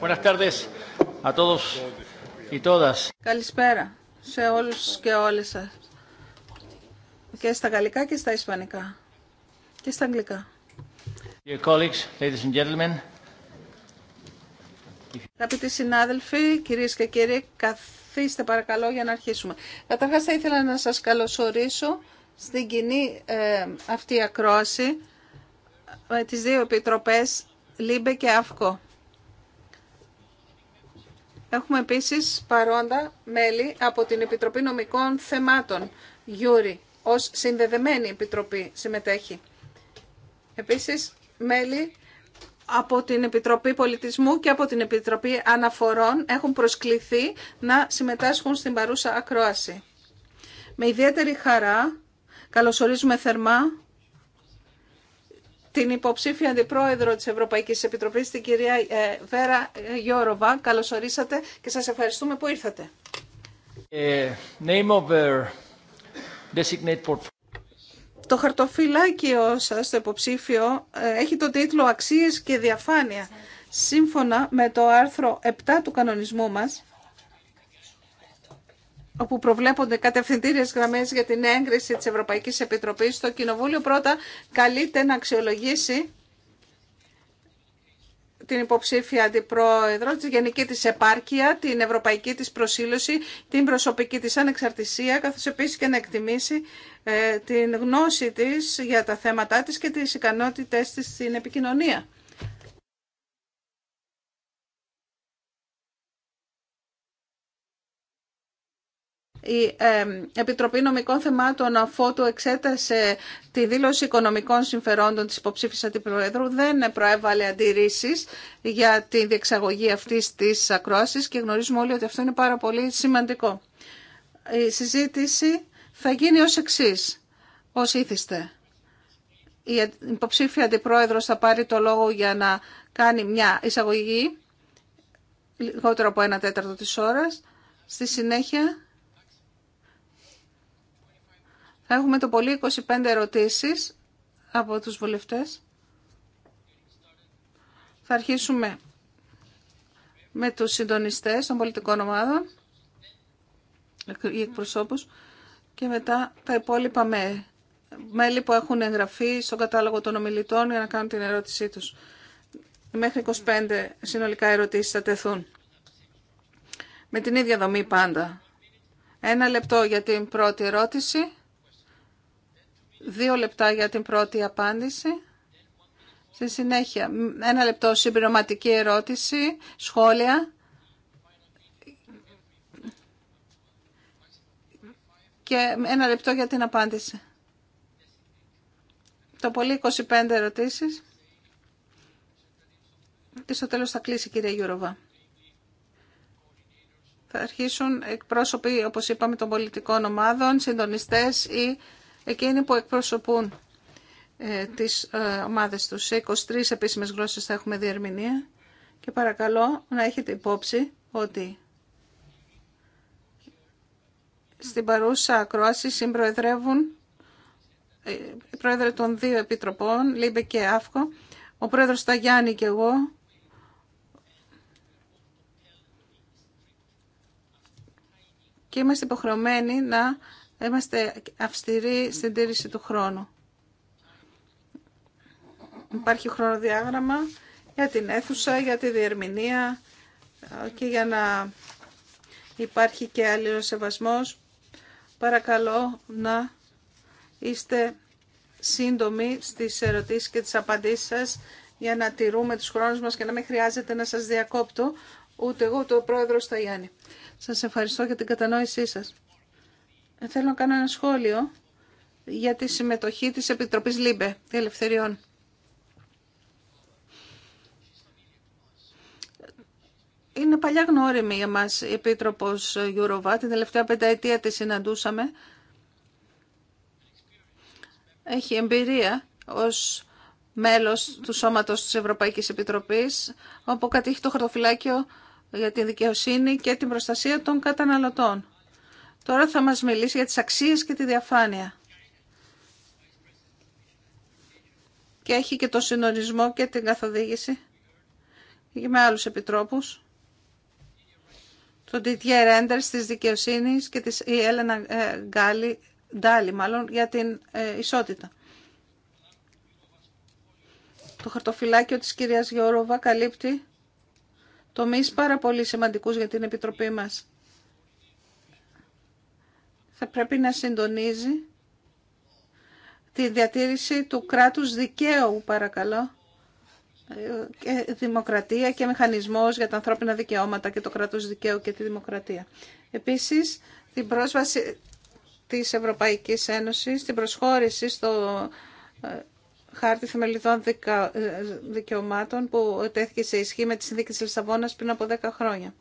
Buenas tardes a todos y todas. Καλησπέρα σε όλους και όλες σας. Και στα γαλλικά και στα ισπανικά. Και στα αγγλικά. Dear colleagues, ladies and gentlemen. συνάδελφοι, κυρίες και κύριοι, καθίστε παρακαλώ για να αρχίσουμε. Καταρχάς θα ήθελα να σας καλωσορίσω στην κοινή ε, αυτή ακρόαση με τις δύο επιτροπές ΛΥΜΠΕ και ΑΦΚΟ. Έχουμε επίσης παρόντα μέλη από την Επιτροπή Νομικών Θεμάτων, Γιούρι, ως συνδεδεμένη επιτροπή συμμετέχει. Επίσης, μέλη από την Επιτροπή Πολιτισμού και από την Επιτροπή Αναφορών έχουν προσκληθεί να συμμετάσχουν στην παρούσα ακρόαση. Με ιδιαίτερη χαρά καλωσορίζουμε θερμά την υποψήφια αντιπρόεδρο της Ευρωπαϊκής Επιτροπής, την κυρία ε, Βέρα ε, Γιώροβα. Καλώς ορίσατε και σας ευχαριστούμε που ήρθατε. Ε, name of το χαρτοφυλάκιο σας, το υποψήφιο, έχει τον τίτλο «Αξίες και διαφάνεια». Σύμφωνα με το άρθρο 7 του κανονισμού μας, όπου προβλέπονται κατευθυντήριε γραμμές για την έγκριση της Ευρωπαϊκής Επιτροπής, το Κοινοβούλιο πρώτα καλείται να αξιολογήσει την υποψήφια αντιπρόεδρο, τη γενική της επάρκεια, την ευρωπαϊκή τη προσήλωση, την προσωπική της ανεξαρτησία, καθώς επίσης και να εκτιμήσει ε, την γνώση της για τα θέματά της και τις ικανότητές της στην επικοινωνία. Η Επιτροπή Νομικών Θεμάτων, αφότου εξέτασε τη δήλωση οικονομικών συμφερόντων της υποψήφιας αντιπροέδρου, δεν προέβαλε αντιρρήσεις για τη διεξαγωγή αυτής της ακρόασης και γνωρίζουμε όλοι ότι αυτό είναι πάρα πολύ σημαντικό. Η συζήτηση θα γίνει ως εξής, ως ήθιστε. Η υποψήφια αντιπρόεδρος θα πάρει το λόγο για να κάνει μια εισαγωγή, λιγότερο από ένα τέταρτο της ώρας. Στη συνέχεια θα έχουμε το πολύ 25 ερωτήσεις από τους βουλευτές. Θα αρχίσουμε με τους συντονιστές των πολιτικών ομάδων, οι εκπροσώπους, και μετά τα υπόλοιπα με μέλη που έχουν εγγραφεί στον κατάλογο των ομιλητών για να κάνουν την ερώτησή τους. Μέχρι 25 συνολικά ερωτήσεις θα τεθούν. Με την ίδια δομή πάντα. Ένα λεπτό για την πρώτη ερώτηση Δύο λεπτά για την πρώτη απάντηση. Στη συνέχεια, ένα λεπτό συμπληρωματική ερώτηση, σχόλια. Και ένα λεπτό για την απάντηση. Το πολύ 25 ερωτήσεις. Και στο τέλος θα κλείσει η κυρία Γιούροβα. Θα αρχίσουν εκπρόσωποι, όπως είπαμε, των πολιτικών ομάδων, συντονιστές ή εκείνοι που εκπροσωπούν ε, τις ε, ομάδες τους. Σε 23 επίσημες γλώσσες θα έχουμε διερμηνία και παρακαλώ να έχετε υπόψη ότι στην παρούσα ακρόαση συμπροεδρεύουν ε, οι πρόεδροι των δύο επιτροπών, Λίμπε και Αύκο, ο πρόεδρος Ταγιάννη και εγώ, και είμαστε υποχρεωμένοι να Είμαστε αυστηροί στην τήρηση του χρόνου. Υπάρχει χρονοδιάγραμμα για την αίθουσα, για τη διερμηνία ε, και για να υπάρχει και σεβασμός. Παρακαλώ να είστε σύντομοι στις ερωτήσεις και τις απαντήσεις σας για να τηρούμε τους χρόνους μας και να μην χρειάζεται να σας διακόπτω ούτε εγώ το πρόεδρος Σταγιάννη. Σας ευχαριστώ για την κατανόησή σας. Θέλω να κάνω ένα σχόλιο για τη συμμετοχή της Επιτροπής ΛΥΜΠΕ Ελευθεριών. Είναι παλιά γνώριμη για μας η Επίτροπος Γιουροβά. Την τελευταία πενταετία τη συναντούσαμε. Έχει εμπειρία ως μέλος του Σώματος της Ευρωπαϊκής Επιτροπής, όπου κατήχει το χαρτοφυλάκιο για την δικαιοσύνη και την προστασία των καταναλωτών. Τώρα θα μας μιλήσει για τις αξίες και τη διαφάνεια. Και έχει και το συνορισμό και την καθοδήγηση. Και με άλλους επιτρόπους. Τον Τιτιέ Ρέντερ της δικαιοσύνης και της, η Έλενα ε, Γκάλη, Ντάλι μάλλον, για την ε, ισότητα. Το χαρτοφυλάκιο της κυρίας Γιώροβα καλύπτει τομείς πάρα πολύ σημαντικούς για την Επιτροπή μας θα πρέπει να συντονίζει τη διατήρηση του κράτους δικαίου, παρακαλώ, και δημοκρατία και μηχανισμός για τα ανθρώπινα δικαιώματα και το κράτος δικαίου και τη δημοκρατία. Επίσης, την πρόσβαση της Ευρωπαϊκής Ένωσης, την προσχώρηση στο ε, χάρτη θεμελιδών ε, δικαιωμάτων που τέθηκε σε ισχύ με τη Συνδίκη της Λισαβόνας πριν από 10 χρόνια.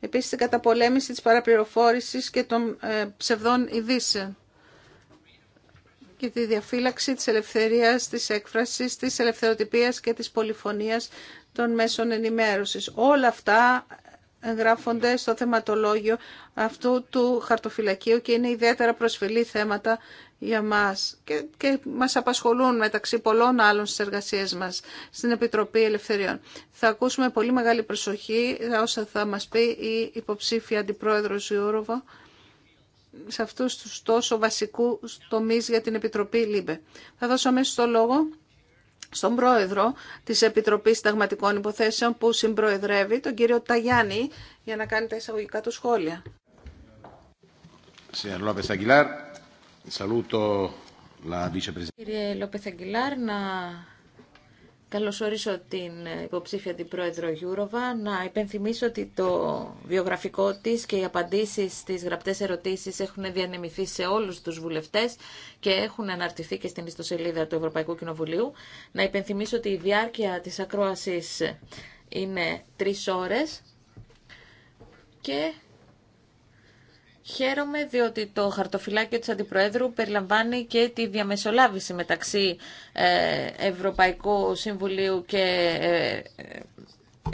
Επίσης την καταπολέμηση της παραπληροφόρησης και των ε, ψευδών ειδήσεων και τη διαφύλαξη της ελευθερίας, της έκφρασης, της ελευθεροτυπίας και της πολυφωνίας των μέσων ενημέρωσης. Όλα αυτά εγγράφονται στο θεματολόγιο αυτού του χαρτοφυλακίου και είναι ιδιαίτερα προσφυλή θέματα για μας και, και μας απασχολούν μεταξύ πολλών άλλων στις εργασίες μας στην Επιτροπή Ελευθεριών. Θα ακούσουμε πολύ μεγάλη προσοχή όσα θα μας πει η υποψήφια αντιπρόεδρος Ιούροβα σε αυτούς τους τόσο βασικού τομείς για την Επιτροπή ΛΥΜΠΕ. Θα δώσω αμέσως το λόγο στον πρόεδρο της Επιτροπής Συνταγματικών Υποθέσεων που συμπροεδρεύει, τον κύριο Ταγιάννη, για να κάνει τα εισαγωγικά του σχόλια. Κύριε Λόπεθ Αγγιλάρ, να καλωσορίσω την υποψήφια την πρόεδρο Γιούροβα, να υπενθυμίσω ότι το βιογραφικό της και οι απαντήσεις στις γραπτές ερωτήσεις έχουν διανεμηθεί σε όλους τους βουλευτές και έχουν αναρτηθεί και στην ιστοσελίδα του Ευρωπαϊκού Κοινοβουλίου. Να υπενθυμίσω ότι η διάρκεια της ακρόασης είναι τρει ώρες και Χαίρομαι διότι το χαρτοφυλάκιο της Αντιπροέδρου περιλαμβάνει και τη διαμεσολάβηση μεταξύ ε, Ευρωπαϊκού Συμβουλίου και ε, ε,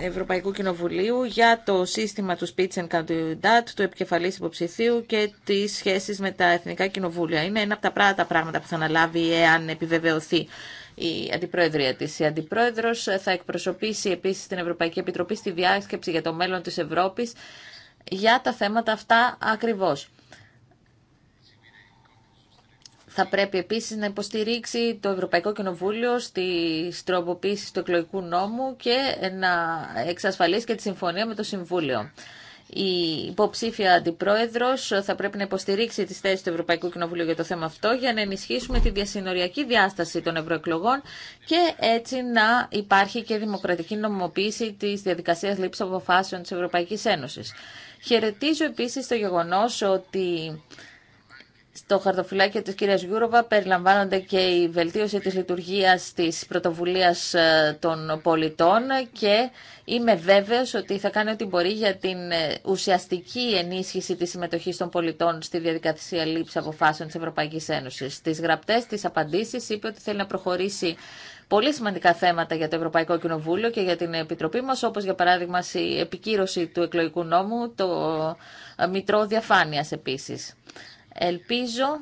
Ευρωπαϊκού Κοινοβουλίου για το σύστημα του Speech and Candidate, του επικεφαλής υποψηφίου και τις σχέσεις με τα Εθνικά Κοινοβούλια. Είναι ένα από τα πράγματα, πράγματα που θα αναλάβει εάν επιβεβαιωθεί η αντιπρόεδρια τη. Η αντιπρόεδρο θα εκπροσωπήσει επίση την Ευρωπαϊκή Επιτροπή στη διάσκεψη για το μέλλον τη Ευρώπη για τα θέματα αυτά ακριβώς. Θα πρέπει επίσης να υποστηρίξει το Ευρωπαϊκό Κοινοβούλιο στη τροποποίηση του εκλογικού νόμου και να εξασφαλίσει και τη συμφωνία με το Συμβούλιο. Η υποψήφια αντιπρόεδρος θα πρέπει να υποστηρίξει τις θέσεις του Ευρωπαϊκού Κοινοβουλίου για το θέμα αυτό για να ενισχύσουμε τη διασυνοριακή διάσταση των ευρωεκλογών και έτσι να υπάρχει και δημοκρατική νομιμοποίηση τη διαδικασία λήψη αποφάσεων τη Ευρωπαϊκής Ένωσης. Χαιρετίζω επίσης το γεγονός ότι στο χαρτοφυλάκιο της κυρίας Γιούροβα περιλαμβάνονται και η βελτίωση της λειτουργίας της πρωτοβουλία ε, των πολιτών και είμαι βέβαιος ότι θα κάνει ό,τι μπορεί για την ε, ουσιαστική ενίσχυση της συμμετοχής των πολιτών στη διαδικασία λήψη αποφάσεων τη Ευρωπαϊκή Ένωση. Στις γραπτέ, τη απαντήσει, είπε ότι θέλει να προχωρήσει πολύ σημαντικά θέματα για το Ευρωπαϊκό Κοινοβούλιο και για την Επιτροπή μας, όπως για παράδειγμα η επικύρωση του εκλογικού νόμου, το Μητρό Διαφάνειας επίσης. Ελπίζω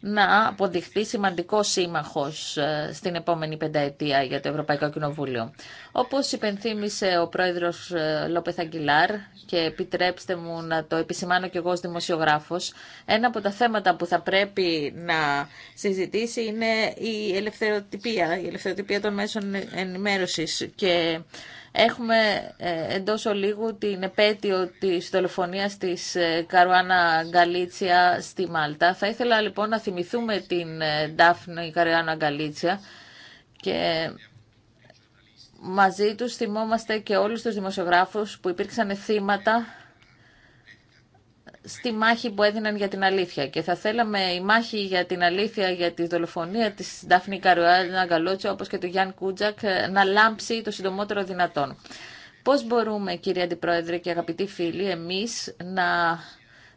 να αποδειχθεί σημαντικό σύμμαχο ε, στην επόμενη πενταετία για το Ευρωπαϊκό Κοινοβούλιο. Όπως υπενθύμησε ο πρόεδρος ε, Λόπεθ Αγγιλάρ και επιτρέψτε μου να το επισημάνω και εγώ ως δημοσιογράφος, ένα από τα θέματα που θα πρέπει να συζητήσει είναι η ελευθεροτυπία, η ελευθεροτυπία των μέσων ενημέρωσης και Έχουμε ε, εντό ολίγου την επέτειο της τηλεφωνίας της ε, Καρουάνα Γκαλίτσια στη Μάλτα. Θα ήθελα λοιπόν να θυμηθούμε την ε, Ντάφνη Καρουάνα Γκαλίτσια και μαζί του θυμόμαστε και όλου του δημοσιογράφου που υπήρξαν θύματα στη μάχη που έδιναν για την αλήθεια. Και θα θέλαμε η μάχη για την αλήθεια για τη δολοφονία της Ντάφνη Καρουάλινα Γκαλότσο όπως και του Γιάνν Κούτζακ να λάμψει το συντομότερο δυνατόν. Πώς μπορούμε, κύριε Αντιπρόεδρε και αγαπητοί φίλοι, εμείς να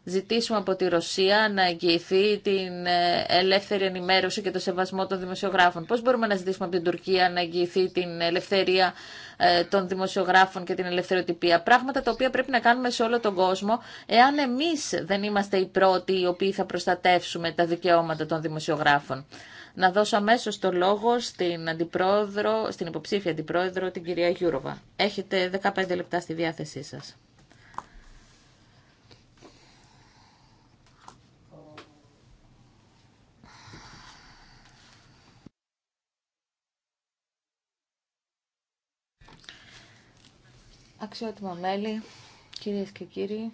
ζητήσουμε από τη Ρωσία να εγγυηθεί την ε, ελεύθερη ενημέρωση και το σεβασμό των δημοσιογράφων. Πώς μπορούμε να ζητήσουμε από την Τουρκία να εγγυηθεί την ελευθερία ε, των δημοσιογράφων και την ελευθεροτυπία. Πράγματα τα οποία πρέπει να κάνουμε σε όλο τον κόσμο, εάν εμείς δεν είμαστε οι πρώτοι οι οποίοι θα προστατεύσουμε τα δικαιώματα των δημοσιογράφων. Να δώσω αμέσω το λόγο στην, αντιπρόεδρο, στην υποψήφια αντιπρόεδρο, την κυρία Γιούροβα. Έχετε 15 λεπτά στη διάθεσή σας. Αξιότιμα μέλη, κυρίες και κύριοι,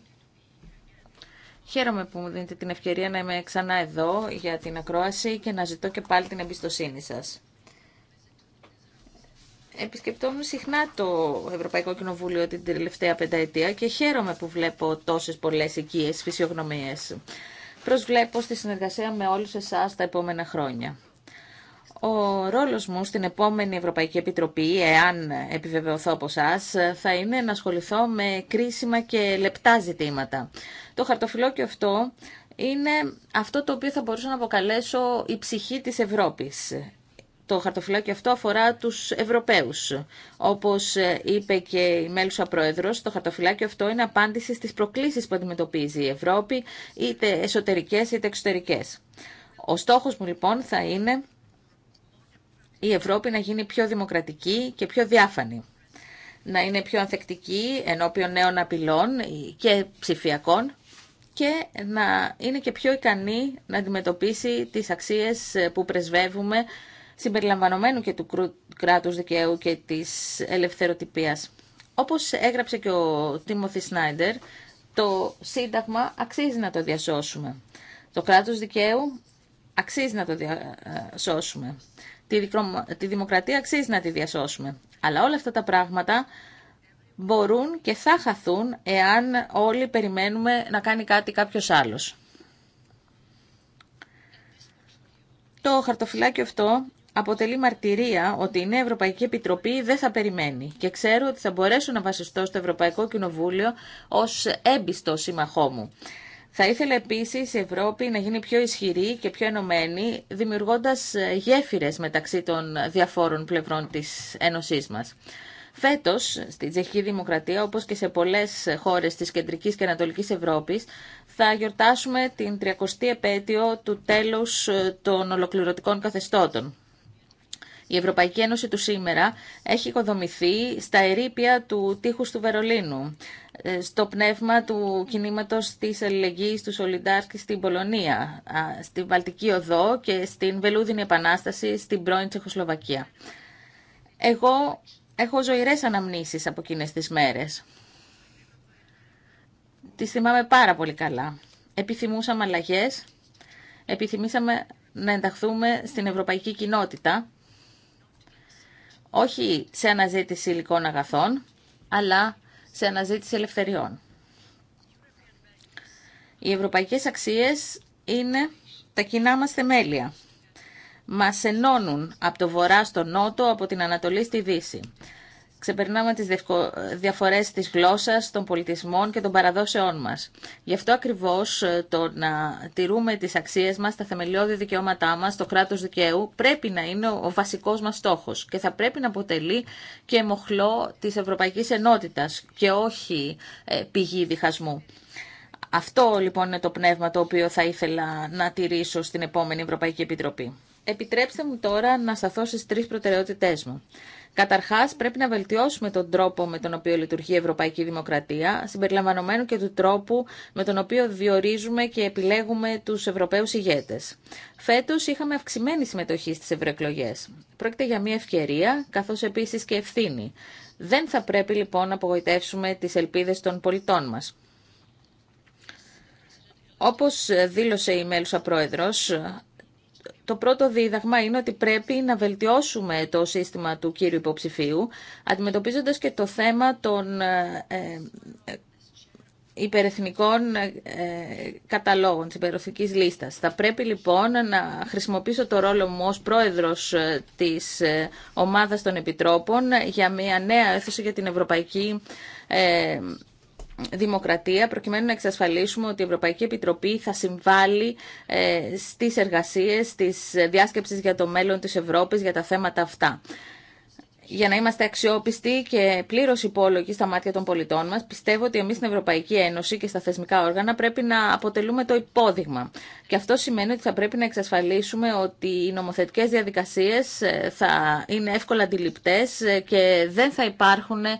χαίρομαι που μου δίνετε την ευκαιρία να είμαι ξανά εδώ για την ακρόαση και να ζητώ και πάλι την εμπιστοσύνη σας. Επισκεπτόμουν συχνά το Ευρωπαϊκό Κοινοβούλιο την τελευταία πενταετία και χαίρομαι που βλέπω τόσες πολλές οικίες φυσιογνωμίες. Προσβλέπω στη συνεργασία με όλους εσάς τα επόμενα χρόνια. Ο ρόλος μου στην επόμενη Ευρωπαϊκή Επιτροπή, εάν επιβεβαιωθώ από εσά, θα είναι να ασχοληθώ με κρίσιμα και λεπτά ζητήματα. Το χαρτοφυλόκιο αυτό είναι αυτό το οποίο θα μπορούσα να αποκαλέσω η ψυχή της Ευρώπης. Το χαρτοφυλάκιο αυτό αφορά τους Ευρωπαίους. Όπως είπε και η μέλουσα πρόεδρος, το χαρτοφυλάκιο αυτό είναι απάντηση στις προκλήσεις που αντιμετωπίζει η Ευρώπη, είτε εσωτερικές είτε εξωτερικές. Ο στόχος μου λοιπόν θα είναι η Ευρώπη να γίνει πιο δημοκρατική και πιο διάφανη. Να είναι πιο ανθεκτική ενώπιον νέων απειλών και ψηφιακών και να είναι και πιο ικανή να αντιμετωπίσει τις αξίες που πρεσβεύουμε συμπεριλαμβανομένου και του κράτους δικαίου και της ελευθεροτυπίας. Όπως έγραψε και ο Τίμωθη Σνάιντερ, το Σύνταγμα αξίζει να το διασώσουμε. Το κράτος δικαίου αξίζει να το διασώσουμε. Ε, Τη δημοκρατία αξίζει να τη διασώσουμε. Αλλά όλα αυτά τα πράγματα μπορούν και θα χαθούν εάν όλοι περιμένουμε να κάνει κάτι κάποιος άλλος. Το χαρτοφυλάκιο αυτό αποτελεί μαρτυρία ότι η Νέα Ευρωπαϊκή Επιτροπή δεν θα περιμένει και ξέρω ότι θα μπορέσω να βασιστώ στο Ευρωπαϊκό Κοινοβούλιο ως έμπιστο σύμμαχό μου. Θα ήθελε επίση η Ευρώπη να γίνει πιο ισχυρή και πιο ενωμένη, δημιουργώντα ε, γέφυρες μεταξύ των διαφόρων πλευρών της ενωσή μας. Φέτο, στη Τσεχική Δημοκρατία, όπω και σε πολλέ χώρε τη Κεντρική και Ανατολική Ευρώπη, θα γιορτάσουμε την 30η επέτειο του τέλου ε, των ολοκληρωτικών καθεστώτων. Η Ευρωπαϊκή Ένωση του σήμερα έχει οικοδομηθεί στα ερήπια του τείχους του Βερολίνου, ε, στο πνεύμα του κινήματος της αλληλεγγύης του Σολιντάρκη στην Πολωνία, στην Βαλτική Οδό και στην Βελούδινη Επανάσταση στην πρώην Τσεχοσλοβακία. Εγώ έχω ζωηρές αναμνήσεις από εκείνες τις μέρες. Τις θυμάμαι πάρα πολύ καλά. Επιθυμούσαμε αλλαγές, επιθυμήσαμε να ενταχθούμε στην ευρωπαϊκή κοινότητα όχι σε αναζήτηση υλικών αγαθών, αλλά σε αναζήτηση ελευθεριών. Οι ευρωπαϊκές αξίες είναι τα κοινά μας θεμέλια. Μας ενώνουν από το βορρά στο νότο, από την Ανατολή στη Δύση ξεπερνάμε τις διαφορές της γλώσσας, των πολιτισμών και των παραδόσεών μας. Γι' αυτό ακριβώς ε, το να τηρούμε τις αξίες μας, τα θεμελιώδη δικαιώματά μας, το κράτος δικαίου, πρέπει να είναι ο βασικός μας στόχος και θα πρέπει να αποτελεί και μοχλό της Ευρωπαϊκής Ενότητας και όχι ε, πηγή διχασμού. Αυτό λοιπόν είναι το πνεύμα το οποίο θα ήθελα να τηρήσω στην επόμενη Ευρωπαϊκή Επιτροπή. Επιτρέψτε μου τώρα να σταθώ στις τρεις προτεραιότητές μου. Καταρχά, πρέπει να βελτιώσουμε τον τρόπο με τον οποίο λειτουργεί η Ευρωπαϊκή Δημοκρατία, συμπεριλαμβανομένου και του τρόπου με τον οποίο διορίζουμε και επιλέγουμε του Ευρωπαίου ηγέτε. Φέτο είχαμε αυξημένη συμμετοχή στι ευρωεκλογέ. Πρόκειται για μια ευκαιρία, καθώ επίση και ευθύνη. Δεν θα πρέπει λοιπόν να απογοητεύσουμε τι ελπίδε των πολιτών μα. Όπως δήλωσε η μέλουσα πρόεδρος, το πρώτο δίδαγμα είναι ότι πρέπει να βελτιώσουμε το σύστημα του κύριου υποψηφίου, αντιμετωπίζοντας και το θέμα των ε, ε, υπερεθνικών ε, καταλόγων, της υπερωθικής λίστας. Θα πρέπει λοιπόν να χρησιμοποιήσω το ρόλο μου ως πρόεδρος ε, της ομάδας των επιτρόπων για μια νέα αίθουσα για την Ευρωπαϊκή δημοκρατία προκειμένου να εξασφαλίσουμε ότι η Ευρωπαϊκή Επιτροπή θα συμβάλλει ε, στις εργασίες της διάσκεψης για το μέλλον της Ευρώπης για τα θέματα αυτά. Για να είμαστε αξιόπιστοι και πλήρω υπόλογοι στα μάτια των πολιτών μα, πιστεύω ότι εμεί στην Ευρωπαϊκή Ένωση και στα θεσμικά όργανα πρέπει να αποτελούμε το υπόδειγμα. Και αυτό σημαίνει ότι θα πρέπει να εξασφαλίσουμε ότι οι νομοθετικές διαδικασίες ε, θα είναι εύκολα αντιληπτές ε, και δεν θα υπάρχουν ε,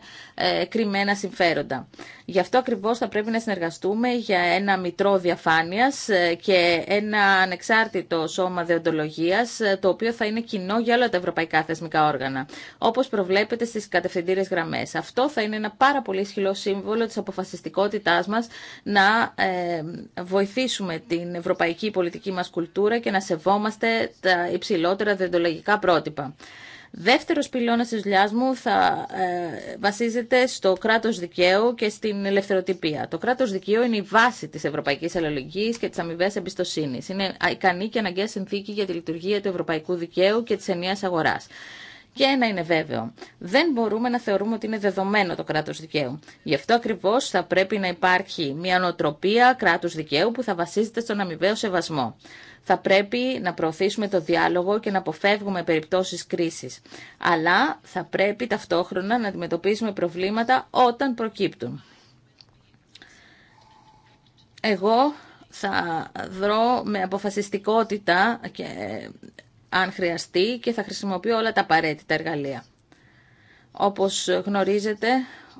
κρυμμένα συμφέροντα. Γι' αυτό ακριβώς θα πρέπει να συνεργαστούμε για ένα μητρό διαφάνειας και ένα ανεξάρτητο σώμα δεοντολογίας, το οποίο θα είναι κοινό για όλα τα ευρωπαϊκά θεσμικά όργανα, όπως προβλέπεται στις κατευθυντήρες γραμμές. Αυτό θα είναι ένα πάρα πολύ ισχυρό σύμβολο τη αποφασιστικότητάς μας να βοηθήσουμε την Ευρωπαϊκή η πολιτική μας κουλτούρα και να σεβόμαστε τα υψηλότερα δεντολογικά πρότυπα. Δεύτερος πυλώνας της δουλειά μου θα ε, βασίζεται στο κράτος δικαίου και στην ελευθεροτυπία. Το κράτος δικαίου είναι η βάση της ευρωπαϊκής αλληλεγγύη και της αμοιβέ εμπιστοσύνης. Είναι ικανή και αναγκαία συνθήκη για τη λειτουργία του ευρωπαϊκού δικαίου και της ενία αγοράς. Και ένα είναι βέβαιο. Δεν μπορούμε να θεωρούμε ότι είναι δεδομένο το κράτο δικαίου. Γι' αυτό ακριβώ θα πρέπει να υπάρχει μια νοοτροπία κράτου δικαίου που θα βασίζεται στον αμοιβαίο σεβασμό. Θα πρέπει να προωθήσουμε το διάλογο και να αποφεύγουμε περιπτώσεις κρίσης. Αλλά θα πρέπει ταυτόχρονα να αντιμετωπίσουμε προβλήματα όταν προκύπτουν. Εγώ θα δρώ με αποφασιστικότητα αν χρειαστεί και θα χρησιμοποιώ όλα τα απαραίτητα εργαλεία. Όπως γνωρίζετε,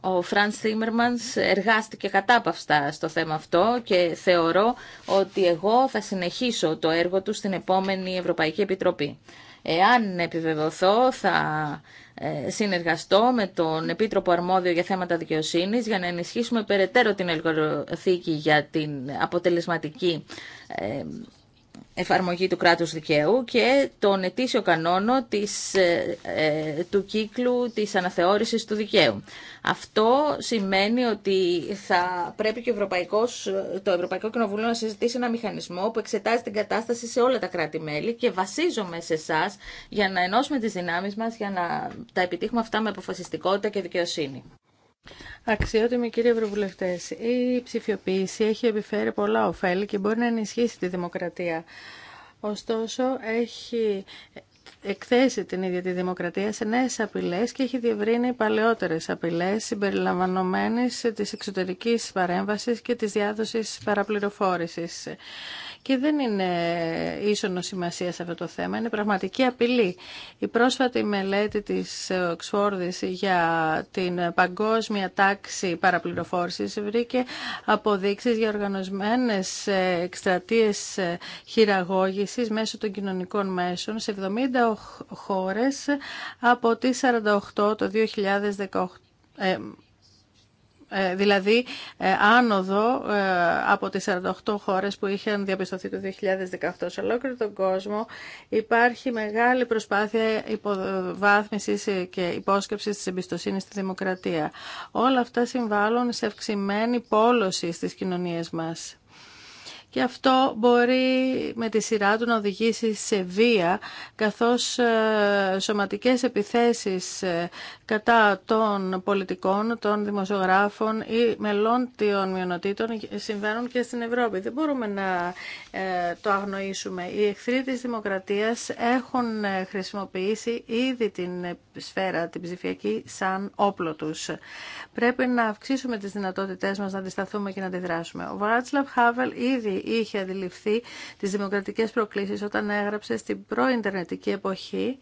ο Φραντ Τίμερμανς εργάστηκε κατάπαυστα στο θέμα αυτό και θεωρώ ότι εγώ θα συνεχίσω το έργο του στην επόμενη Ευρωπαϊκή Επιτροπή. Εάν επιβεβαιωθώ, θα ε, συνεργαστώ με τον Επίτροπο Αρμόδιο για θέματα δικαιοσύνης για να ενισχύσουμε περαιτέρω την εργοθήκη για την αποτελεσματική ε, εφαρμογή του κράτους δικαίου και τον ετήσιο κανόνο της, ε, ε, του κύκλου της αναθεώρησης του δικαίου. Αυτό σημαίνει ότι θα πρέπει και ο Ευρωπαϊκός, το Ευρωπαϊκό Κοινοβούλιο να συζητήσει ένα μηχανισμό που εξετάζει την κατάσταση σε όλα τα κράτη-μέλη και βασίζομαι σε εσά για να ενώσουμε τις δυνάμεις μας για να τα επιτύχουμε αυτά με αποφασιστικότητα και δικαιοσύνη. Αξιότιμοι κύριοι Ευρωβουλευτέ, η ψηφιοποίηση έχει επιφέρει πολλά ωφέλη και μπορεί να ενισχύσει τη δημοκρατία. Ωστόσο, έχει εκθέσει την ίδια τη δημοκρατία σε νέες απειλέ και έχει διευρύνει παλαιότερες απειλέ, συμπεριλαμβανόμενε τη εξωτερική παρέμβαση και της διάδοση παραπληροφόρησης και δεν είναι ίσονο σημασία σε αυτό το θέμα. Είναι πραγματική απειλή. Η πρόσφατη μελέτη της Οξφόρδης για την παγκόσμια τάξη παραπληροφόρησης βρήκε αποδείξεις για οργανωσμένες εκστρατείες χειραγώγησης μέσω των κοινωνικών μέσων σε 70 χώρες από τις 48 το 2018. Ε, δηλαδή ε, άνοδο ε, από τις 48 χώρες που είχαν διαπιστωθεί το 2018 σε ολόκληρο τον κόσμο υπάρχει μεγάλη προσπάθεια υποβάθμισης και υπόσκεψης της εμπιστοσύνης στη δημοκρατία. Όλα αυτά συμβάλλουν σε αυξημένη πόλωση στις κοινωνίες μας και αυτό μπορεί με τη σειρά του να οδηγήσει σε βία καθώς ε, σωματικές επιθέσεις ε, κατά των πολιτικών, των δημοσιογράφων ή μελών των μειονοτήτων συμβαίνουν και στην Ευρώπη. Δεν μπορούμε να ε, το αγνοήσουμε. Οι εχθροί της δημοκρατίας έχουν χρησιμοποιήσει ήδη την σφαίρα, την ψηφιακή, σαν όπλο τους. Πρέπει να αυξήσουμε τις δυνατότητές μας να αντισταθούμε και να αντιδράσουμε. Ο Χάβελ ήδη είχε αντιληφθεί τις δημοκρατικές προκλήσεις όταν έγραψε στην προ-ιντερνετική εποχή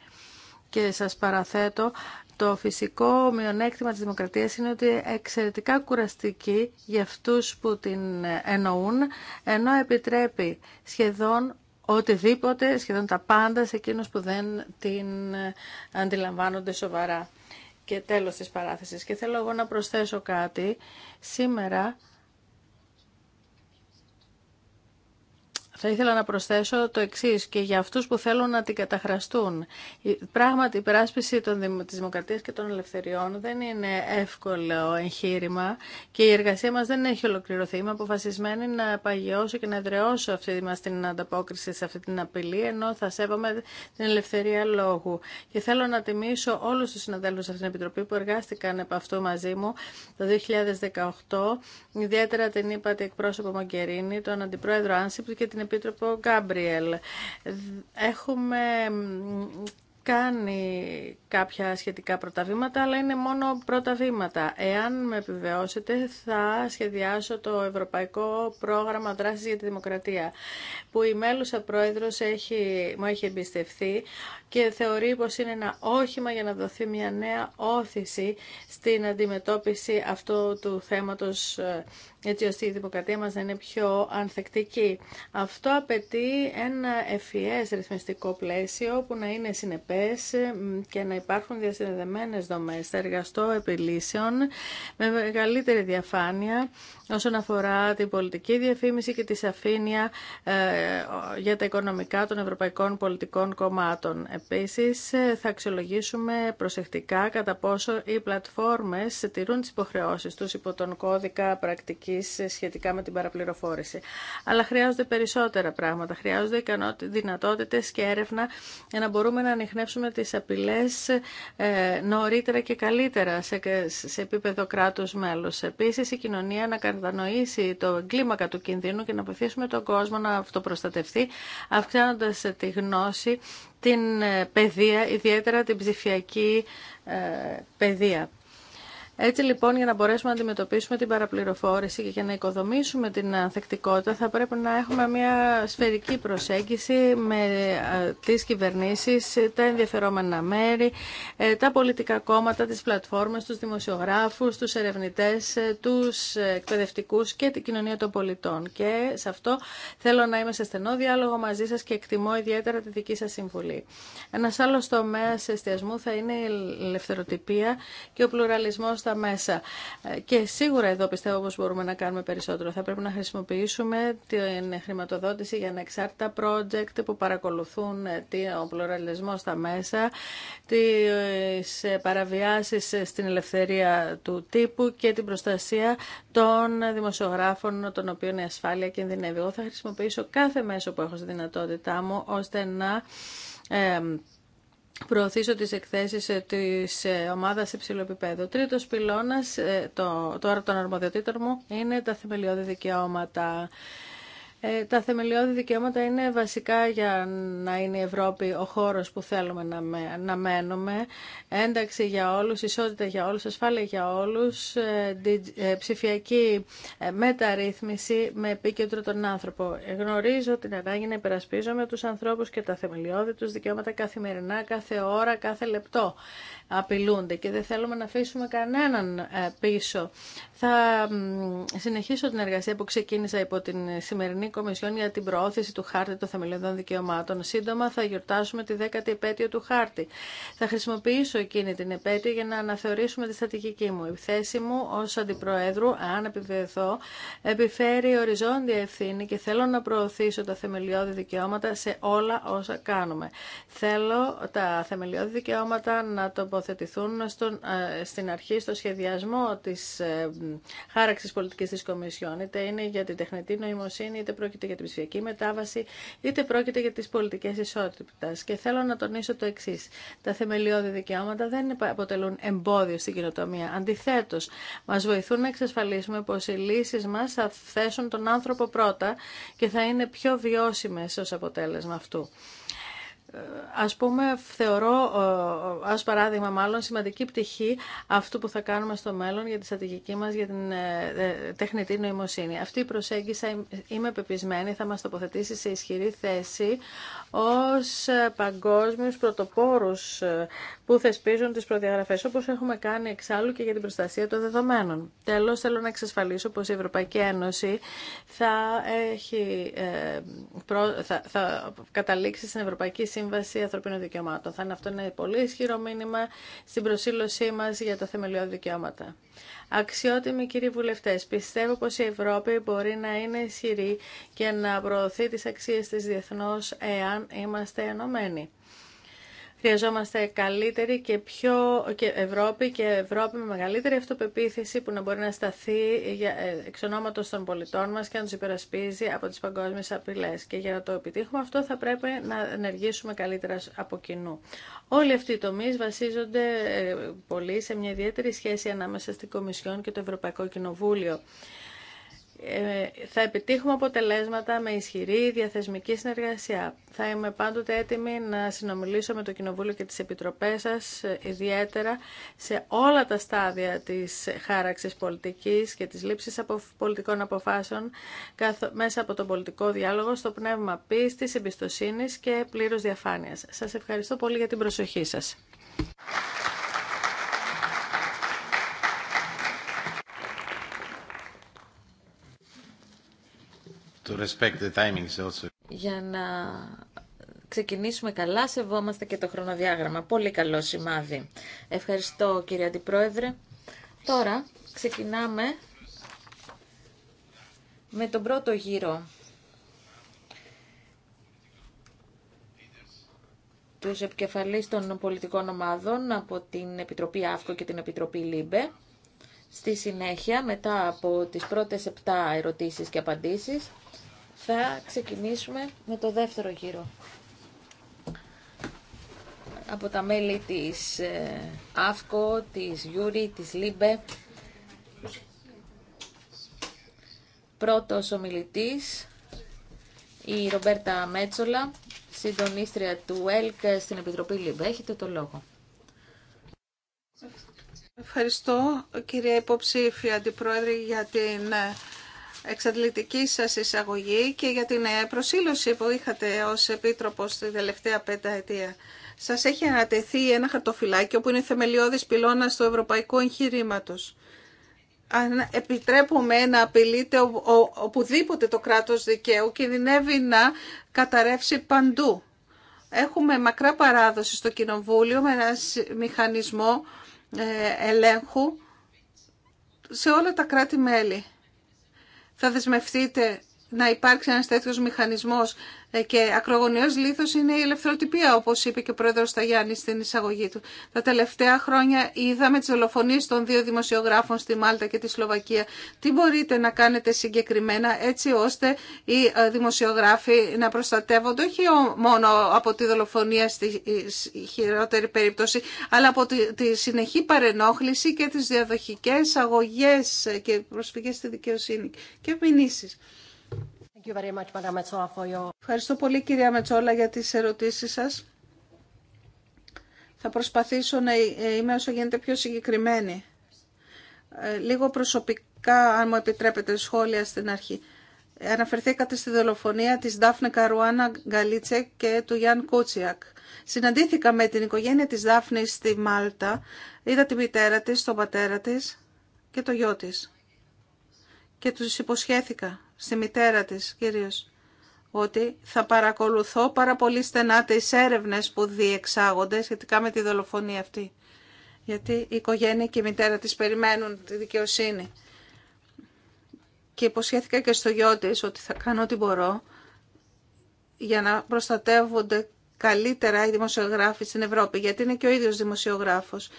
και σας παραθέτω το φυσικό μειονέκτημα της δημοκρατίας είναι ότι εξαιρετικά κουραστική για αυτούς που την εννοούν, ενώ επιτρέπει σχεδόν οτιδήποτε, σχεδόν τα πάντα σε εκείνους που δεν την αντιλαμβάνονται σοβαρά. Και τέλος της παράθεσης. Και θέλω εγώ να προσθέσω κάτι. Σήμερα Θα ήθελα να προσθέσω το εξή και για αυτού που θέλουν να την καταχραστούν. Πράγματι, η περάσπιση τη δημοκρατία και των ελευθεριών δεν είναι εύκολο εγχείρημα και η εργασία μα δεν έχει ολοκληρωθεί. Είμαι αποφασισμένη να παγιώσω και να εδραιώσω αυτή μα την ανταπόκριση σε αυτή την απειλή, ενώ θα σέβομαι την ελευθερία λόγου. Και θέλω να τιμήσω όλου του συναδέλφου σε αυτήν την επιτροπή που εργάστηκαν επ' αυτού μαζί μου το 2018, ιδιαίτερα την είπατε εκπρόσωπο Μογκερίνη, τον αντιπρόεδρο Άνσιπ και την Επίτροπο Γκάμπριελ. Έχουμε κάνει κάποια σχετικά πρώτα αλλά είναι μόνο πρώτα Εάν με επιβεβαιώσετε, θα σχεδιάσω το Ευρωπαϊκό Πρόγραμμα Δράσης για τη Δημοκρατία, που η μέλουσα πρόεδρος έχει, μου έχει εμπιστευθεί και θεωρεί πως είναι ένα όχημα για να δοθεί μια νέα όθηση στην αντιμετώπιση αυτού του θέματος, ε, έτσι ώστε η δημοκρατία μας να είναι πιο ανθεκτική. Αυτό απαιτεί ένα ευφυές ρυθμιστικό πλαίσιο που να είναι συνεπέ ε, και να υπάρχουν διασυνδεδεμένες δομές. Θα εργαστώ επιλύσεων με μεγαλύτερη διαφάνεια όσον αφορά την πολιτική διαφήμιση και τη σαφήνεια ε, για τα οικονομικά των ευρωπαϊκών πολιτικών κομμάτων. Επίσης, ε, θα αξιολογήσουμε προσεκτικά κατά πόσο οι πλατφόρμες τηρούν τις υποχρεώσεις τους υπό τον κώδικα πρακτικής σχετικά με την παραπληροφόρηση. Αλλά χρειάζονται περισσότερα πράγματα. Χρειάζονται δυνατότητες και έρευνα για να μπορούμε να ανοιχνεύσουμε αντιμετωπίσουμε τις απειλές ε, νωρίτερα και καλύτερα σε επίπεδο κράτους μέλους. Επίσης, η κοινωνία να κατανοήσει το κλίμακα του κινδύνου και να βοηθήσουμε τον κόσμο να αυτοπροστατευτεί, αυξάνοντας τη γνώση, την ε, παιδεία, ιδιαίτερα την ψηφιακή ε, παιδεία. Έτσι λοιπόν για να μπορέσουμε να αντιμετωπίσουμε την παραπληροφόρηση και για να οικοδομήσουμε την ανθεκτικότητα θα πρέπει να έχουμε μια σφαιρική προσέγγιση με ε, τις κυβερνήσεις, τα ενδιαφερόμενα μέρη, ε, τα πολιτικά κόμματα, τις πλατφόρμες, τους δημοσιογράφους, τους ερευνητές, ε, τους εκπαιδευτικούς και την κοινωνία των πολιτών. Και σε αυτό θέλω να είμαι σε στενό διάλογο μαζί σας και εκτιμώ ιδιαίτερα τη δική σας συμβουλή. Ένας άλλος τομέας εστιασμού θα είναι η ελευθεροτυπία και ο πλουραλισμός στα μέσα. Ε, και σίγουρα εδώ πιστεύω πως μπορούμε να κάνουμε περισσότερο. Θα πρέπει να χρησιμοποιήσουμε την χρηματοδότηση για ανεξάρτητα project που παρακολουθούν ε, ο πλουραλισμό στα μέσα, τι ε, παραβιάσεις στην ελευθερία του τύπου και την προστασία των δημοσιογράφων των οποίων η ασφάλεια κινδυνεύει. Εγώ θα χρησιμοποιήσω κάθε μέσο που έχω στη δυνατότητά μου ώστε να προωθήσω τις εκθέσεις ε, της ε, ομάδας υψηλού επίπεδου. Τρίτος πυλώνας ε, το, τώρα των αρμοδιοτήτων μου είναι τα θεμελιώδη δικαιώματα. Ε, τα θεμελιώδη δικαιώματα είναι βασικά για να είναι η Ευρώπη ο χώρος που θέλουμε να, μένουμε. Ένταξη για όλους, ισότητα για όλους, ασφάλεια για όλους, ε, ε, ψηφιακή μεταρρύθμιση με επίκεντρο τον άνθρωπο. Γνωρίζω την ανάγκη να υπερασπίζομαι τους ανθρώπους και τα θεμελιώδη τους δικαιώματα καθημερινά, κάθε ώρα, κάθε λεπτό απειλούνται και δεν θέλουμε να αφήσουμε κανέναν ε, πίσω. Θα συνεχίσω την εργασία που ξεκίνησα υπό την σημερινή Κομισιόν για την προώθηση του χάρτη των θεμελιωδών δικαιωμάτων. Σύντομα θα γιορτάσουμε τη δέκατη επέτειο του χάρτη. Θα χρησιμοποιήσω εκείνη την επέτειο για να αναθεωρήσουμε τη στρατηγική μου. Η θέση μου ω Αντιπροέδρου, αν επιβεβαιωθώ, επιφέρει οριζόντια ευθύνη και θέλω να προωθήσω τα θεμελιώδη δικαιώματα σε όλα όσα κάνουμε. Θέλω τα θεμελιώδη δικαιώματα να το τοποθετηθούν στον, ε, στην αρχή στο σχεδιασμό της ε, χάραξης πολιτικής της Κομισιόν, είτε είναι για την τεχνητή νοημοσύνη, είτε πρόκειται για την ψηφιακή μετάβαση, είτε πρόκειται για τις πολιτικές ισότητας. Και θέλω να τονίσω το εξή. Τα θεμελιώδη δικαιώματα δεν αποτελούν εμπόδιο στην κοινοτομία. Αντιθέτως, μας βοηθούν να εξασφαλίσουμε πως οι λύσεις μας θα θέσουν τον άνθρωπο πρώτα και θα είναι πιο βιώσιμες ως αποτέλεσμα αυτού. Ας πούμε, θεωρώ, ε, ως παράδειγμα μάλλον, σημαντική πτυχή αυτού που θα κάνουμε στο μέλλον για τη στρατηγική μας, για την ε, ε, τεχνητή νοημοσύνη. Αυτή η προσέγγιση, είμαι πεπισμένη, θα μας τοποθετήσει σε ισχυρή θέση ως παγκόσμιους πρωτοπόρους που θεσπίζουν τις προδιαγραφές, όπως έχουμε κάνει εξάλλου και για την προστασία των δεδομένων. Τέλος, θέλω να εξασφαλίσω πως η Ευρωπαϊκή Ένωση θα, έχει, θα, θα καταλήξει στην Ευρωπαϊκή Σύμβαση Ανθρωπίνων Δικαιωμάτων. Θα είναι αυτό ένα πολύ ισχυρό μήνυμα στην προσήλωσή μα για τα θεμελιώδη δικαιώματα. Αξιότιμοι κύριοι βουλευτέ, πιστεύω πω η Ευρώπη μπορεί να είναι ισχυρή και να προωθεί τι αξίε τη διεθνώ εάν είμαστε ενωμένοι. Χρειαζόμαστε καλύτερη και πιο και Ευρώπη και Ευρώπη με μεγαλύτερη αυτοπεποίθηση που να μπορεί να σταθεί για, ε, εξ ονόματος των πολιτών μας και να τους υπερασπίζει από τις παγκόσμιες απειλές. Και για να το επιτύχουμε αυτό θα πρέπει να ενεργήσουμε καλύτερα από κοινού. Όλοι αυτοί οι τομεί βασίζονται ε, πολύ σε μια ιδιαίτερη σχέση ανάμεσα στην Κομισιόν και το Ευρωπαϊκό Κοινοβούλιο. Ε, θα επιτύχουμε αποτελέσματα με ισχυρή διαθεσμική συνεργασία. Θα είμαι πάντοτε έτοιμη να συνομιλήσω με το Κοινοβούλιο και τις Επιτροπές σας, ε, ιδιαίτερα σε όλα τα στάδια της χάραξης πολιτικής και της λήψης πολιτικών αποφάσεων μέσα από τον πολιτικό διάλογο στο πνεύμα πίστης, εμπιστοσύνης και πλήρους διαφάνειας. Σας ευχαριστώ πολύ για την προσοχή σας. Για να ξεκινήσουμε καλά, σεβόμαστε και το χρονοδιάγραμμα. Πολύ καλό σημάδι. Ευχαριστώ κύριε Αντιπρόεδρε. Τώρα ξεκινάμε με τον πρώτο γύρο τους επικεφαλής των πολιτικών ομάδων από την Επιτροπή ΑΦΚΟ και την Επιτροπή ΛΥΜΠΕ. Στη συνέχεια, μετά από τις πρώτες 7 ερωτήσεις και απαντήσεις, θα ξεκινήσουμε με το δεύτερο γύρο. Από τα μέλη της ε, ΑΦΚΟ, της Γιούρι, της ΛΥΜΠΕ. Πρώτος ομιλητής, η Ρομπέρτα Μέτσολα, συντονίστρια του ΕΛΚ στην Επιτροπή ΛΥΜΠΕ. Έχετε το λόγο. Ευχαριστώ κυρία υποψήφια αντιπρόεδρε για την ε, εξαντλητική σας εισαγωγή και για την ε, προσήλωση που είχατε ως Επίτροπος την τελευταία αιτία. Σας έχει ανατεθεί ένα χαρτοφυλάκιο που είναι θεμελιώδης πυλώνας του ευρωπαϊκού εγχειρήματο. Αν επιτρέπουμε να απειλείται οπουδήποτε το κράτος δικαίου, κινδυνεύει να καταρρεύσει παντού. Έχουμε μακρά παράδοση στο Κοινοβούλιο με ένα μηχανισμό ε, ελέγχου σε όλα τα κράτη-μέλη. Θα δεσμευτείτε να υπάρξει ένας τέτοιος μηχανισμός ε, και ακρογωνιός λήθος είναι η ελευθεροτυπία, όπως είπε και ο πρόεδρος Σταγιάννη στην εισαγωγή του. Τα τελευταία χρόνια είδαμε τις δολοφονίες των δύο δημοσιογράφων στη Μάλτα και τη Σλοβακία. Τι μπορείτε να κάνετε συγκεκριμένα έτσι ώστε οι ε, δημοσιογράφοι να προστατεύονται όχι μόνο από τη δολοφονία στη ε, χειρότερη περίπτωση, αλλά από τη συνεχή παρενόχληση και τις διαδοχικές αγωγές και προσφυγές στη δικαιοσύνη και μηνύσεις. Ευχαριστώ πολύ κυρία Μετσόλα για τις ερωτήσεις σας. Θα προσπαθήσω να ε, είμαι όσο γίνεται πιο συγκεκριμένη. Ε, λίγο προσωπικά, αν μου επιτρέπετε, σχόλια στην αρχή. Αναφερθήκατε στη δολοφονία της δάφνε Καρουάνα Γκαλίτσε και του Γιάν Κούτσιακ. Συναντήθηκα με την οικογένεια της Δάφνης στη Μάλτα. Είδα τη μητέρα της, τον πατέρα της και το γιο της και τους υποσχέθηκα, στη μητέρα της κυρίως, ότι θα παρακολουθώ πάρα πολύ στενά τις έρευνες που διεξάγονται σχετικά με τη δολοφονία αυτή. Γιατί η οικογένεια και η μητέρα της περιμένουν τη δικαιοσύνη. Και υποσχέθηκα και στο γιο της ότι θα κάνω ό,τι μπορώ για να προστατεύονται καλύτερα οι δημοσιογράφοι στην Ευρώπη, γιατί είναι και ο ίδιος δημοσιογράφος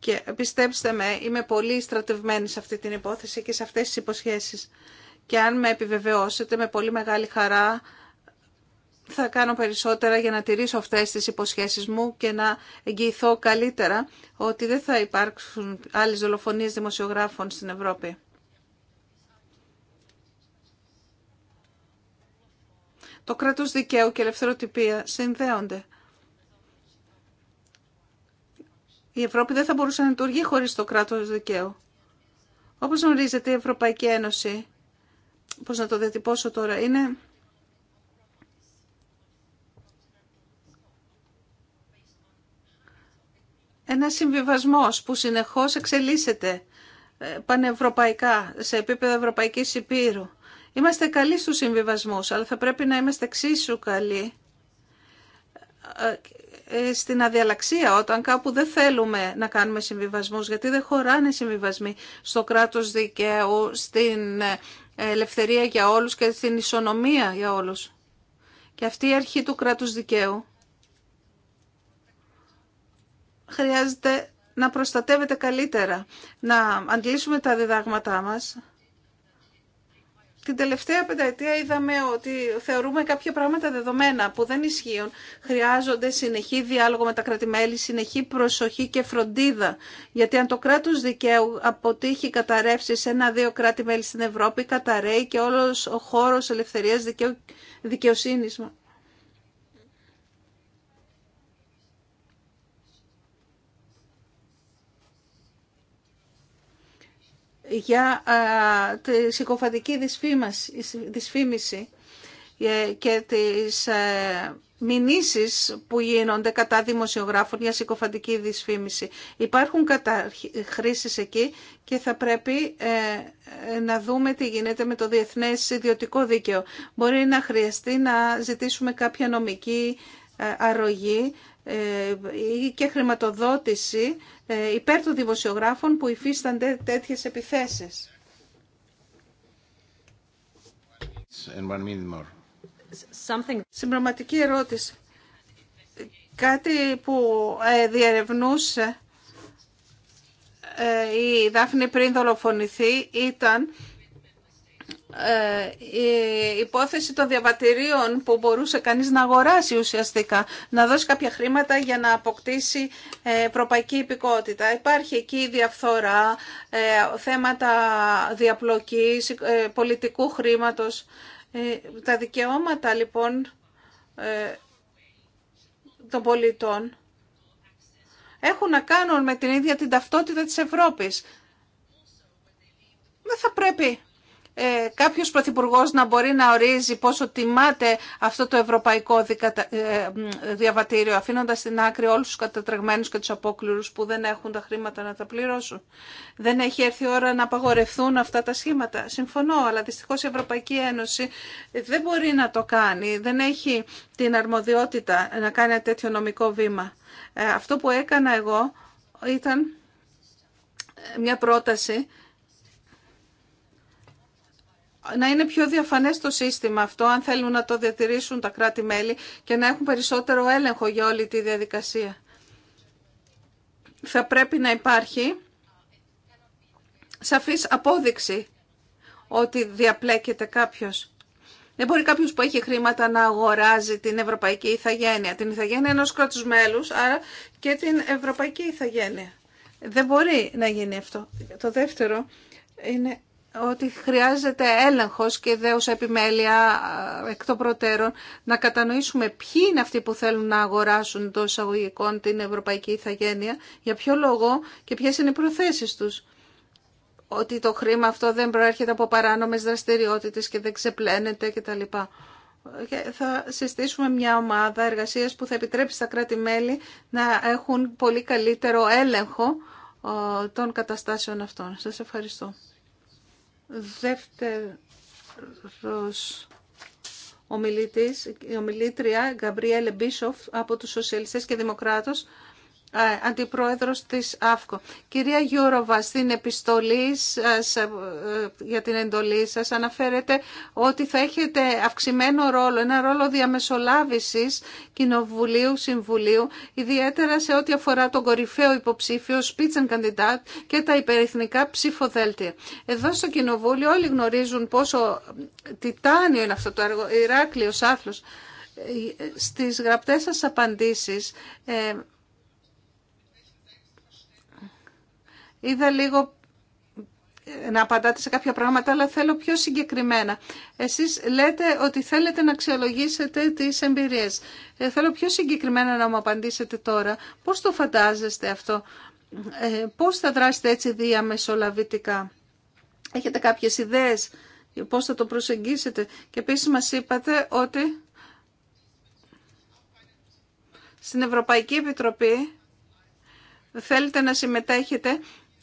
και πιστέψτε με, είμαι πολύ στρατευμένη σε αυτή την υπόθεση και σε αυτές τις υποσχέσεις. Και αν με επιβεβαιώσετε με πολύ μεγάλη χαρά θα κάνω περισσότερα για να τηρήσω αυτές τις υποσχέσεις μου και να εγγυηθώ καλύτερα ότι δεν θα υπάρξουν άλλες δολοφονίες δημοσιογράφων στην Ευρώπη. Το κράτος δικαίου και ελευθεροτυπία συνδέονται. η Ευρώπη δεν θα μπορούσε να λειτουργεί χωρί το κράτο δικαίου. Όπως γνωρίζετε η Ευρωπαϊκή Ένωση, πώς να το διατυπώσω τώρα, είναι ένα συμβιβασμός που συνεχώς εξελίσσεται ε, πανευρωπαϊκά, σε επίπεδο Ευρωπαϊκής Υπήρου. Είμαστε καλοί στους συμβιβασμούς, αλλά θα πρέπει να είμαστε εξίσου καλοί ε, ε, στην αδιαλαξία όταν κάπου δεν θέλουμε να κάνουμε συμβιβασμούς γιατί δεν χωράνε συμβιβασμοί στο κράτος δικαίου, στην ε, ελευθερία για όλους και στην ισονομία για όλους. Και αυτή η αρχή του κράτους δικαίου χρειάζεται να προστατεύεται καλύτερα, να αντλήσουμε τα διδάγματά μας την τελευταία πενταετία είδαμε ότι θεωρούμε κάποια πράγματα δεδομένα που δεν ισχύουν. Χρειάζονται συνεχή διάλογο με τα κράτη-μέλη, συνεχή προσοχή και φροντίδα. Γιατί αν το κράτος δικαίου αποτύχει καταρρεύσει σε ένα-δύο κράτη-μέλη στην Ευρώπη, καταραίει και όλος ο χώρος ελευθερίας δικαιοσύνης για τη συκοφαντική δυσφήμιση ε, και τις ε, μηνύσεις που γίνονται κατά δημοσιογράφων για συκοφαντική δυσφήμιση. Υπάρχουν καταχρήσεις εκεί και θα πρέπει ε, να δούμε τι γίνεται με το διεθνές ιδιωτικό δίκαιο. Μπορεί να χρειαστεί να ζητήσουμε κάποια νομική αρρωγή ε, ή και χρηματοδότηση ε, υπέρ των δημοσιογράφων που υφίστανται τέτοιες επιθέσεις. Συμπραγματική ερώτηση. Κάτι που ε, διερευνούσε η Δάφνη πριν δολοφονηθεί ήταν ε, η υπόθεση των διαβατηρίων που μπορούσε κανείς να αγοράσει ουσιαστικά, να δώσει κάποια χρήματα για να αποκτήσει ε, ευρωπαϊκή υπηκότητα. Υπάρχει εκεί διαφθορά, ε, θέματα διαπλοκής, πολιτικού χρήματος. Τα δικαιώματα λοιπόν των πολιτών έχουν να κάνουν με την ίδια την ταυτότητα της Ευρώπης. Δεν θα πρέπει ε, κάποιος πρωθυπουργός να μπορεί να ορίζει πόσο τιμάται αυτό το ευρωπαϊκό ε, διαβατήριο, αφήνοντα στην άκρη όλους του κατατρεγμένου και του απόκληρους που δεν έχουν τα χρήματα να τα πληρώσουν. Δεν έχει έρθει η ώρα να απαγορευτούν αυτά τα σχήματα. Συμφωνώ, αλλά δυστυχώ η Ευρωπαϊκή Ένωση δεν μπορεί να το κάνει, δεν έχει την αρμοδιότητα να κάνει ένα τέτοιο νομικό βήμα. Ε, αυτό που έκανα εγώ ήταν μια πρόταση να είναι πιο διαφανές το σύστημα αυτό, αν θέλουν να το διατηρήσουν τα κράτη-μέλη και να έχουν περισσότερο έλεγχο για όλη τη διαδικασία. Θα πρέπει να υπάρχει σαφής απόδειξη ότι διαπλέκεται κάποιος. Δεν μπορεί κάποιο που έχει χρήματα να αγοράζει την ευρωπαϊκή ηθαγένεια, την ηθαγένεια ενό κράτου μέλου, άρα και την ευρωπαϊκή ηθαγένεια. Δεν μπορεί να γίνει αυτό. Το δεύτερο είναι ότι χρειάζεται έλεγχος και δέουσα επιμέλεια ε, εκ των προτέρων να κατανοήσουμε ποιοι είναι αυτοί που θέλουν να αγοράσουν το εισαγωγικών την ευρωπαϊκή ηθαγένεια, για ποιο λόγο και ποιες είναι οι προθέσεις τους. Ότι το χρήμα αυτό δεν προέρχεται από παράνομες δραστηριότητες και δεν ξεπλένεται κτλ. θα συστήσουμε μια ομάδα εργασίας που θα επιτρέψει στα κράτη-μέλη να έχουν πολύ καλύτερο έλεγχο ε, των καταστάσεων αυτών. Σας ευχαριστώ. Δεύτερος ομιλητής, η ομιλήτρια Γκαμπριέλε Μπίσοφ από τους Σοσιαλιστές και Δημοκράτες Αντιπρόεδρος της ΑΦΚΟ. Κυρία Γιούροβα, στην επιστολή ε, για την εντολή σας αναφέρετε ότι θα έχετε αυξημένο ρόλο, ένα ρόλο διαμεσολάβησης Κοινοβουλίου, Συμβουλίου, ιδιαίτερα σε ό,τι αφορά τον κορυφαίο υποψήφιο, καντιντάτ και τα υπερεθνικά ψηφοδέλτια. Εδώ στο Κοινοβούλιο όλοι γνωρίζουν πόσο τιτάνιο είναι αυτό το έργο, Ηράκλειος Άθλος. Ε, στις γραπτές σας απαντήσεις... Ε, είδα λίγο να απαντάτε σε κάποια πράγματα, αλλά θέλω πιο συγκεκριμένα. Εσείς λέτε ότι θέλετε να αξιολογήσετε τις εμπειρίες. Ε, θέλω πιο συγκεκριμένα να μου απαντήσετε τώρα. Πώς το φαντάζεστε αυτό, ε, πώς θα δράσετε έτσι διαμεσολαβητικά. Έχετε κάποιες ιδέες πώς θα το προσεγγίσετε. Και επίση μας είπατε ότι στην Ευρωπαϊκή Επιτροπή θέλετε να συμμετέχετε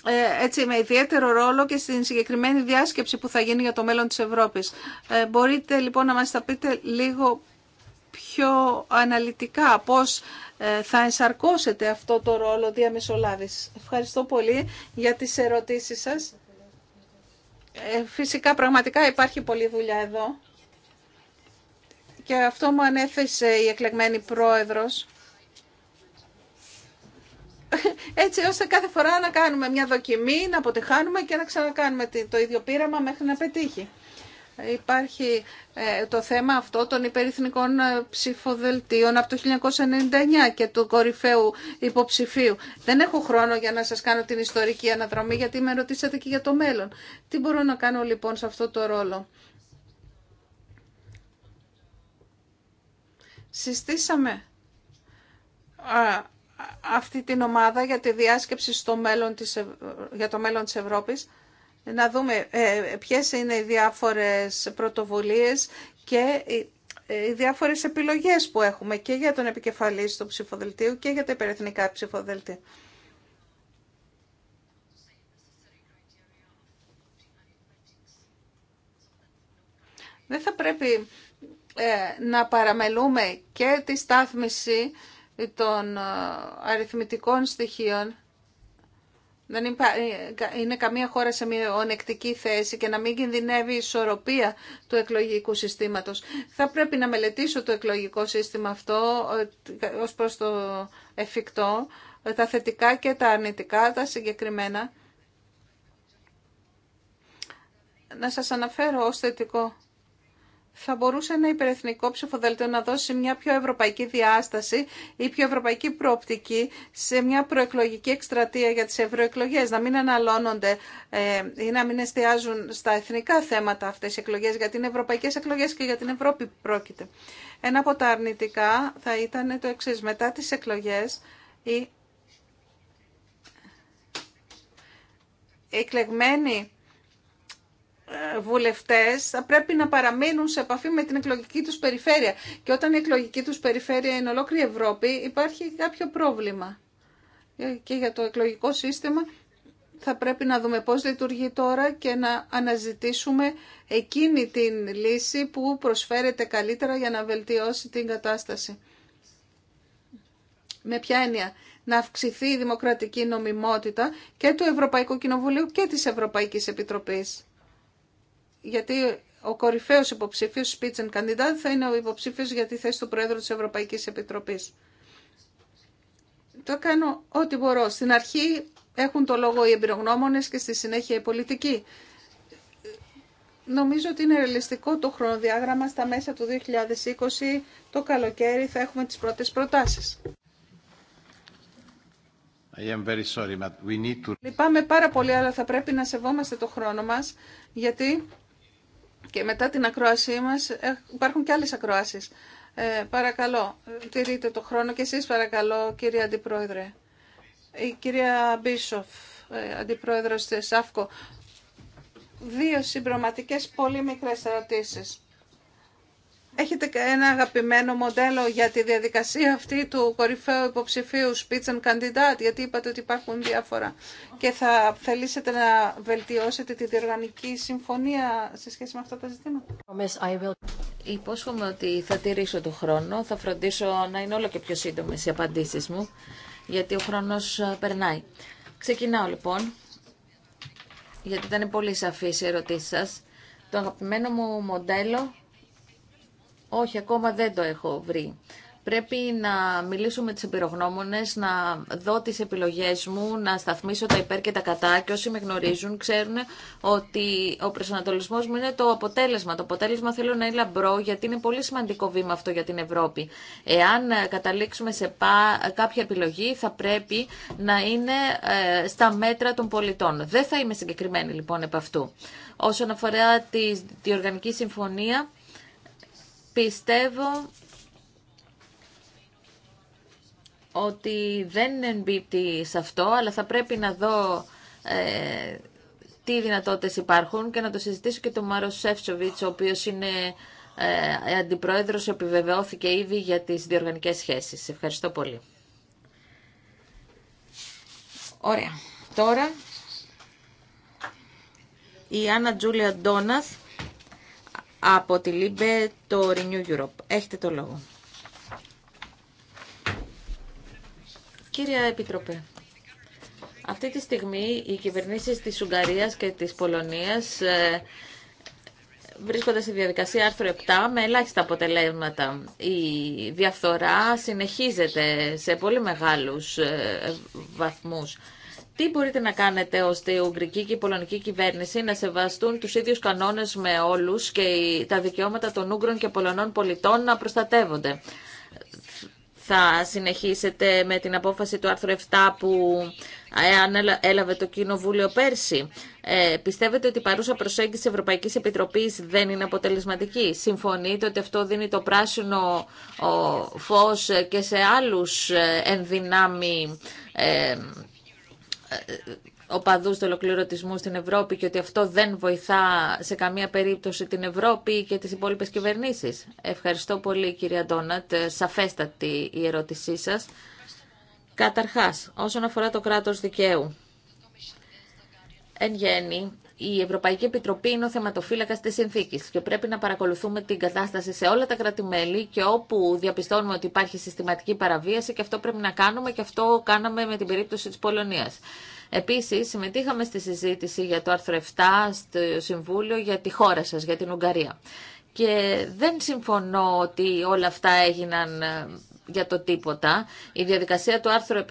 ε, έτσι με ιδιαίτερο ρόλο και στην συγκεκριμένη διάσκεψη που θα γίνει για το μέλλον της Ευρώπης. Ε, μπορείτε λοιπόν να μας τα πείτε λίγο πιο αναλυτικά πώς ε, θα ενσαρκώσετε αυτό το ρόλο διαμεσολάβησης. Ευχαριστώ πολύ για τις ερωτήσεις σας. φυσικά πραγματικά υπάρχει πολλή δουλειά εδώ και αυτό μου ανέθεσε η εκλεγμένη πρόεδρος έτσι ώστε κάθε φορά να κάνουμε μια δοκιμή, να αποτυχάνουμε και να ξανακάνουμε το ίδιο πείραμα μέχρι να πετύχει. Υπάρχει ε, το θέμα αυτό των υπερηθνικών ε, ψηφοδελτίων από το 1999 και του κορυφαίου υποψηφίου. Δεν έχω χρόνο για να σας κάνω την ιστορική αναδρομή γιατί με ρωτήσατε και για το μέλλον. Τι μπορώ να κάνω λοιπόν σε αυτό το ρόλο. Συστήσαμε αυτή την ομάδα για τη διάσκεψη στο μέλλον της, για το μέλλον της Ευρώπης, να δούμε ε, ποιες είναι οι διάφορες πρωτοβουλίες και οι διάφορες επιλογές που έχουμε και για τον επικεφαλής του ψηφοδελτίου και για τα υπερεθνικά ψηφοδελτία. Δεν θα πρέπει ε, να παραμελούμε και τη στάθμιση των ε, αριθμητικών στοιχείων δεν είναι καμία χώρα σε μια ονεκτική θέση και να μην κινδυνεύει η ισορροπία του εκλογικού συστήματος. Θα πρέπει να μελετήσω το εκλογικό σύστημα αυτό ε, ως προς το εφικτό, ε, τα θετικά και τα αρνητικά, τα συγκεκριμένα. Να σας αναφέρω ως θετικό θα μπορούσε ένα υπερεθνικό ψηφοδέλτιο να δώσει μια πιο ευρωπαϊκή διάσταση ή πιο ευρωπαϊκή προοπτική σε μια προεκλογική εκστρατεία για τις ευρωεκλογέ, να μην αναλώνονται ε, ή να μην εστιάζουν στα εθνικά θέματα αυτές οι εκλογές, γιατί είναι ευρωπαϊκές εκλογές και για την Ευρώπη πρόκειται. Ένα από τα αρνητικά θα ήταν το εξή μετά τις εκλογές η εκλεγμένοι ε, βουλευτές θα πρέπει να παραμείνουν σε επαφή με την εκλογική τους περιφέρεια. Και όταν η εκλογική τους περιφέρεια είναι ολόκληρη Ευρώπη υπάρχει κάποιο πρόβλημα. Ε, και για το εκλογικό σύστημα θα πρέπει να δούμε πώς λειτουργεί τώρα και να αναζητήσουμε εκείνη την λύση που προσφέρεται καλύτερα για να βελτιώσει την κατάσταση. Με ποια έννοια να αυξηθεί η δημοκρατική νομιμότητα και του Ευρωπαϊκού Κοινοβουλίου και της Ευρωπαϊκής Επιτροπής γιατί ο κορυφαίος υποψήφιος, Spitzen candidate θα είναι ο υποψήφιος για τη θέση του Πρόεδρου τη Ευρωπαϊκής Επιτροπής. Το κάνω ό,τι μπορώ. Στην αρχή έχουν το λόγο οι εμπειρογνώμονε και στη συνέχεια οι πολιτικοί. Νομίζω ότι είναι ρεαλιστικό το χρονοδιάγραμμα στα μέσα του 2020. Το καλοκαίρι θα έχουμε τις πρώτες προτάσεις. I am very sorry, but we need to... Λυπάμαι πάρα πολύ, αλλά θα πρέπει να σεβόμαστε το χρόνο μας, γιατί και μετά την ακρόασή μας ε, υπάρχουν και άλλες ακροάσεις. Ε, παρακαλώ, τηρείτε το χρόνο και εσείς παρακαλώ, κύριε Αντιπρόεδρε. Η κυρία Μπίσοφ, ε, Αντιπρόεδρος της ΑΦΚΟ. Δύο συμπροματικές πολύ μικρές ερωτήσεις. Έχετε ένα αγαπημένο μοντέλο για τη διαδικασία αυτή του κορυφαίου υποψηφίου Candidate γιατί είπατε ότι υπάρχουν διάφορα και θα θελήσετε να βελτιώσετε τη διοργανική συμφωνία σε σχέση με αυτά τα ζητήματα. Υπόσχομαι ότι θα τηρήσω τον χρόνο, θα φροντίσω να είναι όλο και πιο σύντομε οι απαντήσεις μου, γιατί ο χρόνος ε, περνάει. Ξεκινάω λοιπόν, γιατί ήταν πολύ σαφής η ερωτήση σας. Το αγαπημένο μου μοντέλο όχι, ακόμα δεν το έχω βρει. Πρέπει να μιλήσω με τις εμπειρογνώμονες, να δω τις επιλογές μου, να σταθμίσω τα υπέρ και τα κατά και όσοι με γνωρίζουν ξέρουν ότι ο προσανατολισμός μου είναι το αποτέλεσμα. Το αποτέλεσμα θέλω να είναι λαμπρό γιατί είναι πολύ σημαντικό βήμα αυτό για την Ευρώπη. Εάν ε, καταλήξουμε σε κάποια επιλογή θα πρέπει να είναι ε, στα μέτρα των πολιτών. Δεν θα είμαι συγκεκριμένη λοιπόν επ' αυτού. Όσον αφορά τη, τη Οργανική Συμφωνία, Πιστεύω ότι δεν εμπίπτει σε αυτό, αλλά θα πρέπει να δω ε, τι δυνατότητες υπάρχουν και να το συζητήσω και τον Μάρο Σεφτσοβιτς, ο οποίος είναι ε, αντιπρόεδρος, επιβεβαιώθηκε ήδη για τις διοργανικές σχέσεις. Ευχαριστώ πολύ. Ωραία. Τώρα η Άννα Τζούλια Ντόναθ από τη Λίμπε το Renew Europe. Έχετε το λόγο. Κύρια Επιτροπέ, αυτή τη στιγμή οι κυβερνήσεις της Ουγγαρίας και της Πολωνίας ε, βρίσκονται στη διαδικασία άρθρο 7 με ελάχιστα αποτελέσματα. Η διαφθορά συνεχίζεται σε πολύ μεγάλους ε, βαθμούς τι μπορείτε να κάνετε ώστε η Ουγγρική και η Πολωνική κυβέρνηση να σεβαστούν τους ίδιους κανόνες με όλους και τα δικαιώματα των Ούγγρων και Πολωνών πολιτών να προστατεύονται. Θα συνεχίσετε με την απόφαση του άρθρου 7 που ε, έλαβε το Κοινοβούλιο πέρσι. Ε, πιστεύετε ότι η παρούσα προσέγγιση Ευρωπαϊκής Επιτροπής δεν είναι αποτελεσματική. Συμφωνείτε ότι αυτό δίνει το πράσινο φω φως και σε άλλους ε, ενδυνάμει ε, ε, οπαδούς του ολοκληρωτισμού στην Ευρώπη και ότι αυτό δεν βοηθά σε καμία περίπτωση την Ευρώπη και τις υπόλοιπες κυβερνήσεις. Ευχαριστώ πολύ κυρία Ντόνατ. Ε, σαφέστατη η ερώτησή σας. Καταρχάς, όσον αφορά το κράτος δικαίου, εν γέννη, η Ευρωπαϊκή Επιτροπή είναι ο θεματοφύλακα τη συνθήκη και πρέπει να παρακολουθούμε την κατάσταση σε όλα τα κράτη-μέλη και όπου διαπιστώνουμε ότι υπάρχει συστηματική παραβίαση και αυτό πρέπει να κάνουμε και αυτό κάναμε με την περίπτωση τη Πολωνία. Επίση, συμμετείχαμε στη συζήτηση για το άρθρο 7 στο Συμβούλιο για τη χώρα σα, για την Ουγγαρία. Και δεν συμφωνώ ότι όλα αυτά έγιναν ε, για το τίποτα. Η διαδικασία του άρθρου 7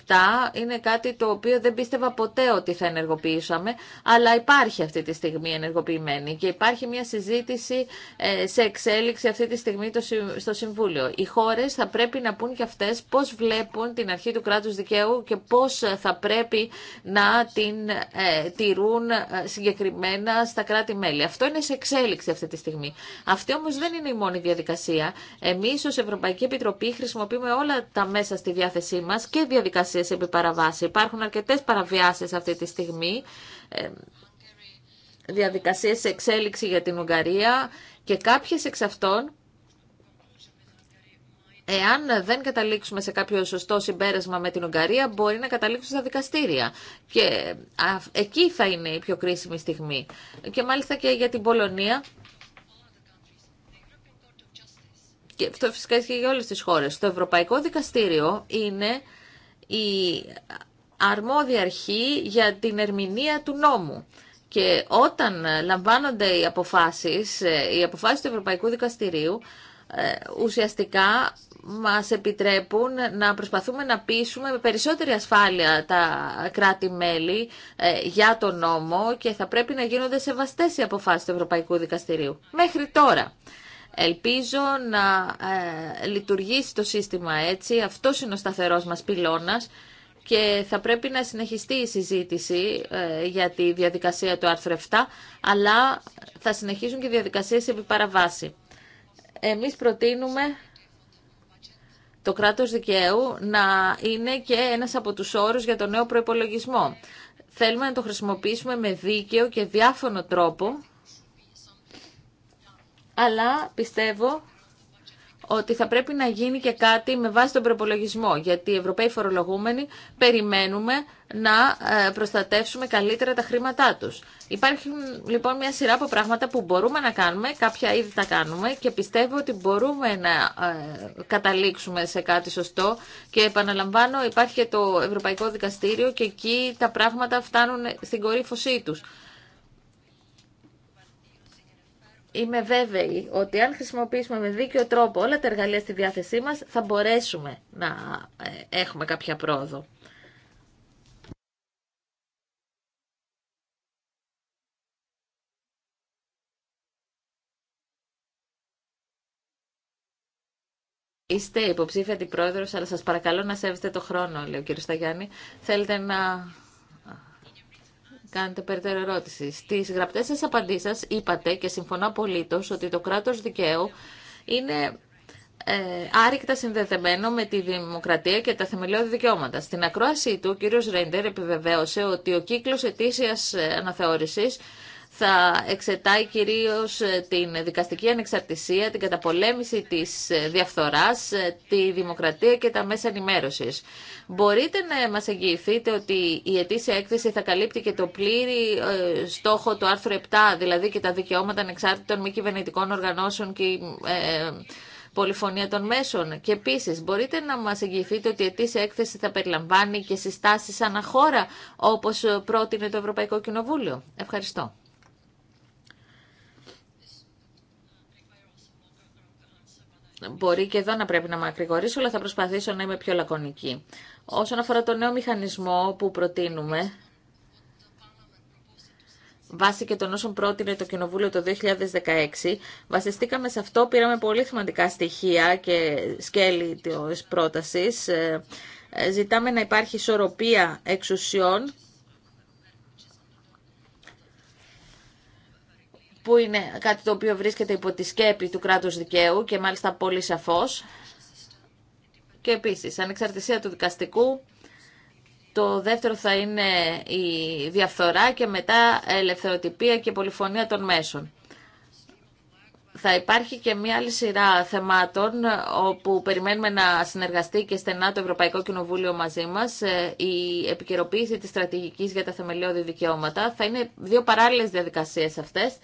είναι κάτι το οποίο δεν πίστευα ποτέ ότι θα ενεργοποιήσαμε, αλλά υπάρχει αυτή τη στιγμή ενεργοποιημένη και υπάρχει μια συζήτηση ε, σε εξέλιξη αυτή τη στιγμή στο Συμβούλιο. Οι χώρες θα πρέπει να πούν και αυτέ πώς βλέπουν την αρχή του κράτους δικαίου και πώς θα πρέπει να την ε, τηρούν ε, συγκεκριμένα στα κράτη-μέλη. Αυτό είναι σε εξέλιξη αυτή τη στιγμή. Αυτή όμω δεν είναι η μόνη διαδικασία. Εμεί, ω Ευρωπαϊκή Επιτροπή χρησιμοποιούμε έχουμε όλα τα μέσα στη διάθεσή μας και διαδικασίες επί παραβάση. Υπάρχουν αρκετές παραβιάσεις αυτή τη στιγμή, ε, διαδικασίες σε εξέλιξη για την Ουγγαρία και κάποιες εξ αυτών Εάν δεν καταλήξουμε σε κάποιο σωστό συμπέρασμα με την Ουγγαρία, μπορεί να καταλήξουμε στα δικαστήρια. Και εκεί θα είναι η πιο κρίσιμη στιγμή. Και μάλιστα και για την Πολωνία, και αυτό φυσικά ισχύει για όλες τις χώρες. Το Ευρωπαϊκό Δικαστήριο είναι η αρμόδια αρχή για την ερμηνεία του νόμου. Και όταν λαμβάνονται οι αποφάσεις, ε, οι αποφάσεις του Ευρωπαϊκού Δικαστηρίου, ε, ουσιαστικά μας επιτρέπουν να προσπαθούμε να πείσουμε με περισσότερη ασφάλεια τα κράτη-μέλη ε, για τον νόμο και θα πρέπει να γίνονται σεβαστές οι αποφάσεις του Ευρωπαϊκού Δικαστηρίου. Μέχρι τώρα. Ελπίζω να ε, λειτουργήσει το σύστημα έτσι. Αυτό είναι ο σταθερός μας πυλώνας και θα πρέπει να συνεχιστεί η συζήτηση ε, για τη διαδικασία του άρθρου 7, αλλά θα συνεχίσουν και διαδικασίες επί παραβάση. Εμείς προτείνουμε το κράτος δικαίου να είναι και ένας από τους όρους για το νέο προϋπολογισμό. Θέλουμε να το χρησιμοποιήσουμε με δίκαιο και διάφορο τρόπο αλλά πιστεύω ότι θα πρέπει να γίνει και κάτι με βάση τον προπολογισμό, γιατί οι Ευρωπαίοι φορολογούμενοι περιμένουμε να ε, προστατεύσουμε καλύτερα τα χρήματά τους. Υπάρχουν λοιπόν μια σειρά από πράγματα που μπορούμε να κάνουμε, κάποια ήδη τα κάνουμε και πιστεύω ότι μπορούμε να ε, καταλήξουμε σε κάτι σωστό και επαναλαμβάνω υπάρχει και το Ευρωπαϊκό Δικαστήριο και εκεί τα πράγματα φτάνουν στην κορύφωσή τους. είμαι βέβαιη ότι αν χρησιμοποιήσουμε με δίκιο τρόπο όλα τα εργαλεία στη διάθεσή μας, θα μπορέσουμε να ε, έχουμε κάποια πρόοδο. Είστε υποψήφια την πρόεδρος, αλλά σας παρακαλώ να σέβεστε το χρόνο, λέει ο κύριος Σταγιάννη. Θέλετε να κάνετε περαιτέρω ερώτηση. Στι γραπτές σας απαντήσεις σα είπατε και συμφωνώ απολύτω, ότι το κράτο δικαίου είναι ε, άρρηκτα συνδεδεμένο με τη δημοκρατία και τα θεμελιώδη δικαιώματα. Στην ακρόαση του, ο κ. Ρέιντερ επιβεβαίωσε ότι ο κύκλος ετήσιας ε, αναθεώρησης θα εξετάει κυρίως ε, την δικαστική ανεξαρτησία, την καταπολέμηση της ε, διαφθοράς, ε, τη δημοκρατία και τα μέσα ενημέρωσης. Μπορείτε να μας εγγυηθείτε ότι η ετήσια έκθεση θα καλύπτει και το πλήρη στόχο του άρθρου 7, δηλαδή και τα δικαιώματα ανεξάρτητων μη κυβερνητικών οργανώσεων και πολυφωνία των μέσων. Και επίση, μπορείτε να μα εγγυηθείτε ότι η ετήσια έκθεση θα περιλαμβάνει και συστάσει αναχώρα, όπω πρότεινε το Ευρωπαϊκό Κοινοβούλιο. Ευχαριστώ. μπορεί και εδώ να πρέπει να μακρηγορήσω, αλλά θα προσπαθήσω να είμαι πιο λακωνική. Όσον αφορά το νέο μηχανισμό που προτείνουμε, βάσει και των όσων πρότεινε το Κοινοβούλιο το 2016, βασιστήκαμε σε αυτό, πήραμε πολύ σημαντικά στοιχεία και σκέλη της πρότασης. Ε, ε, ζητάμε να υπάρχει ισορροπία εξουσιών που είναι κάτι το οποίο βρίσκεται υπό τη σκέπη του κράτους δικαίου και μάλιστα πολύ σαφώς. Και επίσης, ανεξαρτησία του δικαστικού, το δεύτερο θα είναι η διαφθορά και μετά ελευθεροτυπία και πολυφωνία των μέσων. Θα υπάρχει και μία άλλη σειρά θεμάτων όπου περιμένουμε να συνεργαστεί και στενά το Ευρωπαϊκό Κοινοβούλιο μαζί μας. Ε, η επικαιροποίηση της στρατηγικής για τα θεμελιώδη δικαιώματα θα είναι δύο παράλληλες διαδικασίες αυτές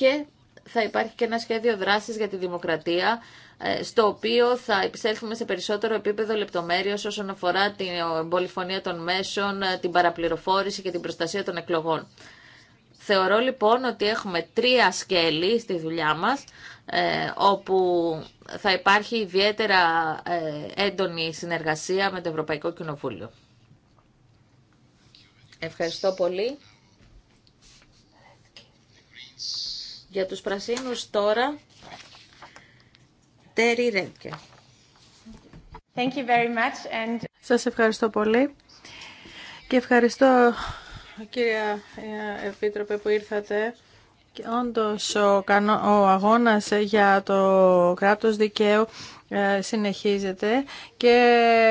και θα υπάρχει και ένα σχέδιο δράσης για τη δημοκρατία, ε, στο οποίο θα επισέλθουμε σε περισσότερο επίπεδο λεπτομέρειο όσον αφορά την πολυφωνία των μέσων, ε, την παραπληροφόρηση και την προστασία των εκλογών. Θεωρώ λοιπόν ότι έχουμε τρία σκέλη στη δουλειά μας, ε, όπου θα υπάρχει ιδιαίτερα έντονη συνεργασία με το Ευρωπαϊκό Κοινοβούλιο. Ευχαριστώ πολύ. Για τους πρασίνους τώρα, Τέρι Ρέντκε. Σας ευχαριστώ πολύ και ευχαριστώ κυρία ε, Επίτροπε που ήρθατε. Και όντως ο, ο αγώνας για το κράτος δικαίου ε, συνεχίζεται και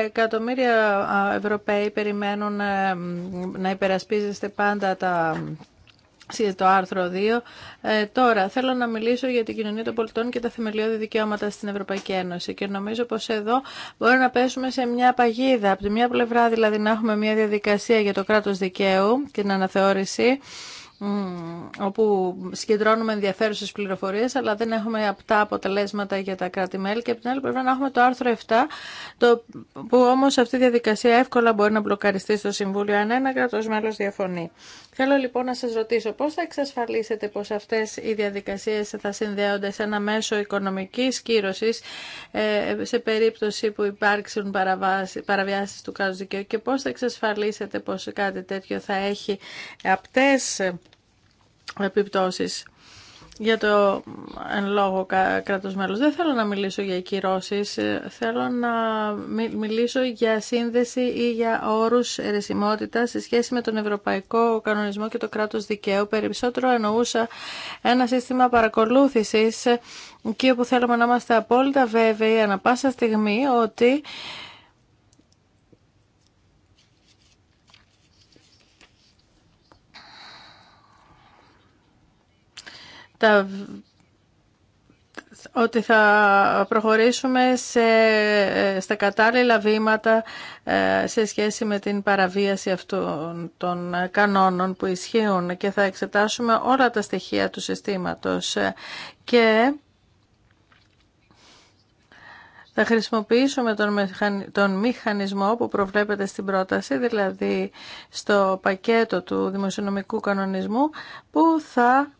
εκατομμύρια ε, Ευρωπαίοι περιμένουν να υπερασπίζεστε πάντα τα το άρθρο 2. Ε, τώρα, θέλω να μιλήσω για την κοινωνία των πολιτών και τα θεμελιώδη δικαιώματα στην Ευρωπαϊκή Ένωση. Και νομίζω πως εδώ μπορεί να πέσουμε σε μια παγίδα. Από τη μια πλευρά δηλαδή να έχουμε μια διαδικασία για το κράτος δικαίου, και την αναθεώρηση, όπου συγκεντρώνουμε ενδιαφέρουσε πληροφορίε, αλλά δεν έχουμε απτά αποτελέσματα για τα κράτη-μέλη. Και από την άλλη να έχουμε το άρθρο 7, το, που όμω αυτή η διαδικασία εύκολα μπορεί να μπλοκαριστεί στο Συμβούλιο αν ένα κράτο μέλο διαφωνεί. Θέλω λοιπόν να σα ρωτήσω πώ θα εξασφαλίσετε πω αυτέ οι διαδικασίε θα συνδέονται σε ένα μέσο οικονομική κύρωση ε, σε περίπτωση που υπάρξουν παραβιάσει του κράτου δικαίου και πώ θα εξασφαλίσετε πω κάτι τέτοιο θα έχει απτέ επιπτώσεις για το εν λόγω κράτος μέλος. Δεν θέλω να μιλήσω για κυρώσεις, ε, θέλω να μιλήσω για σύνδεση ή για όρους ερεσιμότητα σε σχέση με τον Ευρωπαϊκό Κανονισμό και το κράτος δικαίου. Περισσότερο εννοούσα ένα σύστημα παρακολούθησης εκεί όπου θέλουμε να είμαστε απόλυτα βέβαιοι ανα πάσα στιγμή ότι τα ότι θα προχωρήσουμε σε, στα κατάλληλα βήματα ε, σε σχέση με την παραβίαση αυτών των κανόνων που ισχύουν και θα εξετάσουμε όλα τα στοιχεία του συστήματος ε, και θα χρησιμοποιήσουμε τον μηχανισμό που προβλέπεται στην πρόταση, δηλαδή στο πακέτο του δημοσιονομικού κανονισμού που θα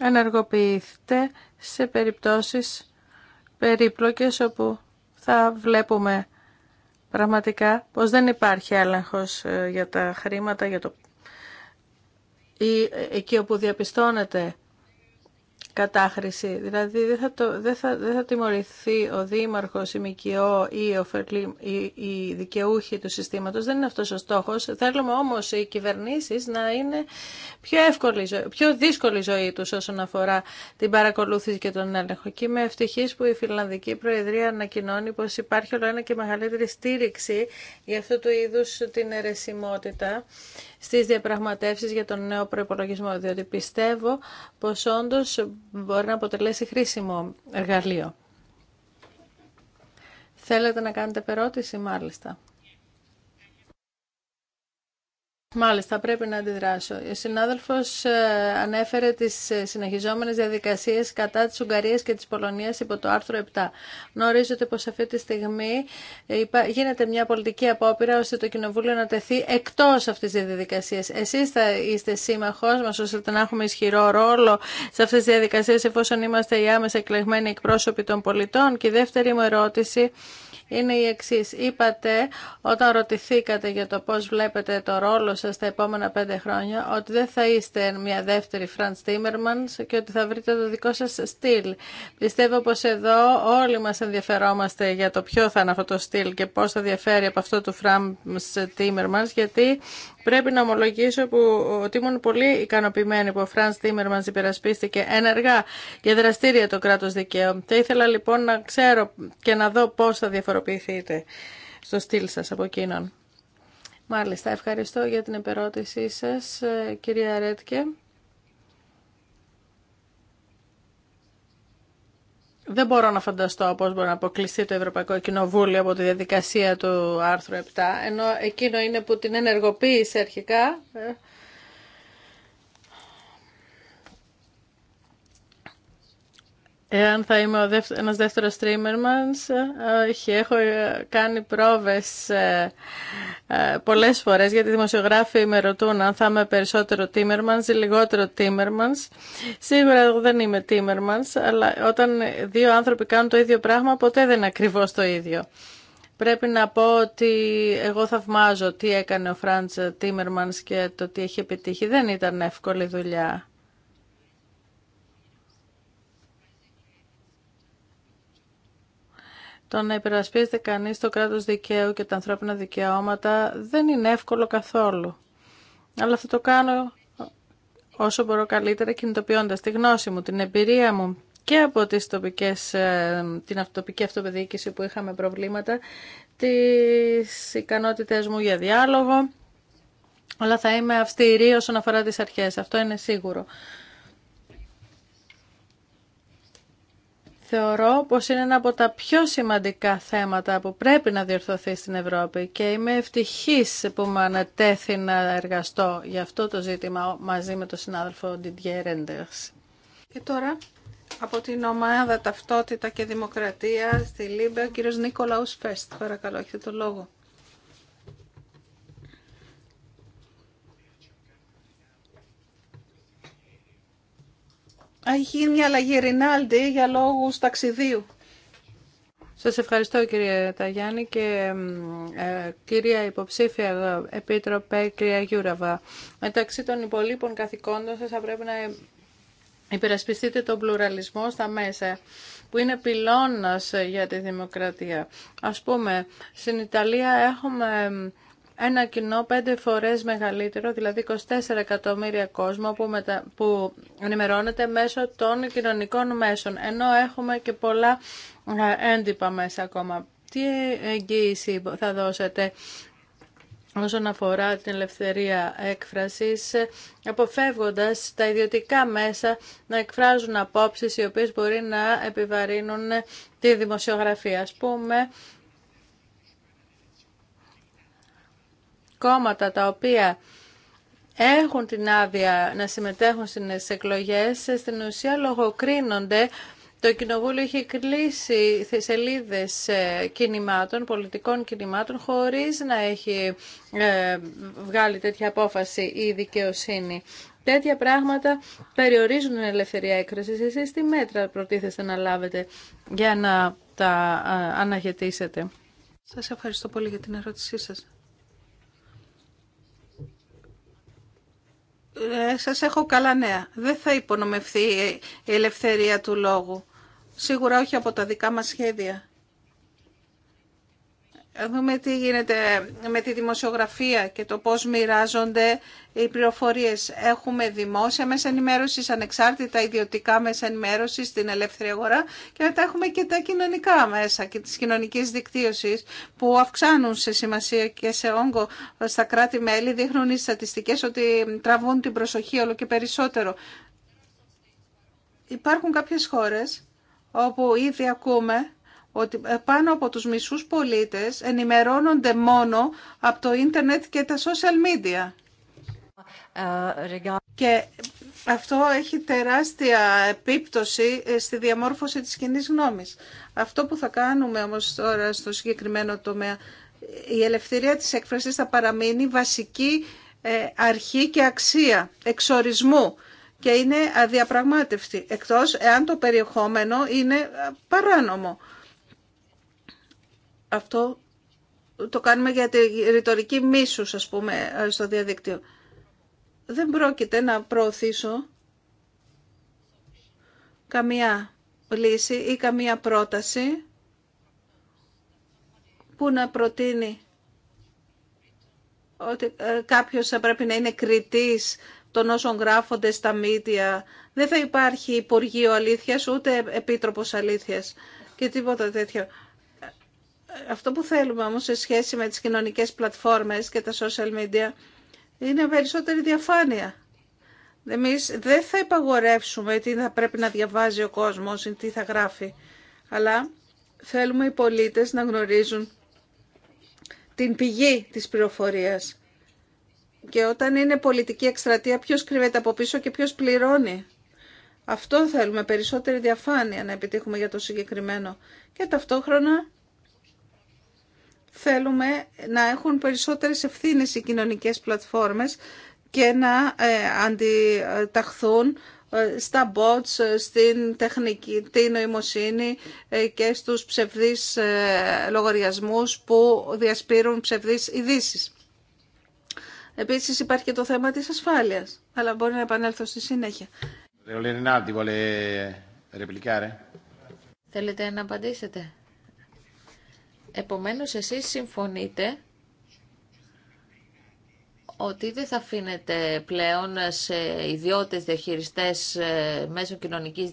ενεργοποιήθηκε σε περιπτώσεις περίπλοκες όπου θα βλέπουμε πραγματικά πως δεν υπάρχει έλεγχος ε, για τα χρήματα για το... ή ε, εκεί όπου διαπιστώνεται κατάχρηση. Δηλαδή δεν θα, το, δεν θα, δεν θα τιμωρηθεί ο δήμαρχος, η ΜΚΟ ή η, δικαιούχοι του συστήματος. Δεν είναι αυτός ο στόχος. Θέλουμε όμως οι κυβερνήσεις να είναι πιο, εύκολη, πιο δύσκολη ζωή τους όσον αφορά την παρακολούθηση και τον έλεγχο. Και είμαι ευτυχής που η Φιλανδική Προεδρία ανακοινώνει πως υπάρχει όλο ένα και μεγαλύτερη στήριξη για αυτού του είδους την αιρεσιμότητα στις διαπραγματεύσεις για τον νέο προϋπολογισμό, διότι πιστεύω πως όντως μπορεί να αποτελέσει χρήσιμο εργαλείο. Θέλετε να κάνετε περώτηση, μάλιστα. Μάλιστα, πρέπει να αντιδράσω. Ο συνάδελφο ε, ανέφερε τι ε, συνεχιζόμενε διαδικασίε κατά τη Ουγγαρία και τη Πολωνία υπό το άρθρο 7. Γνωρίζετε πω αυτή τη στιγμή ε, γίνεται μια πολιτική απόπειρα ώστε το Κοινοβούλιο να τεθεί εκτό αυτή τη διαδικασία. Εσεί θα είστε σύμμαχό μα ώστε να έχουμε ισχυρό ρόλο σε αυτέ τι διαδικασίε εφόσον είμαστε οι άμεσα εκλεγμένοι εκπρόσωποι των πολιτών. Και η δεύτερη μου ερώτηση είναι η εξή. Είπατε όταν ρωτηθήκατε για το πώ βλέπετε το ρόλο σας τα επόμενα πέντε χρόνια ότι δεν θα είστε μια δεύτερη Φραντ Τίμερμανς και ότι θα βρείτε το δικό σας στυλ. Πιστεύω πως εδώ όλοι μας ενδιαφερόμαστε για το ποιο θα είναι αυτό το στυλ και πώ θα διαφέρει από αυτό του Φραντ Τίμερμανς γιατί Πρέπει να ομολογήσω που, ότι ήμουν πολύ ικανοποιημένη που ο Φραν Τίμερμαν υπερασπίστηκε ενεργά και δραστήρια το κράτο δικαίου. Θα ήθελα λοιπόν να ξέρω και να δω πώ θα διαφοροποιηθείτε στο στυλ σα από εκείνον. Μάλιστα, ευχαριστώ για την επερώτησή σας, ε, κυρία Ρέτκε. Δεν μπορώ να φανταστώ πώ μπορεί να αποκλειστεί το Ευρωπαϊκό Κοινοβούλιο από τη διαδικασία του άρθρου 7, ενώ εκείνο είναι που την ενεργοποίησε αρχικά ε, Εάν θα είμαι δεύτερο, ένας δεύτερος streamer ε, έχω ε, κάνει πρόβες ε, πολλές φορές, γιατί οι δημοσιογράφοι με ρωτούν αν θα είμαι περισσότερο Timmermans ή λιγότερο Timmermans. Σίγουρα δεν είμαι Timmermans, αλλά όταν δύο άνθρωποι κάνουν το ίδιο πράγμα, ποτέ δεν είναι ακριβώς το ίδιο. Πρέπει να πω ότι εγώ θαυμάζω τι έκανε ο Φραντς Τίμερμανς και το τι έχει επιτύχει. Δεν ήταν εύκολη δουλειά. Το να υπερασπίζεται κανείς το κράτος δικαίου και τα ανθρώπινα δικαιώματα δεν είναι εύκολο καθόλου. Αλλά αυτό το κάνω όσο μπορώ καλύτερα κινητοποιώντας τη γνώση μου, την εμπειρία μου και από τις τοπικές, ε, την τοπική αυτοπεδιοίκηση που είχαμε προβλήματα, τις ικανότητες μου για διάλογο, αλλά θα είμαι αυστηρή όσον αφορά τις αρχές. Αυτό είναι σίγουρο. θεωρώ πως είναι ένα από τα πιο σημαντικά θέματα που πρέπει να διορθωθεί στην Ευρώπη και είμαι ευτυχής που με ανατέθη να εργαστώ για αυτό το ζήτημα μαζί με τον συνάδελφο Didier Renders. Και τώρα από την ομάδα Ταυτότητα και Δημοκρατία στη Λίμπε, ο κύριος Νίκολαους Φέστ. Παρακαλώ, έχετε το λόγο. Έχει γίνει μια αλλαγή Ρινάλντι για λόγους ταξιδίου. Σας ευχαριστώ κύριε Ταγιάννη και ε, κυρία υποψήφια επίτροπε κυρία Γιούραβα. Μεταξύ των υπολείπων καθηκόντων σας θα πρέπει να υπερασπιστείτε τον πλουραλισμό στα μέσα που είναι πυλώνας για τη δημοκρατία. Ας πούμε, στην Ιταλία έχουμε ένα κοινό πέντε φορές μεγαλύτερο, δηλαδή 24 εκατομμύρια κόσμο που, μετα... που ενημερώνεται μέσω των κοινωνικών μέσων, ενώ έχουμε και πολλά ε, έντυπα μέσα ακόμα. Τι εγγύηση θα δώσετε όσον αφορά την ελευθερία έκφρασης, αποφεύγοντας τα ιδιωτικά μέσα να εκφράζουν απόψεις οι οποίες μπορεί να επιβαρύνουν τη δημοσιογραφία. Ας πούμε, κόμματα τα οποία έχουν την άδεια να συμμετέχουν στις εκλογές, στην ουσία λογοκρίνονται. Το Κοινοβούλιο έχει κλείσει σελίδες ε, κινημάτων, πολιτικών κινημάτων, χωρίς να έχει ε, βγάλει τέτοια απόφαση η δικαιοσύνη. Τέτοια πράγματα περιορίζουν την ελευθερία έκφρασης. Εσείς τι μέτρα προτίθεστε να λάβετε για να τα ε, αναγετήσετε. Σας ευχαριστώ πολύ για την ερώτησή σας. Ε, σας έχω καλά νέα. Δεν θα υπονομευθεί η ελευθερία του λόγου. Σίγουρα όχι από τα δικά μας σχέδια. Ε, δούμε τι γίνεται με τη δημοσιογραφία και το πώς μοιράζονται οι πληροφορίες. Έχουμε δημόσια μέσα ενημέρωσης, ανεξάρτητα ιδιωτικά μέσα ενημέρωσης στην ελεύθερη αγορά και μετά έχουμε και τα κοινωνικά μέσα και τις κοινωνικές δικτύωσης που αυξάνουν σε σημασία και σε όγκο στα κράτη-μέλη. Δείχνουν οι στατιστικές ότι τραβούν την προσοχή όλο και περισσότερο. Υπάρχουν κάποιες χώρες όπου ήδη ακούμε ότι ε, πάνω από τους μισούς πολίτες ενημερώνονται μόνο από το ίντερνετ και τα social media. Και αυτό έχει τεράστια επίπτωση ε, στη διαμόρφωση της κοινή γνώμης. Αυτό που θα κάνουμε όμως τώρα στο συγκεκριμένο τομέα, η ελευθερία της έκφρασης θα παραμείνει βασική ε, αρχή και αξία εξορισμού και είναι αδιαπραγμάτευτη, εκτός εάν το περιεχόμενο είναι παράνομο. Αυτό το κάνουμε για τη ρητορική μίσους, ας πούμε, στο διαδίκτυο. Δεν πρόκειται να προωθήσω καμία λύση ή καμία πρόταση που να προτείνει ότι ε, κάποιος θα πρέπει να είναι κριτής των όσων γράφονται στα μίδια. Δεν θα υπάρχει Υπουργείο Αλήθειας ούτε Επίτροπος Αλήθειας και τίποτα τέτοιο. Αυτό που θέλουμε όμως σε σχέση με τις κοινωνικές πλατφόρμες και τα social media είναι περισσότερη διαφάνεια. Εμείς δεν θα υπαγορεύσουμε τι θα πρέπει να διαβάζει ο κόσμος ή τι θα γράφει, αλλά θέλουμε οι πολίτες να γνωρίζουν την πηγή της πληροφορίας. Και όταν είναι πολιτική εκστρατεία, ποιος κρύβεται από πίσω και ποιος πληρώνει. Αυτό θέλουμε, περισσότερη διαφάνεια να επιτύχουμε για το συγκεκριμένο. Και ταυτόχρονα θέλουμε να έχουν περισσότερες ευθύνες οι κοινωνικές πλατφόρμες και να ε, αντιταχθούν ε, στα bots, ε, στην τεχνική, την νοημοσύνη και στους ψευδείς λογαριασμούς που διασπείρουν ψευδείς ειδήσει. Επίσης υπάρχει και το θέμα της ασφάλειας, αλλά μπορεί να επανέλθω στη συνέχεια. Θέλετε να απαντήσετε. Επομένως, εσείς συμφωνείτε ότι δεν θα αφήνετε πλέον σε ιδιώτες διαχειριστές ε, μέσω κοινωνικής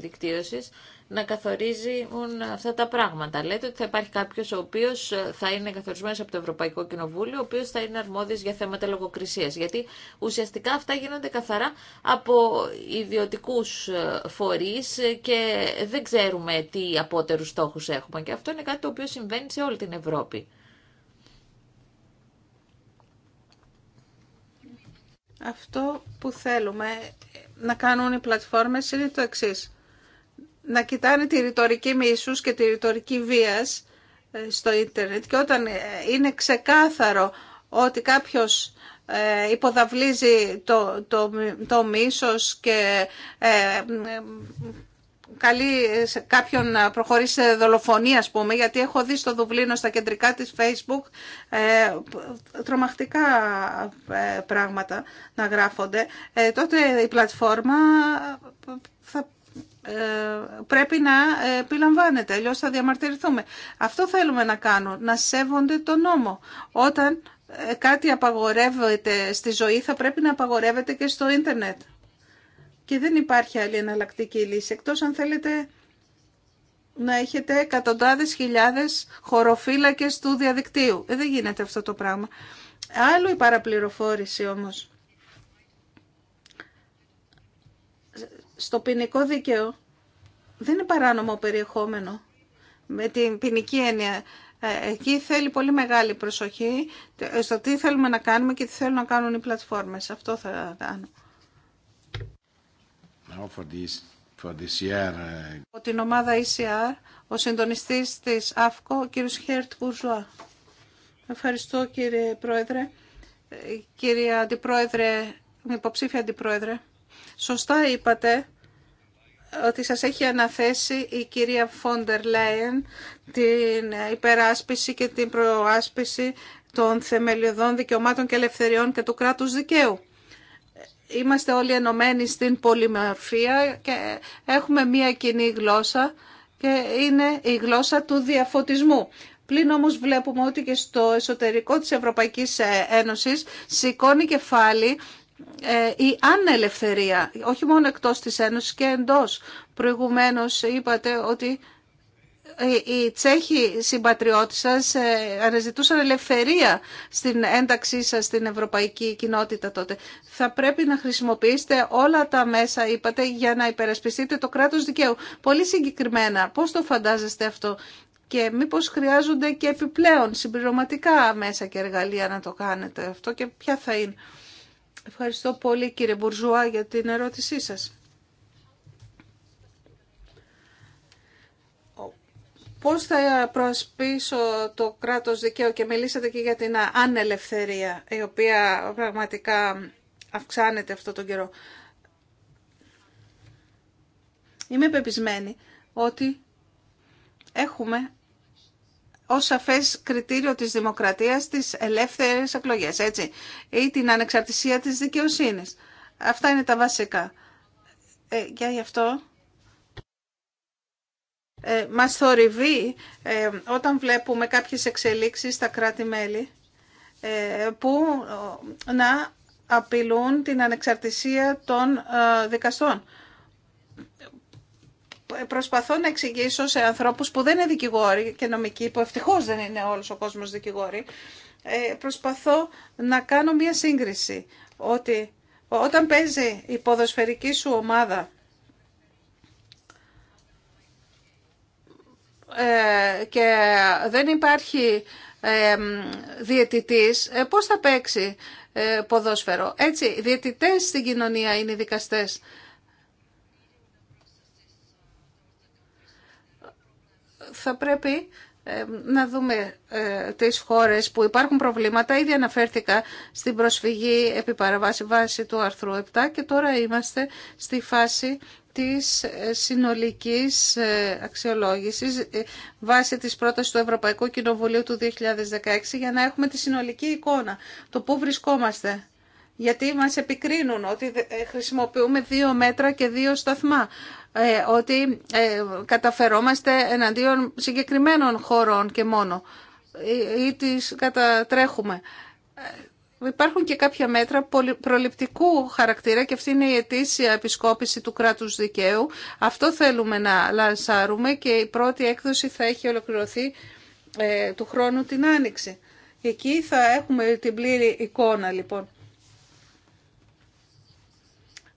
δικτύωσης να καθορίζουν αυτά τα πράγματα. Λέτε ότι θα υπάρχει κάποιος ο οποίος θα είναι καθορισμένος από το Ευρωπαϊκό Κοινοβούλιο, ο οποίος θα είναι αρμόδιος για θέματα λογοκρισίας. Γιατί ουσιαστικά αυτά γίνονται καθαρά από ιδιωτικού ε, φορείς και δεν ξέρουμε τι απότερου στόχου έχουμε. Και αυτό είναι κάτι το οποίο συμβαίνει σε όλη την Ευρώπη. Αυτό που θέλουμε να κάνουν οι πλατφόρμες είναι το εξής να κοιτάνε τη ρητορική μίσους και τη ρητορική βίας ε, στο ίντερνετ και όταν ε, είναι ξεκάθαρο ότι κάποιος ε, υποδαβλίζει το, το, το μίσος και ε, καλεί κάποιον να προχωρήσει σε δολοφονία, ας πούμε, γιατί έχω δει στο Δουβλίνο, στα κεντρικά της Facebook, ε, τρομακτικά πράγματα να γράφονται, τότε η πλατφόρμα ε, πρέπει να επιλαμβάνεται, αλλιώς θα διαμαρτυρηθούμε. Αυτό θέλουμε να κάνουν, να σέβονται τον νόμο. Όταν ε, κάτι απαγορεύεται στη ζωή θα πρέπει να απαγορεύεται και στο ίντερνετ. Και δεν υπάρχει άλλη εναλλακτική λύση, εκτός αν θέλετε να έχετε εκατοντάδες χιλιάδες χωροφύλακες του διαδικτύου. Ε, δεν γίνεται αυτό το πράγμα. Άλλο η παραπληροφόρηση όμως. στο ποινικό δίκαιο δεν είναι παράνομο περιεχόμενο με την ποινική έννοια. Ε, εκεί θέλει πολύ μεγάλη προσοχή στο τι θέλουμε να κάνουμε και τι θέλουν να κάνουν οι πλατφόρμες. Αυτό θα κάνω. Ε, την ομάδα ECR, ο συντονιστής της ΑΦΚΟ, ο κύριος Χέρτ Κουρζουά. Ευχαριστώ κύριε Πρόεδρε. Κύριε Αντιπρόεδρε, υποψήφια Αντιπρόεδρε. Σωστά είπατε ότι σας έχει αναθέσει η κυρία Φόντερ Λέιεν την υπεράσπιση και την προάσπιση των θεμελιωδών δικαιωμάτων και ελευθεριών και του κράτους δικαίου. Είμαστε όλοι ενωμένοι στην πολυμορφία και έχουμε μία κοινή γλώσσα και είναι η γλώσσα του διαφωτισμού. Πλην όμως βλέπουμε ότι και στο εσωτερικό της Ευρωπαϊκής Ένωσης σηκώνει κεφάλι ε, η ανελευθερία, όχι μόνο εκτός της Ένωσης και εντός. Προηγουμένως είπατε ότι οι Τσέχοι συμπατριώτες σας ε, αναζητούσαν ελευθερία στην ένταξή σας στην ευρωπαϊκή κοινότητα τότε. Θα πρέπει να χρησιμοποιήσετε όλα τα μέσα, είπατε, για να υπερασπιστείτε το κράτος δικαίου. Πολύ συγκεκριμένα, πώς το φαντάζεστε αυτό και μήπως χρειάζονται και επιπλέον συμπληρωματικά μέσα και εργαλεία να το κάνετε αυτό και ποια θα είναι. Ευχαριστώ πολύ κύριε Μπουρζουά για την ερώτησή σας. Πώς θα προασπίσω το κράτος δικαίου και μιλήσατε και για την ανελευθερία, η οποία πραγματικά αυξάνεται αυτό τον καιρό. Είμαι πεπισμένη ότι έχουμε ως σαφές κριτήριο της δημοκρατίας τις ελεύθερες εκλογές, έτσι, ή την ανεξαρτησία της δικαιοσύνης. Αυτά είναι τα βασικά. Ε, και γι' αυτό ε, μας θορυβεί ε, όταν βλέπουμε κάποιες εξελίξεις στα κράτη-μέλη ε, που ε, να απειλούν την ανεξαρτησία των ε, δικαστών προσπαθώ να εξηγήσω σε ανθρώπους που δεν είναι δικηγόροι και νομικοί, που ευτυχώ δεν είναι όλος ο κόσμος δικηγόροι, ε, προσπαθώ να κάνω μία σύγκριση. Ότι όταν παίζει η ποδοσφαιρική σου ομάδα ε, και δεν υπάρχει ε, διαιτητής, πώς θα παίξει ποδόσφαιρο. Έτσι, διαιτητές στην κοινωνία είναι οι δικαστές. θα πρέπει ε, να δούμε ε, τις χώρες που υπάρχουν προβλήματα. Ήδη αναφέρθηκα στην προσφυγή επί παραβάση βάση του άρθρου 7 και τώρα είμαστε στη φάση της ε, συνολικής αξιολόγησης βάσει της πρότασης του Ευρωπαϊκού Κοινοβουλίου του 2016 για να έχουμε τη συνολική εικόνα, το πού βρισκόμαστε γιατί μας επικρίνουν ότι ε, χρησιμοποιούμε δύο μέτρα και δύο σταθμά, ε, ότι ε, καταφερόμαστε εναντίον συγκεκριμένων χωρών και μόνο ή τις κατατρέχουμε. Υπάρχουν και κάποια μέτρα προληπτικού χαρακτήρα και αυτή είναι η ετήσια επισκόπηση του κράτους δικαίου. Αυτό θέλουμε να λανσάρουμε και η πρώτη έκδοση θα έχει ολοκληρωθεί του χρόνου την Άνοιξη. Εκεί θα έχουμε την πλήρη εικόνα λοιπόν.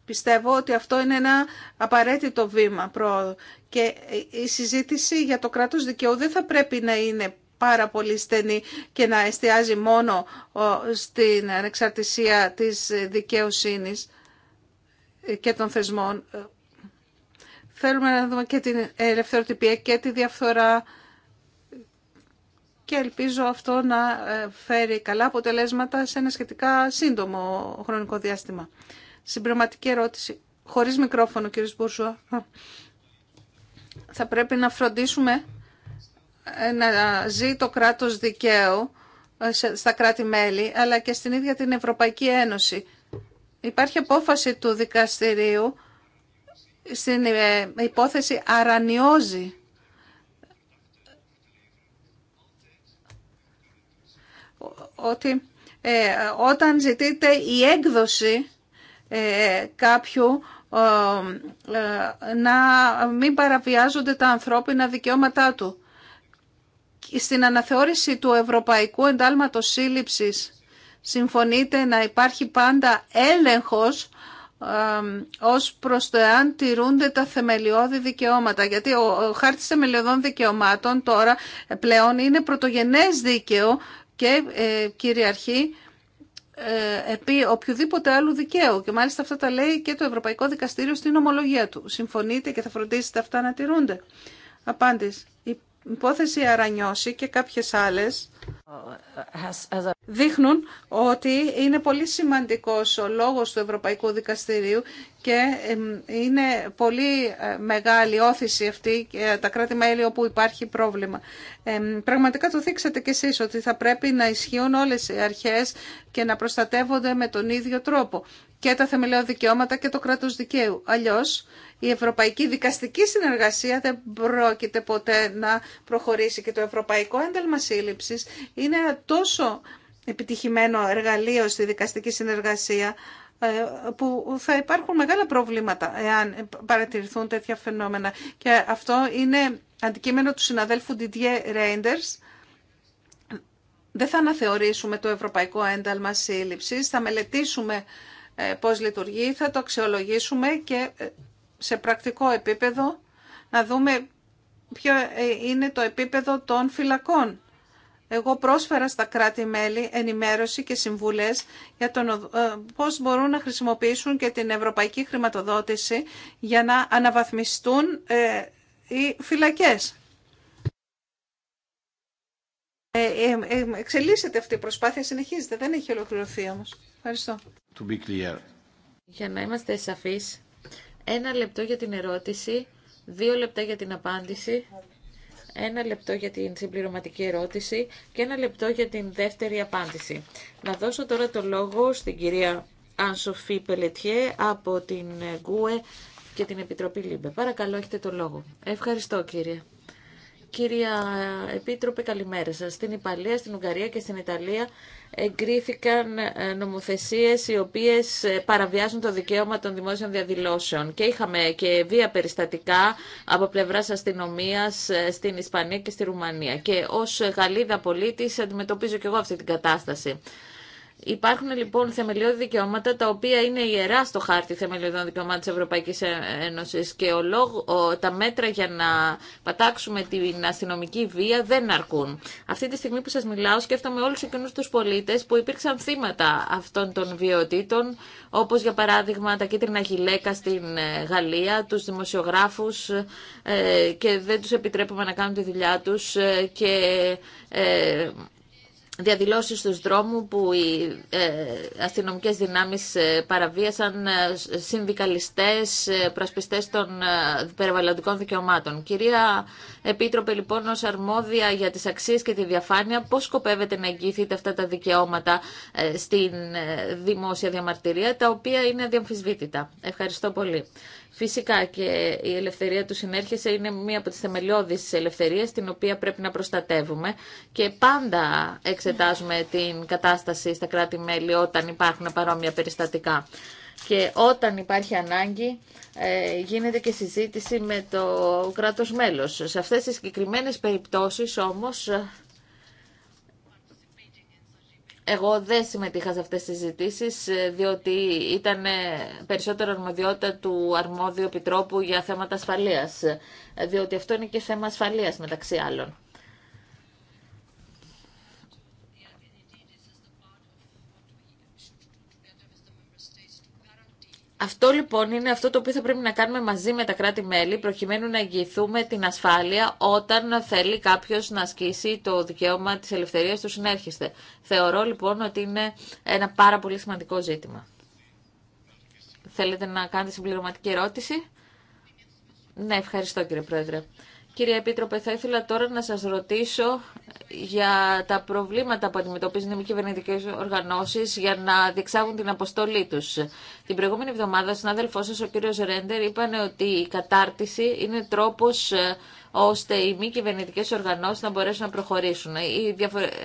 Πιστεύω ότι αυτό είναι ένα απαραίτητο βήμα πρόοδο. Και η συζήτηση για το κράτος δικαιού δεν θα πρέπει να είναι πάρα πολύ στενή και να εστιάζει μόνο στην ανεξαρτησία της δικαιοσύνης και των θεσμών. Θέλουμε να δούμε και την ελευθεροτυπία και τη διαφθορά και ελπίζω αυτό να ε, φέρει καλά αποτελέσματα σε ένα σχετικά σύντομο χρονικό διάστημα. Συμπληρωματική ερώτηση. Χωρίς μικρόφωνο, κύριε Μπουρζουά. Θα πρέπει να φροντίσουμε ε, να ζει το κράτος δικαίου ε, στα κράτη-μέλη, αλλά και στην ίδια την Ευρωπαϊκή Ένωση. Υπάρχει απόφαση του δικαστηρίου στην ε, υπόθεση Αρανιώζη. Ότι όταν ζητείται η έκδοση ε, κάποιου ε, ε, να μην παραβιάζονται τα ανθρώπινα δικαιώματά του. Στην αναθεώρηση του Ευρωπαϊκού Εντάλματος Σύλληψης συμφωνείται να υπάρχει πάντα έλεγχος ως προς το εάν τηρούνται τα θεμελιώδη δικαιώματα. Γιατί ο χάρτης θεμελιωδών δικαιωμάτων τώρα πλέον είναι πρωτογενές δίκαιο και κυριαρχεί ε, επί οποιοδήποτε άλλου δικαίου. Και μάλιστα αυτά τα λέει και το Ευρωπαϊκό Δικαστήριο στην ομολογία του. Συμφωνείτε και θα φροντίσετε αυτά να τηρούνται. Απάντης. Η υπόθεση Αρανιώση και κάποιες άλλες δείχνουν ότι είναι πολύ σημαντικός ο λόγος του Ευρωπαϊκού Δικαστηρίου και είναι πολύ ε, μεγάλη όθηση αυτή τα κράτη-μέλη όπου υπάρχει πρόβλημα. Πραγματικά το δείξατε κι εσείς ότι θα πρέπει να ισχύουν όλες οι αρχές και να προστατεύονται με τον ίδιο τρόπο και τα θεμελιώδη δικαιώματα και το κράτος δικαίου. Αλλιώς η ευρωπαϊκή δικαστική συνεργασία δεν πρόκειται ποτέ να προχωρήσει και το ευρωπαϊκό ένταλμα σύλληψης είναι τόσο επιτυχημένο εργαλείο στη δικαστική συνεργασία ε, που θα υπάρχουν μεγάλα προβλήματα εάν παρατηρηθούν τέτοια φαινόμενα. Και αυτό είναι αντικείμενο του συναδέλφου Didier Reinders. Δεν θα αναθεωρήσουμε το Ευρωπαϊκό Ένταλμα Σύλληψης, θα μελετήσουμε ε, πώς λειτουργεί, θα το αξιολογήσουμε και ε, σε πρακτικό επίπεδο να δούμε ποιο ε, είναι το επίπεδο των φυλακών. Εγώ πρόσφερα στα κράτη-μέλη ενημέρωση και συμβουλές για τον, ε, πώς μπορούν να χρησιμοποιήσουν και την ευρωπαϊκή χρηματοδότηση για να αναβαθμιστούν ε, οι φυλακές. εξελίσσεται αυτή η προσπάθεια, συνεχίζεται, δεν έχει ολοκληρωθεί όμως. Ευχαριστώ. Για να είμαστε σαφείς, ένα λεπτό για την ερώτηση, δύο λεπτά για την απάντηση, ένα λεπτό για την συμπληρωματική ερώτηση και ένα λεπτό για την δεύτερη απάντηση. Να δώσω τώρα το λόγο στην κυρία Ανσοφή Πελετιέ από την ΓΚΟΕ e και την Επιτροπή ΛΥΜΠΕ. Παρακαλώ, έχετε το λόγο. Ευχαριστώ, κύριε. Κυρία Επίτροπε, καλημέρα σας. Στην Ιπαλία, στην Ουγγαρία και στην Ιταλία εγκρίθηκαν ε, νομοθεσίες οι οποίες ε, παραβιάζουν το δικαίωμα των δημόσιων διαδηλώσεων. Και είχαμε και βία περιστατικά από πλευράς αστυνομία ε, στην Ισπανία και στη Ρουμανία. Και ως Γαλλίδα πολίτης αντιμετωπίζω και εγώ αυτή την κατάσταση. Υπάρχουν λοιπόν θεμελιώδη δικαιώματα τα οποία είναι ιερά στο χάρτη θεμελιωδών δικαιωμάτων της Ευρωπαϊκής ε- Ένωσης και ο τα μέτρα για να πατάξουμε την αστυνομική βία δεν αρκούν. Αυτή τη στιγμή που σας μιλάω σκέφτομαι όλους εκείνους τους πολίτες που υπήρξαν θύματα αυτών των βιωτήτων όπως για παράδειγμα τα κίτρινα γυλαίκα στην ε, Γαλλία, τους δημοσιογράφους ε, και δεν τους επιτρέπουμε να κάνουν τη δουλειά τους και διαδηλώσεις στους δρόμους που οι ε, αστυνομικές δυνάμεις ε, παραβίασαν ε, συνδικαλιστές, προσπιστές των περιβαλλοντικών δικαιωμάτων. Κυρία Επίτροπε, λοιπόν, ως αρμόδια για τις αξίες και τη διαφάνεια, πώς σκοπεύετε να εγγύθετε αυτά τα δικαιώματα στην δημόσια διαμαρτυρία, τα οποία είναι αδιαμφισβήτητα. Ευχαριστώ πολύ. Φυσικά και η ελευθερία του συνέρχεσαι είναι μία από τις θεμελιώδεις ελευθερίες την οποία πρέπει να προστατεύουμε και πάντα εξετάζουμε την κατάσταση στα κράτη-μέλη όταν υπάρχουν παρόμοια περιστατικά. Και όταν υπάρχει ανάγκη ε, γίνεται και συζήτηση με το κράτος μέλος. Σε αυτές τις συγκεκριμένες περιπτώσεις όμως εγώ δεν συμμετείχα σε αυτές τις συζητήσεις, ε, διότι ήταν ε, περισσότερο αρμοδιότητα του αρμόδιου επιτρόπου για θέματα ασφαλείας, ε, διότι αυτό είναι και θέμα ασφαλείας μεταξύ άλλων. Αυτό λοιπόν είναι αυτό το οποίο θα πρέπει να κάνουμε μαζί με τα κράτη-μέλη προκειμένου να εγγυηθούμε την ασφάλεια όταν θέλει κάποιο να ασκήσει το δικαίωμα τη ελευθερία του συνέρχεστε. Θεωρώ λοιπόν ότι είναι ένα πάρα πολύ σημαντικό ζήτημα. Θέλετε να κάνετε συμπληρωματική ερώτηση. Ναι, ευχαριστώ κύριε Πρόεδρε. Κύριε Επίτροπε, θα ήθελα τώρα να σας ρωτήσω για τα προβλήματα που αντιμετωπίζουν οι μη κυβερνητικέ οργανώσεις για να διεξάγουν την αποστολή τους. Την προηγούμενη εβδομάδα, συνάδελφό σας, ο κύριος Ρέντερ, είπαν ότι η κατάρτιση είναι τρόπος ε, ώστε οι μη κυβερνητικέ οργανώσει να μπορέσουν να προχωρήσουν. Η,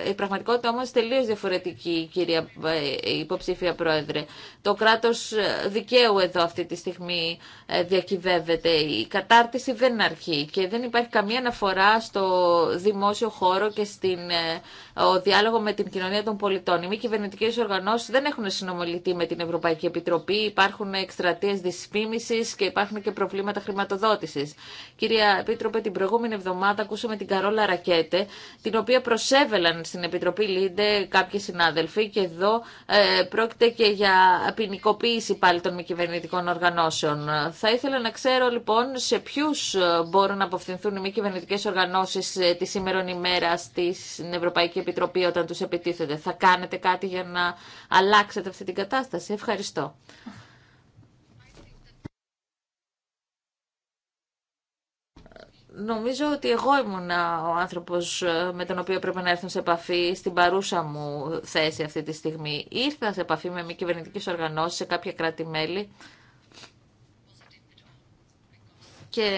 η πραγματικότητα όμω τελείω διαφορετική, κυρία ε, υποψήφια πρόεδρε. Το κράτο ε, δικαίου εδώ αυτή τη στιγμή ε, διακυβεύεται. Η κατάρτιση δεν αρχεί και δεν υπάρχει καμία αναφορά στο δημόσιο χώρο και στην ο διάλογο με την κοινωνία των πολιτών. Οι μη κυβερνητικέ οργανώσει δεν έχουν συνομιληθεί με την Ευρωπαϊκή Επιτροπή, υπάρχουν εκστρατείε δυσφήμιση και υπάρχουν και προβλήματα χρηματοδότηση. Κυρία Επίτροπε, την προηγούμενη εβδομάδα ακούσαμε την Καρόλα Ρακέτε, την οποία προσέβελαν στην Επιτροπή Λίντε κάποιοι συνάδελφοι και εδώ ε, πρόκειται και για ποινικοποίηση πάλι των μη κυβερνητικών οργανώσεων. Θα ήθελα να ξέρω λοιπόν σε ποιου ε, μπορούν να απευθυνθούν οι μη κυβερνητικέ οργανώσει ε, τη σήμερα ημέρα στην Ευρωπαϊκή Επιτροπή όταν τους επιτίθεται. Θα κάνετε κάτι για να αλλάξετε αυτή την κατάσταση. Ευχαριστώ. Νομίζω ότι εγώ ήμουν ο άνθρωπος ε, με τον οποίο πρέπει να έρθω σε επαφή στην παρούσα μου θέση αυτή τη στιγμή. Ήρθα σε επαφή με μη κυβερνητικέ οργανώσεις σε κάποια κράτη-μέλη και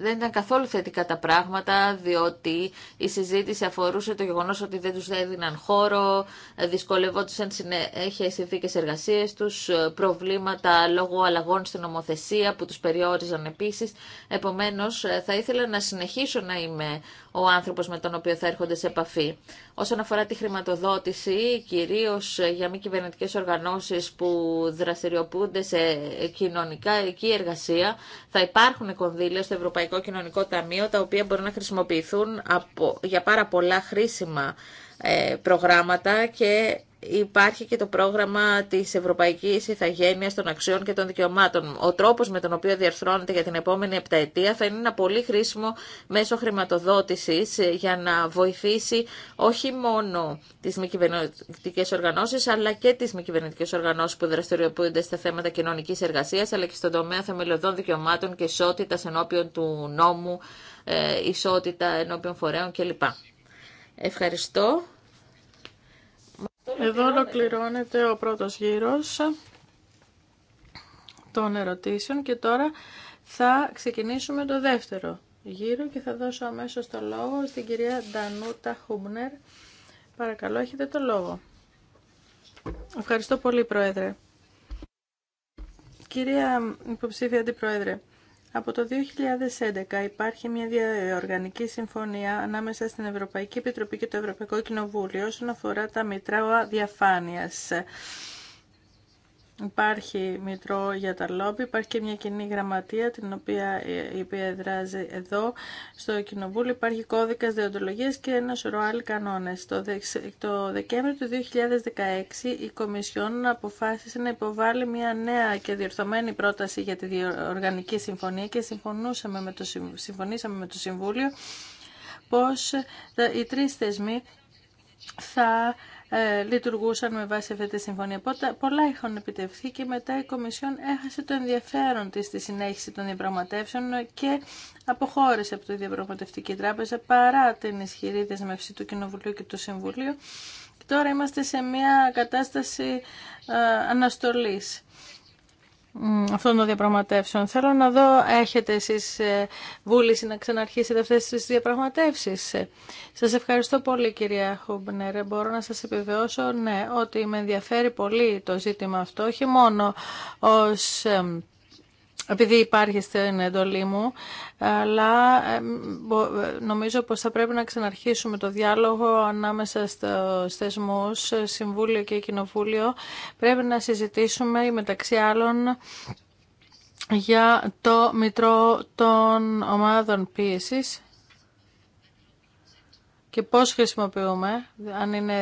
δεν ήταν καθόλου θετικά τα πράγματα, διότι η συζήτηση αφορούσε το γεγονό ότι δεν του έδιναν χώρο, δυσκολευόντουσαν συνέχεια οι συνθήκε εργασίες τους, προβλήματα λόγω αλλαγών στην νομοθεσία που του περιόριζαν επίση. Επομένω, θα ήθελα να συνεχίσω να είμαι ο άνθρωπο με τον οποίο θα έρχονται σε επαφή. Όσον αφορά τη χρηματοδότηση, κυρίω για μη κυβερνητικέ οργανώσει που δραστηριοποιούνται σε κοινωνικά εκεί εργασία, θα υπάρχουν κονδύλια στο Ευρωπαϊκό Ευρωπαϊκό Κοινωνικό Ταμείο, τα οποία μπορούν να χρησιμοποιηθούν από, για πάρα πολλά χρήσιμα ε, προγράμματα και υπάρχει και το πρόγραμμα της Ευρωπαϊκής Ιθαγένειας των Αξιών και των Δικαιωμάτων. Ο τρόπος με τον οποίο διαρθρώνεται για την επόμενη επταετία θα είναι ένα πολύ χρήσιμο μέσο χρηματοδότησης για να βοηθήσει όχι μόνο τις μη κυβερνητικέ οργανώσεις αλλά και τις μη κυβερνητικέ οργανώσεις που δραστηριοποιούνται στα θέματα κοινωνικής εργασίας αλλά και στον τομέα θεμελιωδών δικαιωμάτων και ισότητας ενώπιον του νόμου, ε, ισότητα ενώπιον φορέων κλπ. Ευχαριστώ. Εδώ ολοκληρώνεται ο πρώτος γύρος των ερωτήσεων και τώρα θα ξεκινήσουμε το δεύτερο γύρο και θα δώσω αμέσως το λόγο στην κυρία Ντανούτα Χούμπνερ. Παρακαλώ, έχετε το λόγο. Ευχαριστώ πολύ, Πρόεδρε. Κυρία Υποψήφια Αντιπρόεδρε, από το 2011 υπάρχει μια διοργανική συμφωνία ανάμεσα στην Ευρωπαϊκή Επιτροπή και το Ευρωπαϊκό Κοινοβούλιο όσον αφορά τα Μητρά διαφάνειας. Υπάρχει μητρό για τα λόμπι, υπάρχει και μια κοινή γραμματεία την οποία, η οποία εδράζει εδώ στο Κοινοβούλιο. Υπάρχει κώδικας διοντολογίας και ένα σωρό άλλοι κανόνες. Το, το Δεκέμβριο του 2016 η Κομισιόν αποφάσισε να υποβάλει μια νέα και διορθωμένη πρόταση για τη Οργανική Συμφωνία και συμφωνούσαμε συμφωνήσαμε με το Συμβούλιο πως οι τρεις θεσμοί θα ε, λειτουργούσαν με βάση αυτή τη συμφωνία. Πολλά είχαν επιτευχθεί και μετά η Κομισιόν έχασε το ενδιαφέρον της στη συνέχιση των διαπραγματεύσεων και αποχώρησε από τη Διαπραγματευτική Τράπεζα παρά την ισχυρή δεσμευσή του Κοινοβουλίου και του Συμβουλίου. Και τώρα είμαστε σε μια κατάσταση ε, αναστολής αυτών των διαπραγματεύσεων. Θέλω να δω, έχετε εσείς ε, βούληση να ξαναρχίσετε αυτές τις διαπραγματεύσεις. Ε, σας ευχαριστώ πολύ κυρία Χούμπνερ. Μπορώ να σας επιβεβαιώσω ναι, ότι με ενδιαφέρει πολύ το ζήτημα αυτό, όχι μόνο ως ε, επειδή υπάρχει στην εντολή μου, αλλά ε, νομίζω πως θα πρέπει να ξαναρχίσουμε το διάλογο ανάμεσα στους θεσμούς, Συμβούλιο και Κοινοβούλιο. Πρέπει να συζητήσουμε μεταξύ άλλων για το Μητρό των Ομάδων Πίεσης και πώς χρησιμοποιούμε, αν είναι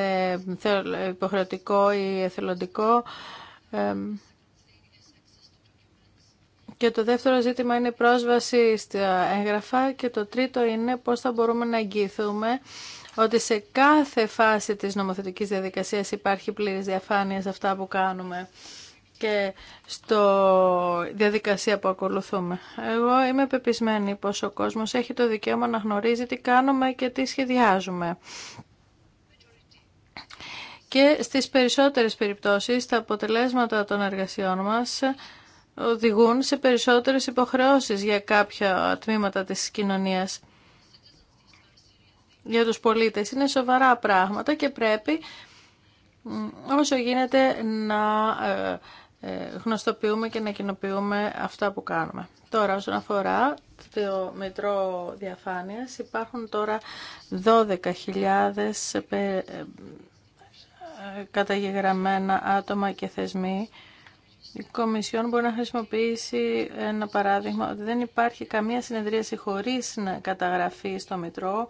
υποχρεωτικό ή εθελοντικό, και το δεύτερο ζήτημα είναι η πρόσβαση στα έγγραφα και το τρίτο είναι πώς θα μπορούμε να εγγυηθούμε ότι σε κάθε φάση της νομοθετικής διαδικασίας υπάρχει πλήρης διαφάνεια σε αυτά που κάνουμε και στο διαδικασία που ακολουθούμε. Εγώ είμαι πεπισμένη πως ο κόσμος έχει το δικαίωμα να γνωρίζει τι κάνουμε και τι σχεδιάζουμε. Και στις περισσότερες περιπτώσεις τα αποτελέσματα των εργασιών μας οδηγούν σε περισσότερες υποχρεώσεις για κάποια τμήματα της κοινωνίας για τους πολίτες. Είναι σοβαρά πράγματα και πρέπει όσο γίνεται να ε, ε, γνωστοποιούμε και να κοινοποιούμε αυτά που κάνουμε. Τώρα, όσον αφορά το Μητρό Διαφάνειας, υπάρχουν τώρα 12.000 ε, καταγεγραμμένα άτομα και θεσμοί η Κομισιόν μπορεί να χρησιμοποιήσει ένα παράδειγμα ότι δεν υπάρχει καμία συνεδρίαση χωρίς να καταγραφεί στο Μητρό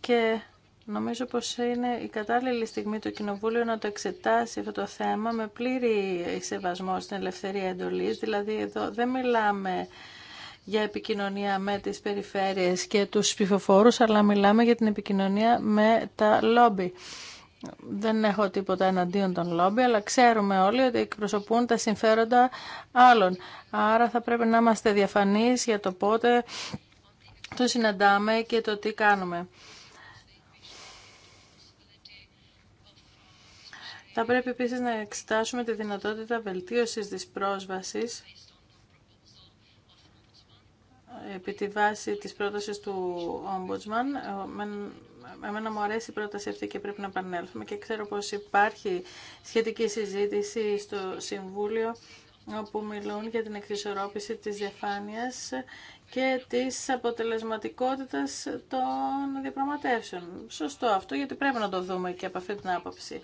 και Νομίζω πως είναι η κατάλληλη στιγμή το Κοινοβούλιο να το εξετάσει αυτό το θέμα με πλήρη σεβασμό στην ελευθερία εντολής. Δηλαδή εδώ δεν μιλάμε για επικοινωνία με τις περιφέρειες και τους ψηφοφόρους, αλλά μιλάμε για την επικοινωνία με τα λόμπι δεν έχω τίποτα εναντίον των λόμπι, αλλά ξέρουμε όλοι ότι εκπροσωπούν τα συμφέροντα άλλων. Άρα θα πρέπει να είμαστε διαφανείς για το πότε το συναντάμε και το τι κάνουμε. Θα πρέπει επίσης να εξετάσουμε τη δυνατότητα βελτίωσης της πρόσβασης επί τη βάση της πρότασης του Ombudsman ε, εμένα μου αρέσει η πρόταση αυτή και πρέπει να επανέλθουμε και ξέρω πως υπάρχει σχετική συζήτηση στο Συμβούλιο όπου μιλούν για την εξισορρόπηση της διαφάνειας και της αποτελεσματικότητας των διαπραγματεύσεων. Σωστό αυτό, γιατί πρέπει να το δούμε και από αυτή την άποψη.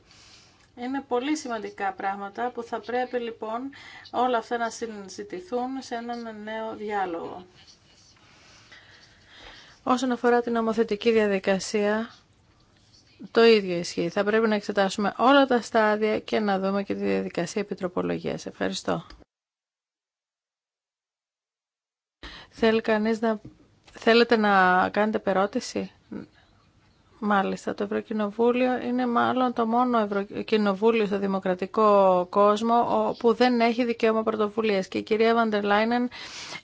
Είναι πολύ σημαντικά πράγματα που θα πρέπει λοιπόν όλα αυτά να συζητηθούν σε έναν νέο διάλογο. Όσον αφορά την νομοθετική διαδικασία, το ίδιο ισχύει. Θα πρέπει να εξετάσουμε όλα τα στάδια και να δούμε και τη διαδικασία επιτροπολογίας. Ευχαριστώ. Θέλετε να κάνετε περώτηση. Μάλιστα, το Ευρωκοινοβούλιο είναι μάλλον το μόνο Ευρωκοινοβούλιο στο δημοκρατικό κόσμο που δεν έχει δικαίωμα πρωτοβουλίας και η κυρία Βαντερ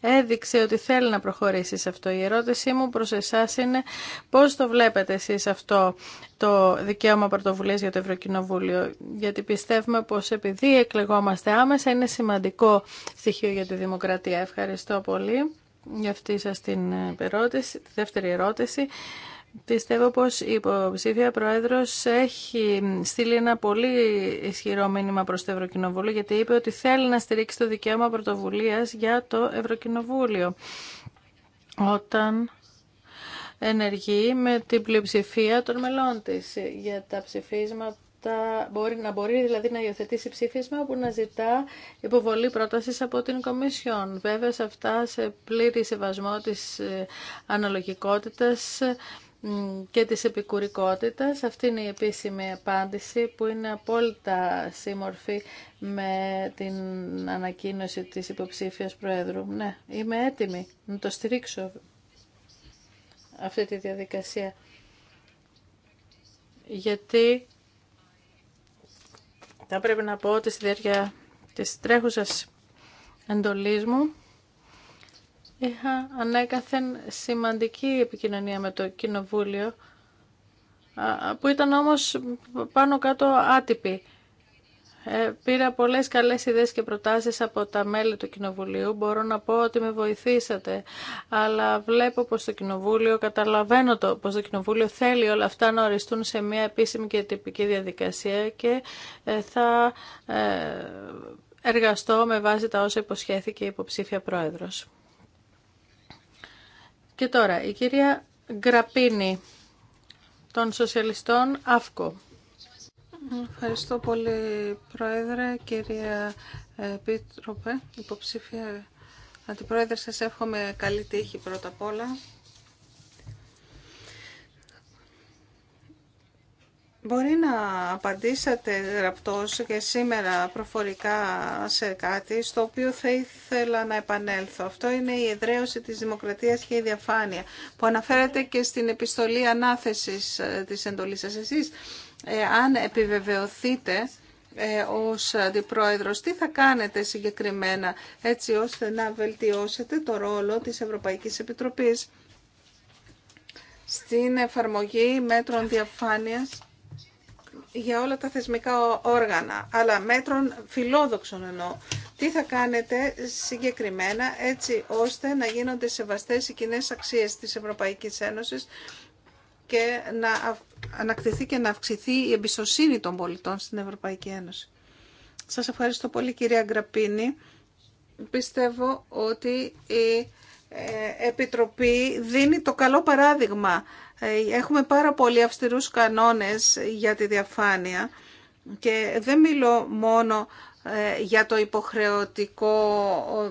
έδειξε ότι θέλει να προχωρήσει σε αυτό. Η ερώτησή μου προς εσάς είναι πώς το βλέπετε εσείς αυτό το δικαίωμα πρωτοβουλίας για το Ευρωκοινοβούλιο γιατί πιστεύουμε πως επειδή εκλεγόμαστε άμεσα είναι σημαντικό στοιχείο για τη δημοκρατία. Ευχαριστώ πολύ για αυτή σας την ερώτηση, τη δεύτερη ερώτηση. Πιστεύω πως η υποψήφια πρόεδρος έχει στείλει ένα πολύ ισχυρό μήνυμα προς το Ευρωκοινοβούλιο γιατί είπε ότι θέλει να στηρίξει το δικαίωμα πρωτοβουλίας για το Ευρωκοινοβούλιο όταν ενεργεί με την πλειοψηφία των μελών της για τα ψηφίσματα μπορεί, να μπορεί δηλαδή να υιοθετήσει ψήφισμα που να ζητά υποβολή πρόταση από την Κομισιόν. Βέβαια σε αυτά σε πλήρη σεβασμό της ε, αναλογικότητας και της επικουρικότητας. Αυτή είναι η επίσημη απάντηση που είναι απόλυτα σύμμορφη με την ανακοίνωση της υποψήφιας Προέδρου. Ναι, είμαι έτοιμη να το στηρίξω αυτή τη διαδικασία. Γιατί θα πρέπει να πω ότι στη διάρκεια της τρέχουσας εντολής μου Είχα ανέκαθεν σημαντική επικοινωνία με το Κοινοβούλιο, που ήταν όμως πάνω κάτω άτυπη. Ε, πήρα πολλές καλές ιδέες και προτάσεις από τα μέλη του Κοινοβουλίου. Μπορώ να πω ότι με βοηθήσατε, αλλά βλέπω πως το Κοινοβούλιο, καταλαβαίνω το, πως το Κοινοβούλιο θέλει όλα αυτά να οριστούν σε μια επίσημη και τυπική διαδικασία και ε, θα ε, εργαστώ με βάση τα όσα υποσχέθηκε η υποψήφια πρόεδρος. Και τώρα η κυρία Γκραπίνη των Σοσιαλιστών ΑΦΚΟ. Ευχαριστώ πολύ Πρόεδρε, κυρία Επίτροπε, υποψήφια Αντιπρόεδρε, σας εύχομαι καλή τύχη πρώτα απ' όλα Μπορεί να απαντήσατε γραπτός και σήμερα προφορικά σε κάτι στο οποίο θα ήθελα να επανέλθω. Αυτό είναι η εδραίωση της δημοκρατίας και η διαφάνεια που αναφέρεται και στην επιστολή ανάθεσης ε, της εντολής σας. Εσείς, ε, αν επιβεβαιωθείτε ε, ως αντιπρόεδρος, τι θα κάνετε συγκεκριμένα έτσι ώστε να βελτιώσετε το ρόλο της Ευρωπαϊκής Επιτροπής στην εφαρμογή μέτρων διαφάνειας για όλα τα θεσμικά όργανα, αλλά μέτρων φιλόδοξων εννοώ. Τι θα κάνετε συγκεκριμένα έτσι ώστε να γίνονται σεβαστές οι κοινέ αξίες της Ευρωπαϊκής Ένωσης και να ανακτηθεί και να αυξηθεί η εμπιστοσύνη των πολιτών στην Ευρωπαϊκή Ένωση. Σας ευχαριστώ πολύ κυρία Γκραπίνη. Πιστεύω ότι η ε, Επιτροπή δίνει το καλό παράδειγμα ε, έχουμε πάρα πολύ αυστηρούς κανόνες για τη διαφάνεια και δεν μιλώ μόνο ε, για το υποχρεωτικό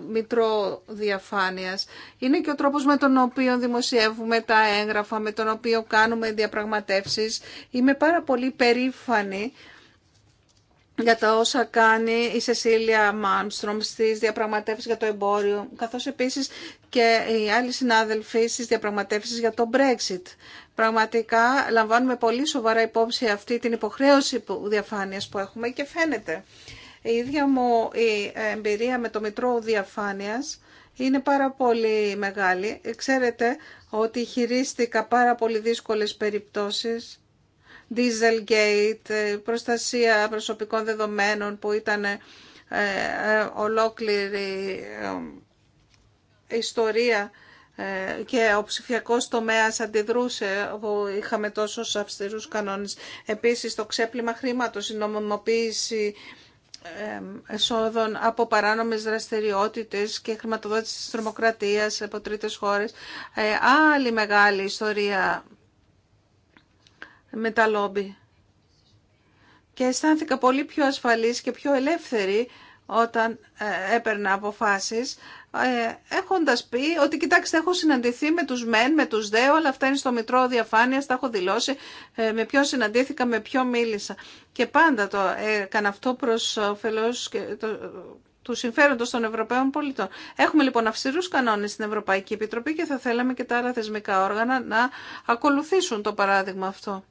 μητρό διαφάνειας. Είναι και ο τρόπος με τον οποίο δημοσιεύουμε τα έγγραφα, με τον οποίο κάνουμε διαπραγματεύσεις. Είμαι πάρα πολύ περήφανη για τα όσα κάνει η Σεσίλια Μάνστρομ στις διαπραγματεύσεις για το εμπόριο, καθώς επίσης και οι άλλοι συνάδελφοι στις διαπραγματεύσεις για το Brexit. Πραγματικά λαμβάνουμε πολύ σοβαρά υπόψη αυτή την υποχρέωση διαφάνειας που έχουμε και φαίνεται. Η ίδια μου η εμπειρία με το Μητρό Διαφάνειας είναι πάρα πολύ μεγάλη. Ξέρετε ότι χειρίστηκα πάρα πολύ δύσκολες περιπτώσεις Dieselgate, ε, προστασία προσωπικών δεδομένων που ήταν ε, ε, ολόκληρη ιστορία και ο ψηφιακό τομέα αντιδρούσε που είχαμε τόσους αυστηρούς κανόνες. Επίσης το ξέπλυμα χρήματος, η νομιμοποίηση εσόδων από παράνομες δραστηριότητες και χρηματοδότηση της τρομοκρατίας από τρίτες χώρες. Άλλη μεγάλη ιστορία με τα λόμπι. Και αισθάνθηκα πολύ πιο ασφαλής και πιο ελεύθερη όταν ε, έπαιρνα αποφάσεις, ε, έχοντας πει ότι κοιτάξτε έχω συναντηθεί με τους μεν, με τους δε, όλα αυτά είναι στο Μητρό διαφάνεια τα έχω δηλώσει, ε, με ποιον συναντήθηκα, με ποιον μίλησα. Και πάντα το έκανα αυτό προς το, του συμφέροντος των Ευρωπαίων πολιτών. Έχουμε λοιπόν αυστηρούς κανόνες στην Ευρωπαϊκή Επιτροπή και θα θέλαμε και τα άλλα θεσμικά όργανα να ακολουθήσουν το παράδειγμα αυτό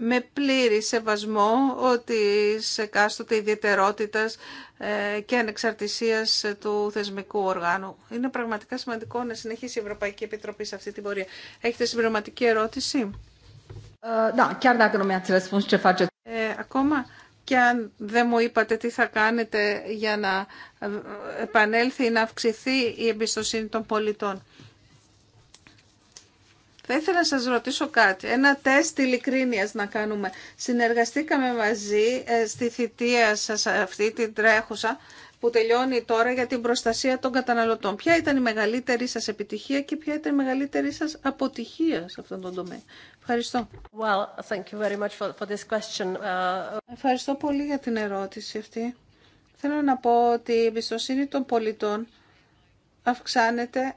με πλήρη σεβασμό ότι σε κάστοτε ιδιαιτερότητας ε, και ανεξαρτησίας του θεσμικού οργάνου. Είναι πραγματικά σημαντικό να συνεχίσει η Ευρωπαϊκή Επιτροπή σε αυτή την πορεία. Έχετε συμπληρωματική ερώτηση? Ε, ε ακόμα και αν δεν μου είπατε τι θα κάνετε για να ε, επανέλθει ή να αυξηθεί η εμπιστοσύνη των πολιτών. Θα ήθελα να σας ρωτήσω κάτι. Ένα τεστ ειλικρίνειας να κάνουμε. Συνεργαστήκαμε μαζί ε, στη θητεία σας αυτή την τρέχουσα που τελειώνει τώρα για την προστασία των καταναλωτών. Ποια ήταν η μεγαλύτερη σας επιτυχία και ποια ήταν η μεγαλύτερη σας αποτυχία σε αυτόν τον τομέα. Ευχαριστώ. Well, thank you very much for this question. Uh, Ευχαριστώ πολύ για την ερώτηση αυτή. Θέλω να πω ότι η εμπιστοσύνη των πολιτών αυξάνεται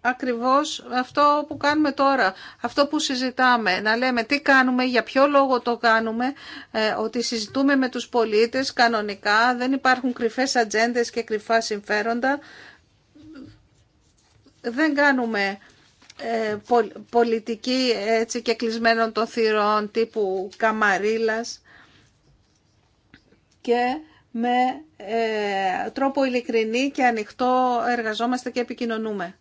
ακριβώς αυτό που κάνουμε τώρα, αυτό που συζητάμε, να λέμε τι κάνουμε, για ποιο λόγο το κάνουμε, ε, ότι συζητούμε με τους πολίτες κανονικά, δεν υπάρχουν κρυφές ατζέντε και κρυφά συμφέροντα, δεν κάνουμε ε, πολιτική έτσι και κλεισμένων των θυρών τύπου καμαρίλας και με ε, τρόπο ειλικρινή και ανοιχτό εργαζόμαστε και επικοινωνούμε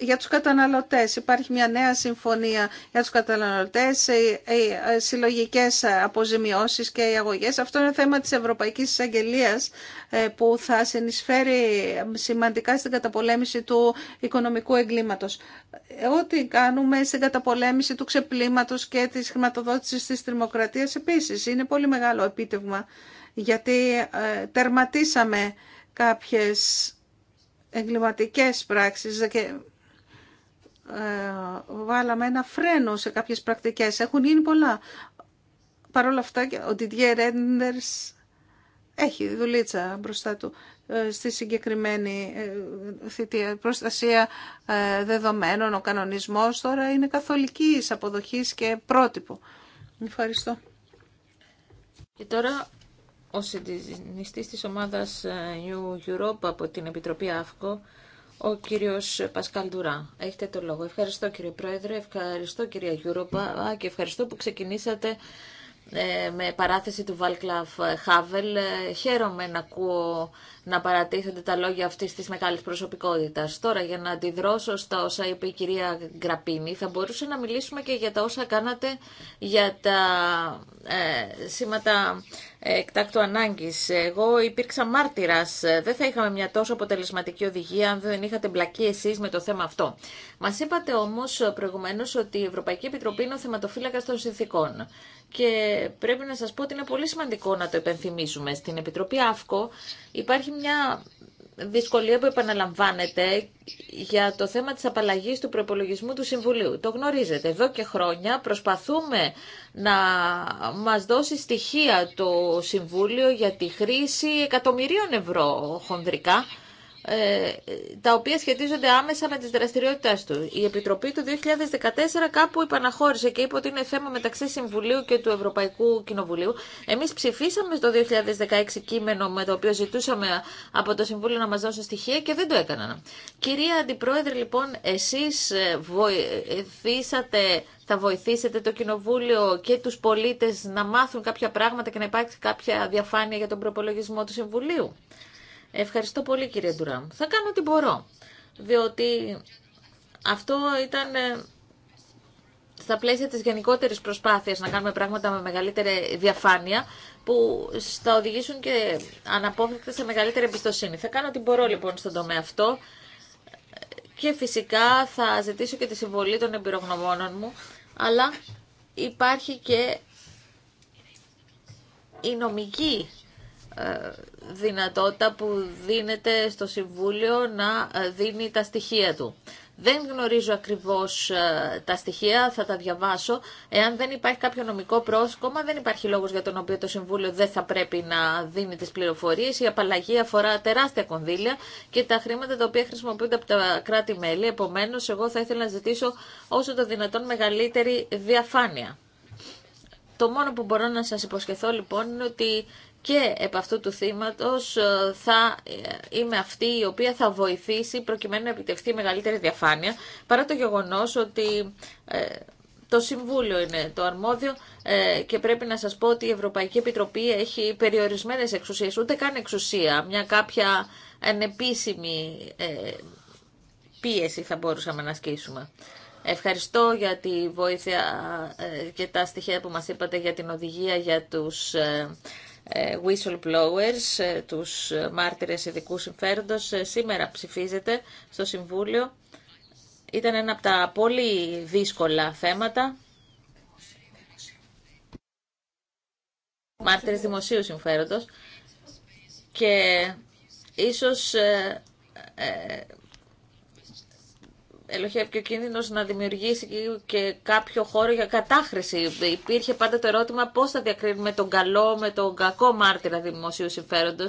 για τους καταναλωτές. Υπάρχει μια νέα συμφωνία για τους καταναλωτές, οι συλλογικές αποζημιώσεις και οι αγωγές. Αυτό είναι θέμα της Ευρωπαϊκής Εισαγγελίας ε, που θα συνεισφέρει σημαντικά στην καταπολέμηση του οικονομικού εγκλήματος. Ό,τι κάνουμε στην καταπολέμηση του ξεπλήματος και της χρηματοδότησης της τριμοκρατίας επίσης είναι πολύ μεγάλο επίτευγμα γιατί ε, τερματίσαμε κάποιες εγκληματικές πράξεις ε, βάλαμε ένα φρένο σε κάποιες πρακτικές. Έχουν γίνει πολλά. Παρ' όλα αυτά, ο Didier Renders έχει δουλίτσα μπροστά του ε, στη συγκεκριμένη ε, θητεία. Προστασία δεδομένων, ο κανονισμός τώρα είναι καθολικής αποδοχής και πρότυπο. Ευχαριστώ. Και τώρα ο συντηρητής της ομάδας New Europe από την Επιτροπή ΑΦΚΟ, ο κύριος Πασκάλ Ντουρά. Έχετε το λόγο. Ευχαριστώ κύριε Πρόεδρε, ευχαριστώ κυρία Γιούροπα και ευχαριστώ που ξεκινήσατε ε, με παράθεση του Βάλκλαφ ε, Χάβελ. Ε, χαίρομαι να ακούω να παρατίθενται τα λόγια αυτή τη μεγάλη προσωπικότητα. Τώρα, για να αντιδρώσω στα όσα είπε η κυρία Γκραπίνη, θα μπορούσε να μιλήσουμε και για τα όσα κάνατε για τα ε, σήματα εκτάκτου ανάγκη. Εγώ υπήρξα μάρτυρα. Δεν θα είχαμε μια τόσο αποτελεσματική οδηγία αν δεν είχατε μπλακεί εσεί με το θέμα αυτό. Μα είπατε όμω προηγουμένω ότι η Ευρωπαϊκή Επιτροπή είναι ο θεματοφύλακα των συνθήκων και πρέπει να σας πω ότι είναι πολύ σημαντικό να το επενθυμίσουμε. Στην Επιτροπή ΑΦΚΟ υπάρχει μια δυσκολία που επαναλαμβάνεται για το θέμα της απαλλαγής του προπολογισμού του Συμβουλίου. Το γνωρίζετε. Εδώ και χρόνια προσπαθούμε να μας δώσει στοιχεία το Συμβούλιο για τη χρήση εκατομμυρίων ευρώ χονδρικά ε, τα οποία σχετίζονται άμεσα με τις δραστηριότητες του. Η Επιτροπή του 2014 κάπου υπαναχώρησε και είπε ότι είναι θέμα μεταξύ Συμβουλίου και του Ευρωπαϊκού Κοινοβουλίου. Εμείς ψηφίσαμε το 2016 κείμενο με το οποίο ζητούσαμε από το Συμβούλιο να μας δώσει στοιχεία και δεν το έκαναν. Κυρία Αντιπρόεδρε, λοιπόν, εσείς ε, βοηθήσατε θα βοηθήσετε το Κοινοβούλιο και τους πολίτες να μάθουν κάποια πράγματα και να υπάρξει κάποια διαφάνεια για τον προπολογισμό του Συμβουλίου. Ευχαριστώ πολύ κύριε Ντουράμ. Θα κάνω ό,τι μπορώ, διότι αυτό ήταν ε, στα πλαίσια της γενικότερης προσπάθειας να κάνουμε πράγματα με μεγαλύτερη διαφάνεια που θα οδηγήσουν και αναπόφευκτα σε μεγαλύτερη εμπιστοσύνη. Θα κάνω ό,τι μπορώ λοιπόν στον τομέα αυτό και φυσικά θα ζητήσω και τη συμβολή των εμπειρογνωμόνων μου, αλλά υπάρχει και η νομική ε, δυνατότητα που δίνεται στο Συμβούλιο να ε, δίνει τα στοιχεία του. Δεν γνωρίζω ακριβώς ε, τα στοιχεία, θα τα διαβάσω. Εάν δεν υπάρχει κάποιο νομικό πρόσκομα, δεν υπάρχει λόγος για τον οποίο το Συμβούλιο δεν θα πρέπει να δίνει τις πληροφορίες. Η απαλλαγή αφορά τεράστια κονδύλια και τα χρήματα τα οποία χρησιμοποιούνται από τα κράτη-μέλη. Επομένως, εγώ θα ήθελα να ζητήσω όσο το δυνατόν μεγαλύτερη διαφάνεια. Το μόνο που μπορώ να σας υποσχεθώ λοιπόν είναι ότι και επ' αυτού του θύματος ε, θα ε, είμαι αυτή η οποία θα βοηθήσει προκειμένου να επιτευχθεί μεγαλύτερη διαφάνεια, παρά το γεγονός ότι ε, το Συμβούλιο είναι το αρμόδιο και πρέπει να σας πω ότι η Ευρωπαϊκή Επιτροπή έχει περιορισμένες εξουσίες, ούτε καν εξουσία, μια κάποια ανεπίσημη πίεση θα μπορούσαμε να ασκήσουμε. Ευχαριστώ για τη βοήθεια και τα στοιχεία που μας είπατε για την οδηγία για τους ε, whistleblowers, ε, τους μάρτυρες ειδικού συμφέροντος, ε, σήμερα ψηφίζεται στο Συμβούλιο. Ήταν ένα από τα πολύ δύσκολα θέματα. Μάρτυρες δημοσίου συμφέροντος. Και ίσως ελοχεύει ο κίνδυνο να δημιουργήσει και κάποιο χώρο για κατάχρηση. Υπήρχε πάντα το ερώτημα πώ θα διακρίνουμε τον καλό με τον κακό μάρτυρα δημοσίου συμφέροντο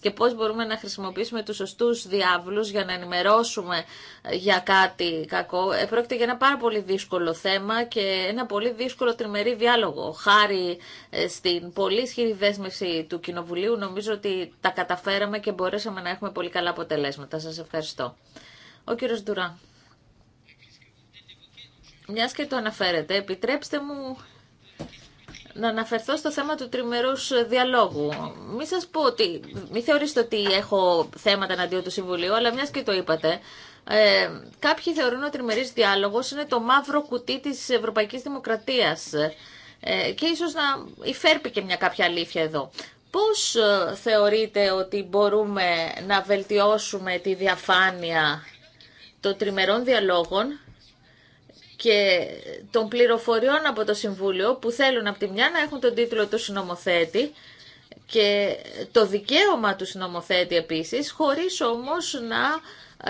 και πώ μπορούμε να χρησιμοποιήσουμε του σωστού διάβλους για να ενημερώσουμε για κάτι κακό. Ε, πρόκειται για ένα πάρα πολύ δύσκολο θέμα και ένα πολύ δύσκολο τριμερή διάλογο. Χάρη ε, στην πολύ ισχυρή δέσμευση του Κοινοβουλίου νομίζω ότι τα καταφέραμε και μπορέσαμε να έχουμε πολύ καλά αποτελέσματα. Σα ευχαριστώ. Ο κύριος Ντουρά. Μια και το αναφέρετε, επιτρέψτε μου να αναφερθώ στο θέμα του τριμερούς διαλόγου. Μην σα πω ότι, θεωρήσετε ότι έχω θέματα εναντίον του Συμβουλίου, αλλά μια και το είπατε, ε, κάποιοι θεωρούν ότι ο τριμερής διάλογος είναι το μαύρο κουτί της Ευρωπαϊκής Δημοκρατίας ε, και ίσως να υφέρπει και μια κάποια αλήθεια εδώ. Πώς ε, θεωρείτε ότι μπορούμε να βελτιώσουμε τη διαφάνεια των τριμερών διαλόγων και των πληροφοριών από το Συμβούλιο που θέλουν από τη μια να έχουν τον τίτλο του συνομοθέτη και το δικαίωμα του συνομοθέτη επίσης, χωρίς όμως να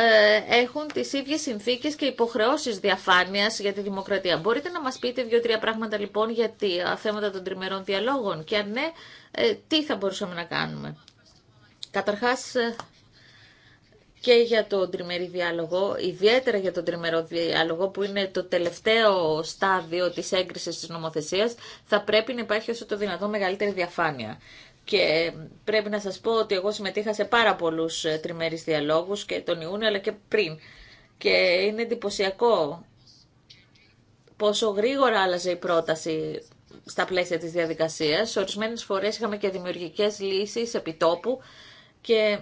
ε, έχουν τις ίδιες συνθήκες και υποχρεώσεις διαφάνειας για τη δημοκρατία. Μπορείτε να μας πείτε δύο-τρία πράγματα λοιπόν για τα θέματα των τριμερών διαλόγων και αν ναι, ε, τι θα μπορούσαμε να κάνουμε. Καταρχάς, ε, και για τον τριμερή διάλογο, ιδιαίτερα για τον τριμερό διάλογο που είναι το τελευταίο στάδιο της έγκρισης της νομοθεσίας, θα πρέπει να υπάρχει όσο το δυνατό μεγαλύτερη διαφάνεια. Και πρέπει να σας πω ότι εγώ συμμετείχα σε πάρα πολλούς ε, τριμερείς διαλόγους και τον Ιούνιο αλλά και πριν. Και είναι εντυπωσιακό πόσο γρήγορα άλλαζε η πρόταση στα πλαίσια της διαδικασίας. Ορισμένες φορές είχαμε και δημιουργικές λύσεις επιτόπου και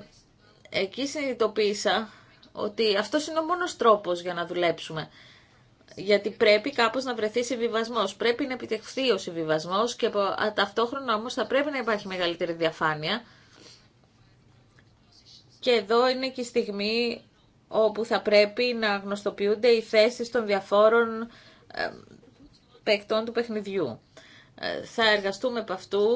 εκεί συνειδητοποίησα ότι αυτός είναι ο μόνος τρόπος για να δουλέψουμε. Γιατί πρέπει κάπως να βρεθεί συμβιβασμό. Πρέπει να επιτευχθεί ο συμβιβασμό και ταυτόχρονα όμως θα πρέπει να υπάρχει μεγαλύτερη διαφάνεια. Και εδώ είναι και η στιγμή όπου θα πρέπει να γνωστοποιούνται οι θέσεις των διαφόρων παικτών του παιχνιδιού θα εργαστούμε από αυτού,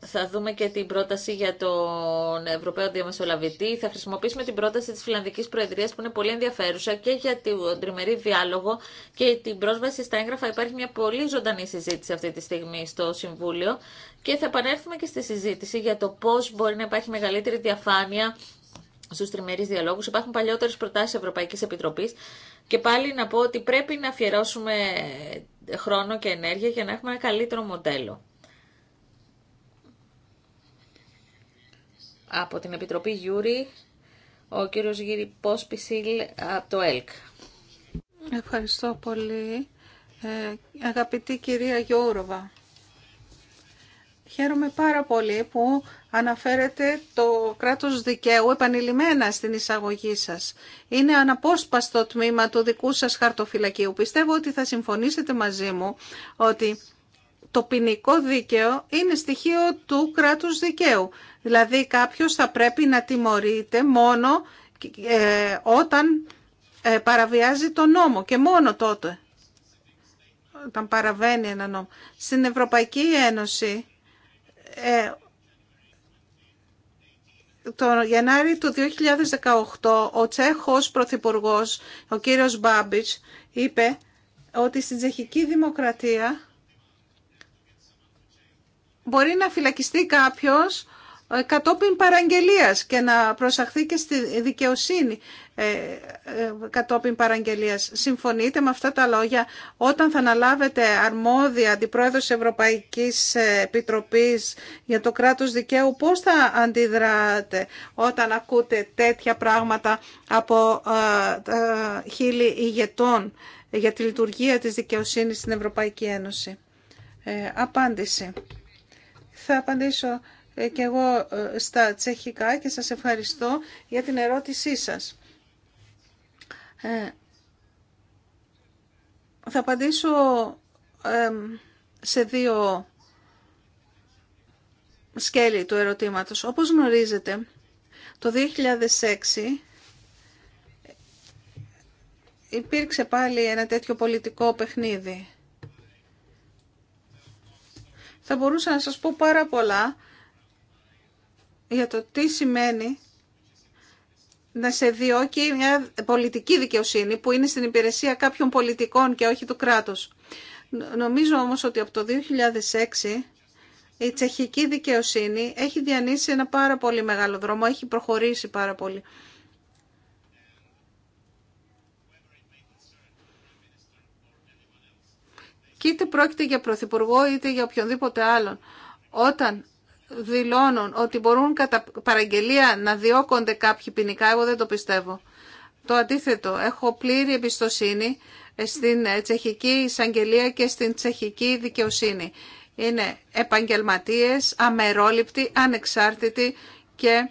ε, θα δούμε και την πρόταση για τον Ευρωπαίο Διαμεσολαβητή, θα χρησιμοποιήσουμε την πρόταση της Φιλανδικής Προεδρίας που είναι πολύ ενδιαφέρουσα και για τον τριμερή διάλογο και την πρόσβαση στα έγγραφα υπάρχει μια πολύ ζωντανή συζήτηση αυτή τη στιγμή στο Συμβούλιο και θα επανέλθουμε και στη συζήτηση για το πώς μπορεί να υπάρχει μεγαλύτερη διαφάνεια στους τριμερείς διαλόγους. Υπάρχουν παλιότερες προτάσεις Ευρωπαϊκής Επιτροπής και πάλι να πω ότι πρέπει να αφιερώσουμε χρόνο και ενέργεια για να έχουμε ένα καλύτερο μοντέλο. Από την Επιτροπή Γιούρη, ο κύριος Γύρι Πόσπισιλ από το ΕΛΚ. Ευχαριστώ πολύ. Ε, αγαπητή κυρία Γιώροβα. Χαίρομαι πάρα πολύ που αναφέρετε το κράτος δικαίου επανειλημμένα στην εισαγωγή σας. Είναι αναπόσπαστο τμήμα του δικού σας χαρτοφυλακίου. Πιστεύω ότι θα συμφωνήσετε μαζί μου ότι το ποινικό δίκαιο είναι στοιχείο του κράτους δικαίου. Δηλαδή κάποιος θα πρέπει να τιμωρείται μόνο ε, όταν ε, παραβιάζει τον νόμο και μόνο τότε όταν παραβαίνει ένα νόμο. Στην Ευρωπαϊκή Ένωση ε, το Γενάρη του 2018 ο Τσέχος Πρωθυπουργός, ο κύριος Μπάμπιτς, είπε ότι στην Τσεχική Δημοκρατία μπορεί να φυλακιστεί κάποιος ε, κατόπιν παραγγελίας και να προσαχθεί και στη δικαιοσύνη ε, ε, κατόπιν παραγγελίας. Συμφωνείτε με αυτά τα λόγια όταν θα αναλάβετε αρμόδια αντιπρόεδρος Ευρωπαϊκής Επιτροπής για το κράτος δικαίου πώς θα αντιδράτε όταν ακούτε τέτοια πράγματα από χίλιοι ηγετών για τη λειτουργία της δικαιοσύνης στην Ευρωπαϊκή Ένωση. απάντηση. Θα απαντήσω ε, και εγώ ε, στα τσεχικά και σας ευχαριστώ για την ερώτησή σας. Ε, θα απαντήσω σε δύο σκέλη του ερωτήματος. Όπως γνωρίζετε, το 2006 υπήρξε πάλι ένα τέτοιο πολιτικό παιχνίδι. Θα μπορούσα να σας πω πάρα πολλά, για το τι σημαίνει να σε διώκει μια πολιτική δικαιοσύνη που είναι στην υπηρεσία κάποιων πολιτικών και όχι του κράτους. Νομίζω όμως ότι από το 2006 η τσεχική δικαιοσύνη έχει διανύσει ένα πάρα πολύ μεγάλο δρόμο, έχει προχωρήσει πάρα πολύ. Και είτε πρόκειται για πρωθυπουργό είτε για οποιονδήποτε άλλον. Όταν δηλώνουν ότι μπορούν κατά παραγγελία να διώκονται κάποιοι ποινικά, εγώ δεν το πιστεύω. Το αντίθετο, έχω πλήρη εμπιστοσύνη ε, στην ε, τσεχική εισαγγελία και στην τσεχική δικαιοσύνη. Είναι επαγγελματίες, αμερόληπτοι, ανεξάρτητοι και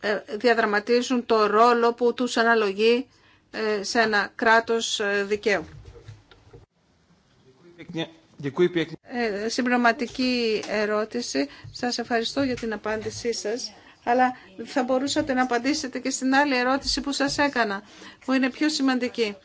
ε, διαδραματίζουν το ρόλο που τους αναλογεί σε ένα κράτος δικαίου. Ε, συμπληρωματική ερώτηση. Σας ευχαριστώ για την απάντησή σας. Αλλά θα μπορούσατε να απαντήσετε και στην άλλη ερώτηση που σας έκανα, που είναι πιο σημαντική.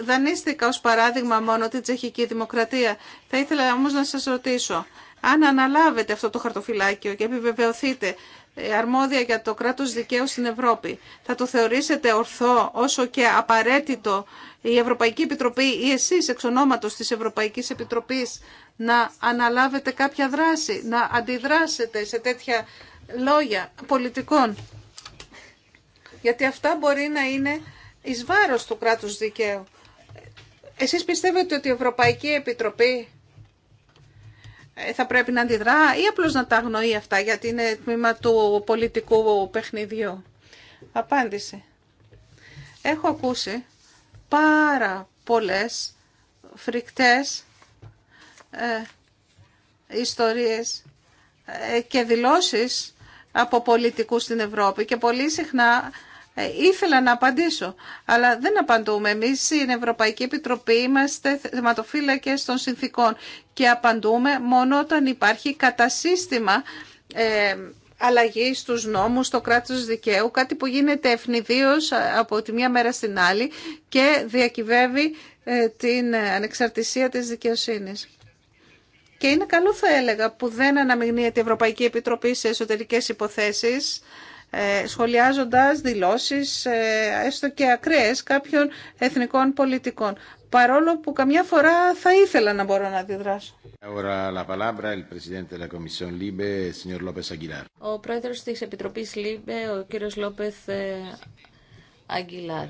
Δανείστηκα ως παράδειγμα μόνο την τσεχική δημοκρατία. Θα ήθελα όμως να σας ρωτήσω, αν αναλάβετε αυτό το χαρτοφυλάκιο και επιβεβαιωθείτε ε, αρμόδια για το κράτος δικαίου στην Ευρώπη. Θα το θεωρήσετε ορθό όσο και απαραίτητο η Ευρωπαϊκή Επιτροπή ή εσείς εξ ονόματος της Ευρωπαϊκής Επιτροπής να αναλάβετε κάποια δράση, να αντιδράσετε σε τέτοια λόγια πολιτικών. Γιατί αυτά μπορεί να είναι εις βάρος του κράτους δικαίου. Εσείς πιστεύετε ότι η Ευρωπαϊκή Επιτροπή ε, θα πρέπει να αντιδρά ή απλώς να τα αγνοεί αυτά γιατί είναι τμήμα του πολιτικού παιχνιδιού. Απάντηση. Έχω ακούσει πάρα πολλές φρικτές ε, ιστορίες ε, και δηλώσεις από πολιτικούς στην Ευρώπη και πολύ συχνά ε, ήθελα να απαντήσω, αλλά δεν απαντούμε. Εμείς στην Ευρωπαϊκή Επιτροπή είμαστε θεματοφύλακες των συνθήκων και απαντούμε μόνο όταν υπάρχει κατά σύστημα ε, αλλαγή στους νόμους, στο κράτος δικαίου, κάτι που γίνεται ευνηδίως από τη μία μέρα στην άλλη και διακυβεύει ε, την ανεξαρτησία της δικαιοσύνης. Και είναι καλό θα έλεγα που δεν αναμειγνύεται η Ευρωπαϊκή Επιτροπή σε εσωτερικές υποθέσεις, ε, σχολιάζοντας δηλώσεις ε, έστω και ακραίες κάποιων εθνικών πολιτικών. Παρόλο που καμιά φορά θα ήθελα να μπορώ να αντιδράσω. Ο πρόεδρος της Επιτροπής LIBE, ο κύριος Λόπεθ ε, Αγγιλάρ.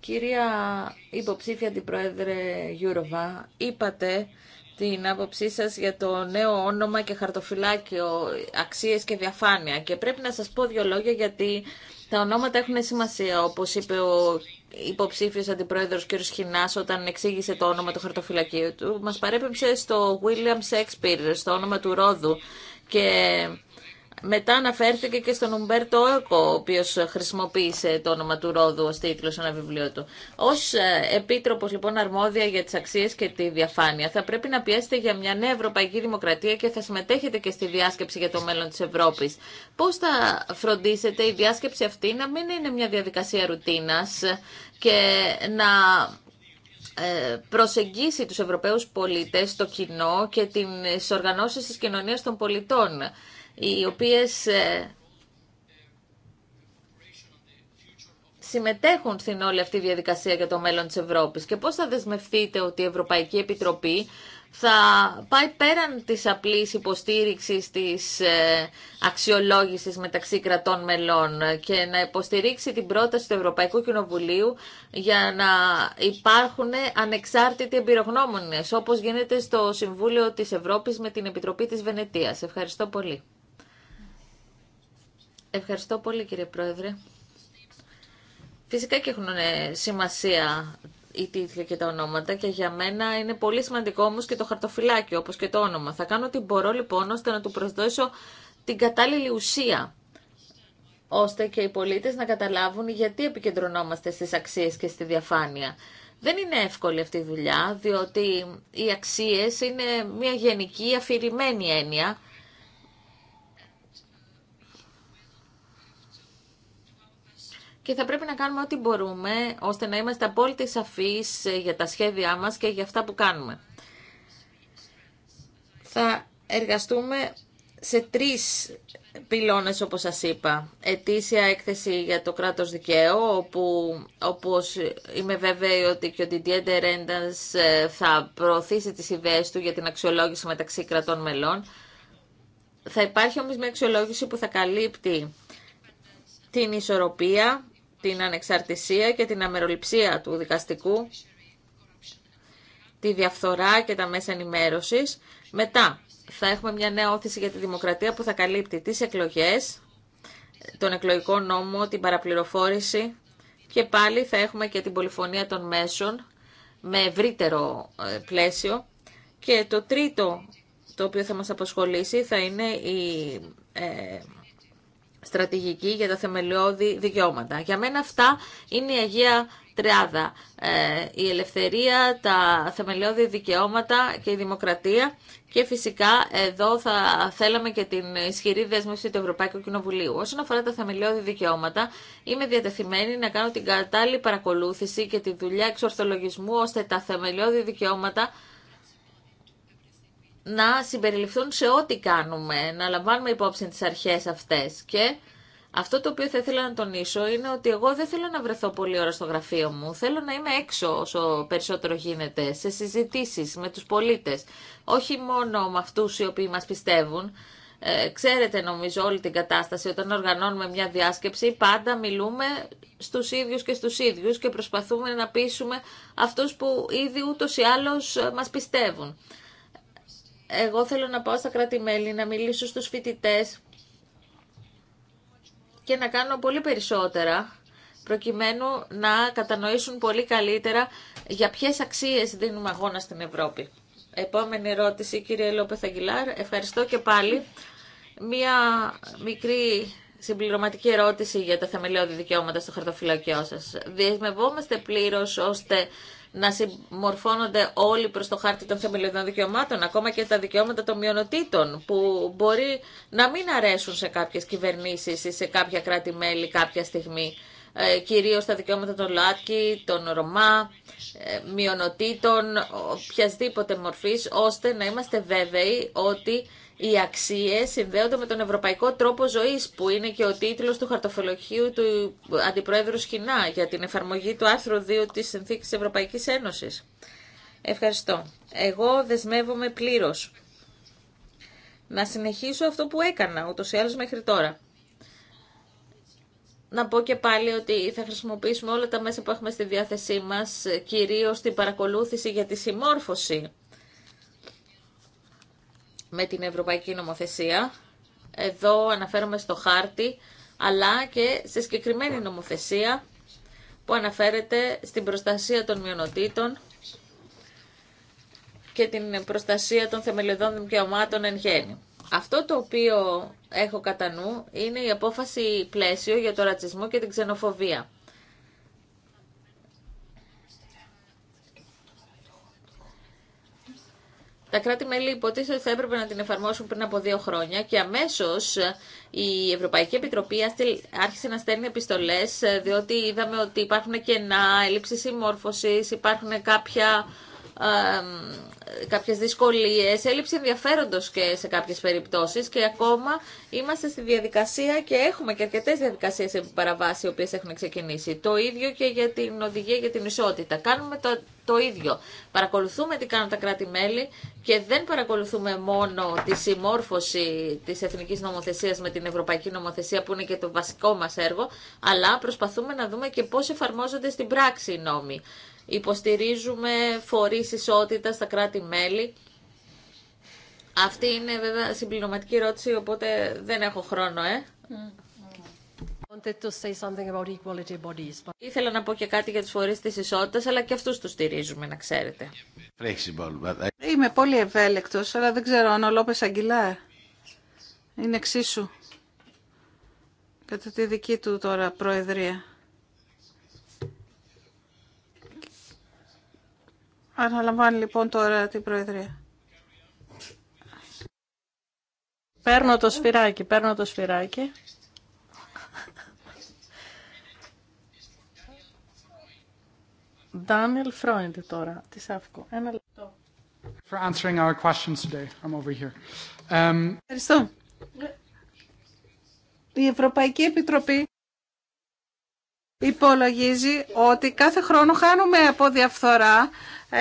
Κυρία υποψήφια Πρόεδρε Γιούροβα, είπατε την άποψή σα για το νέο όνομα και χαρτοφυλάκιο αξίε και διαφάνεια. Και πρέπει να σα πω δύο λόγια γιατί τα ονόματα έχουν σημασία, όπω είπε ο υποψήφιο αντιπρόεδρος κ. Χινάς όταν εξήγησε το όνομα του χαρτοφυλακίου του. Μα παρέπεψε στο William Shakespeare, στο όνομα του Ρόδου και μετά αναφέρθηκε και στον Ουμπέρτο Όκο, ο οποίο χρησιμοποίησε το όνομα του Ρόδου ω τίτλο σε ένα βιβλίο του. Ω ε, επίτροπος λοιπόν αρμόδια για τι αξίε και τη διαφάνεια θα πρέπει να πιέσετε για μια νέα ευρωπαϊκή δημοκρατία και θα συμμετέχετε και στη διάσκεψη για το μέλλον τη Ευρώπη, πώ θα φροντίσετε η διάσκεψη αυτή να μην είναι μια διαδικασία ρουτίνα και να ε, προσεγγίσει τους Ευρωπαίους πολίτες, το κοινό και τις οργανώσεις της κοινωνίας των πολιτών οι οποίες ε, συμμετέχουν στην όλη αυτή διαδικασία για το μέλλον της Ευρώπης και πώς θα δεσμευτείτε ότι η Ευρωπαϊκή Επιτροπή θα πάει πέραν της απλής υποστήριξης της ε, αξιολόγησης μεταξύ κρατών μελών και να υποστηρίξει την πρόταση του Ευρωπαϊκού Κοινοβουλίου για να υπάρχουν ανεξάρτητοι εμπειρογνώμονες, όπως γίνεται στο Συμβούλιο της Ευρώπης με την Επιτροπή της Βενετίας. Ευχαριστώ πολύ. Ευχαριστώ πολύ κύριε Πρόεδρε. Φυσικά και έχουν ε, σημασία οι τίτλοι και τα ονόματα και για μένα είναι πολύ σημαντικό όμως και το χαρτοφυλάκιο όπως και το όνομα. Θα κάνω ό,τι μπορώ λοιπόν ώστε να του προσδώσω την κατάλληλη ουσία ώστε και οι πολίτες να καταλάβουν γιατί επικεντρωνόμαστε στις αξίες και στη διαφάνεια. Δεν είναι εύκολη αυτή η δουλειά, διότι οι αξίες είναι μια γενική αφηρημένη έννοια και θα πρέπει να κάνουμε ό,τι μπορούμε ώστε να είμαστε απόλυτα σαφείς ε, για τα σχέδιά μας και για αυτά που κάνουμε. Θα εργαστούμε σε τρεις πυλώνες όπως σας είπα. Ετήσια έκθεση για το κράτος δικαίου, όπου όπως είμαι βέβαιη ότι και ο Didier ε, θα προωθήσει τις ιδέες του για την αξιολόγηση μεταξύ κρατών μελών. Θα υπάρχει όμως μια αξιολόγηση που θα καλύπτει την ισορροπία την ανεξαρτησία και την αμεροληψία του δικαστικού, τη διαφθορά και τα μέσα ενημέρωσης. Μετά θα έχουμε μια νέα όθηση για τη δημοκρατία που θα καλύπτει τις εκλογές, τον εκλογικό νόμο, την παραπληροφόρηση και πάλι θα έχουμε και την πολυφωνία των μέσων με ευρύτερο ε, πλαίσιο. Και το τρίτο το οποίο θα μας αποσχολήσει θα είναι η ε, στρατηγική για τα θεμελιώδη δικαιώματα. Για μένα αυτά είναι η Αγία Τριάδα. Ε, η ελευθερία, τα θεμελιώδη δικαιώματα και η δημοκρατία και φυσικά εδώ θα θέλαμε και την ισχυρή δέσμευση του Ευρωπαϊκού Κοινοβουλίου. Όσον αφορά τα θεμελιώδη δικαιώματα, είμαι διατεθειμένη να κάνω την κατάλληλη παρακολούθηση και τη δουλειά εξορθολογισμού ώστε τα θεμελιώδη δικαιώματα να συμπεριληφθούν σε ό,τι κάνουμε, να λαμβάνουμε υπόψη τις αρχές αυτές. Και αυτό το οποίο θα ήθελα να τονίσω είναι ότι εγώ δεν θέλω να βρεθώ πολύ ώρα στο γραφείο μου. Θέλω να είμαι έξω όσο περισσότερο γίνεται, σε συζητήσεις με τους πολίτες. Όχι μόνο με αυτούς οι οποίοι μας πιστεύουν. Ε, ξέρετε νομίζω όλη την κατάσταση, όταν οργανώνουμε μια διάσκεψη πάντα μιλούμε στους ίδιους και στους ίδιους και προσπαθούμε να πείσουμε αυτούς που ήδη ούτως ή άλλως μας πιστεύουν. Εγώ θέλω να πάω στα κράτη-μέλη, να μιλήσω στους φοιτητές και να κάνω πολύ περισσότερα προκειμένου να κατανοήσουν πολύ καλύτερα για ποιες αξίες δίνουμε αγώνα στην Ευρώπη. Επόμενη ερώτηση, κύριε Λόπεθ Αγγιλάρ. Ευχαριστώ και πάλι. Μία μικρή συμπληρωματική ερώτηση για τα θεμελιώδη δικαιώματα στο χαρτοφυλακείο σας. Διεσμευόμαστε πλήρως ώστε να συμμορφώνονται όλοι προς το χάρτη των θεμελιωδών δικαιωμάτων, ακόμα και τα δικαιώματα των μειονοτήτων, που μπορεί να μην αρέσουν σε κάποιες κυβερνήσεις ή σε κάποια κράτη-μέλη κάποια στιγμή. Ε, κυρίως τα δικαιώματα των ΛΟΑΤΚΙ, των Ρωμά, ε, μειονοτήτων, οποιασδήποτε μορφής, ώστε να είμαστε βέβαιοι ότι οι αξίες συνδέονται με τον ευρωπαϊκό τρόπο ζωής, που είναι και ο τίτλος του χαρτοφελοχείου του Αντιπρόεδρου Σχοινά για την εφαρμογή του άρθρου 2 της Συνθήκης Ευρωπαϊκής Ένωσης. Ευχαριστώ. Εγώ δεσμεύομαι πλήρως να συνεχίσω αυτό που έκανα ούτως ή άλλως μέχρι τώρα να πω και πάλι ότι θα χρησιμοποιήσουμε όλα τα μέσα που έχουμε στη διάθεσή μας, ε, κυρίως την παρακολούθηση για τη συμμόρφωση με την Ευρωπαϊκή Νομοθεσία. Εδώ αναφέρομαι στο χάρτη, αλλά και σε συγκεκριμένη νομοθεσία που αναφέρεται στην προστασία των μειονοτήτων και την προστασία των θεμελιωδών δικαιωμάτων εν γέννη. Αυτό το οποίο έχω κατά νου είναι η απόφαση πλαίσιο για το ρατσισμό και την ξενοφοβία. Τα κράτη-μέλη υποτίθεται ότι θα έπρεπε να την εφαρμόσουν πριν από δύο χρόνια και αμέσω η Ευρωπαϊκή Επιτροπή άρχισε να στέλνει επιστολέ, ε, διότι είδαμε ότι υπάρχουν κενά, έλλειψη συμμόρφωση, υπάρχουν κάποια κάποιες δυσκολίες, έλλειψη ενδιαφέροντος και σε κάποιες περιπτώσεις και ακόμα είμαστε στη διαδικασία και έχουμε και αρκετές διαδικασίες επί παραβάση οι οποίες έχουν ξεκινήσει. Το ίδιο και για την οδηγία για την ισότητα. Κάνουμε το, το ίδιο. Παρακολουθούμε τι κάνουν τα κράτη-μέλη και δεν παρακολουθούμε μόνο τη συμμόρφωση της εθνικής νομοθεσίας με την ευρωπαϊκή νομοθεσία που είναι και το βασικό μας έργο, αλλά προσπαθούμε να δούμε και πώς εφαρμόζονται στην πράξη οι νόμοι. Υποστηρίζουμε φορείς ισότητα στα κράτη-μέλη. Αυτή είναι βέβαια συμπληρωματική ερώτηση, οπότε δεν έχω χρόνο, ε. Ήθελα να πω και κάτι για τις φορείς της ισότητας, αλλά και αυτούς τους στηρίζουμε, να ξέρετε. Είμαι πολύ ευέλικτος, αλλά δεν ξέρω αν ο Λόπες Αγγιλάρ ε. είναι εξίσου κατά τη δική του τώρα προεδρία. Αναλαμβάνει λοιπόν τώρα την Προεδρία. Παίρνω το σφυράκι, παίρνω το σφυράκι. Daniel Freund τώρα, της ΑΦΚΟ. Ένα λεπτό. For answering our questions today. I'm over here. Um... Ευχαριστώ. Η Ευρωπαϊκή Επιτροπή υπολογίζει ότι κάθε χρόνο χάνουμε από διαφθορά ε,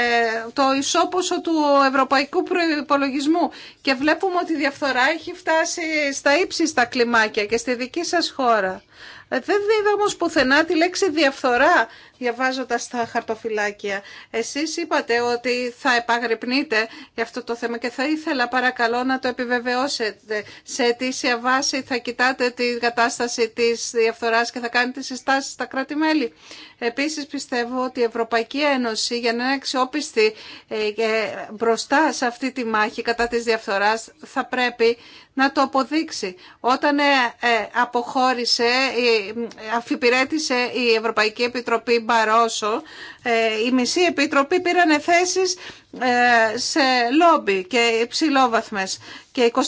το ισόποσο του ευρωπαϊκού προϋπολογισμού και βλέπουμε ότι η διαφθορά έχει φτάσει στα ύψη στα κλιμάκια και στη δική σας χώρα. Ε, δεν είδα όμως πουθενά τη λέξη διαφθορά διαβάζοντας τα χαρτοφυλάκια. Εσείς είπατε ότι θα επαγρυπνείτε για αυτό το θέμα και θα ήθελα παρακαλώ να το επιβεβαιώσετε. Σε αιτήσια βάση θα κοιτάτε τη κατάσταση της διαφθοράς και θα κάνετε συστάσεις στα κράτη-μέλη. Επίσης πιστεύω ότι η Ευρωπαϊκή Ένωση για να είναι αξιόπιστη ε, μπροστά σε αυτή τη μάχη κατά της διαφθοράς θα πρέπει να το αποδείξει. Όταν ε, ε, αποχώρησε, ε, αφιπηρέτησε η Ευρωπαϊκή Επιτροπή Μπαρόσο, η μισοί επιτροπή πήραν θέσεις σε λόμπι και υψηλόβαθμες και 24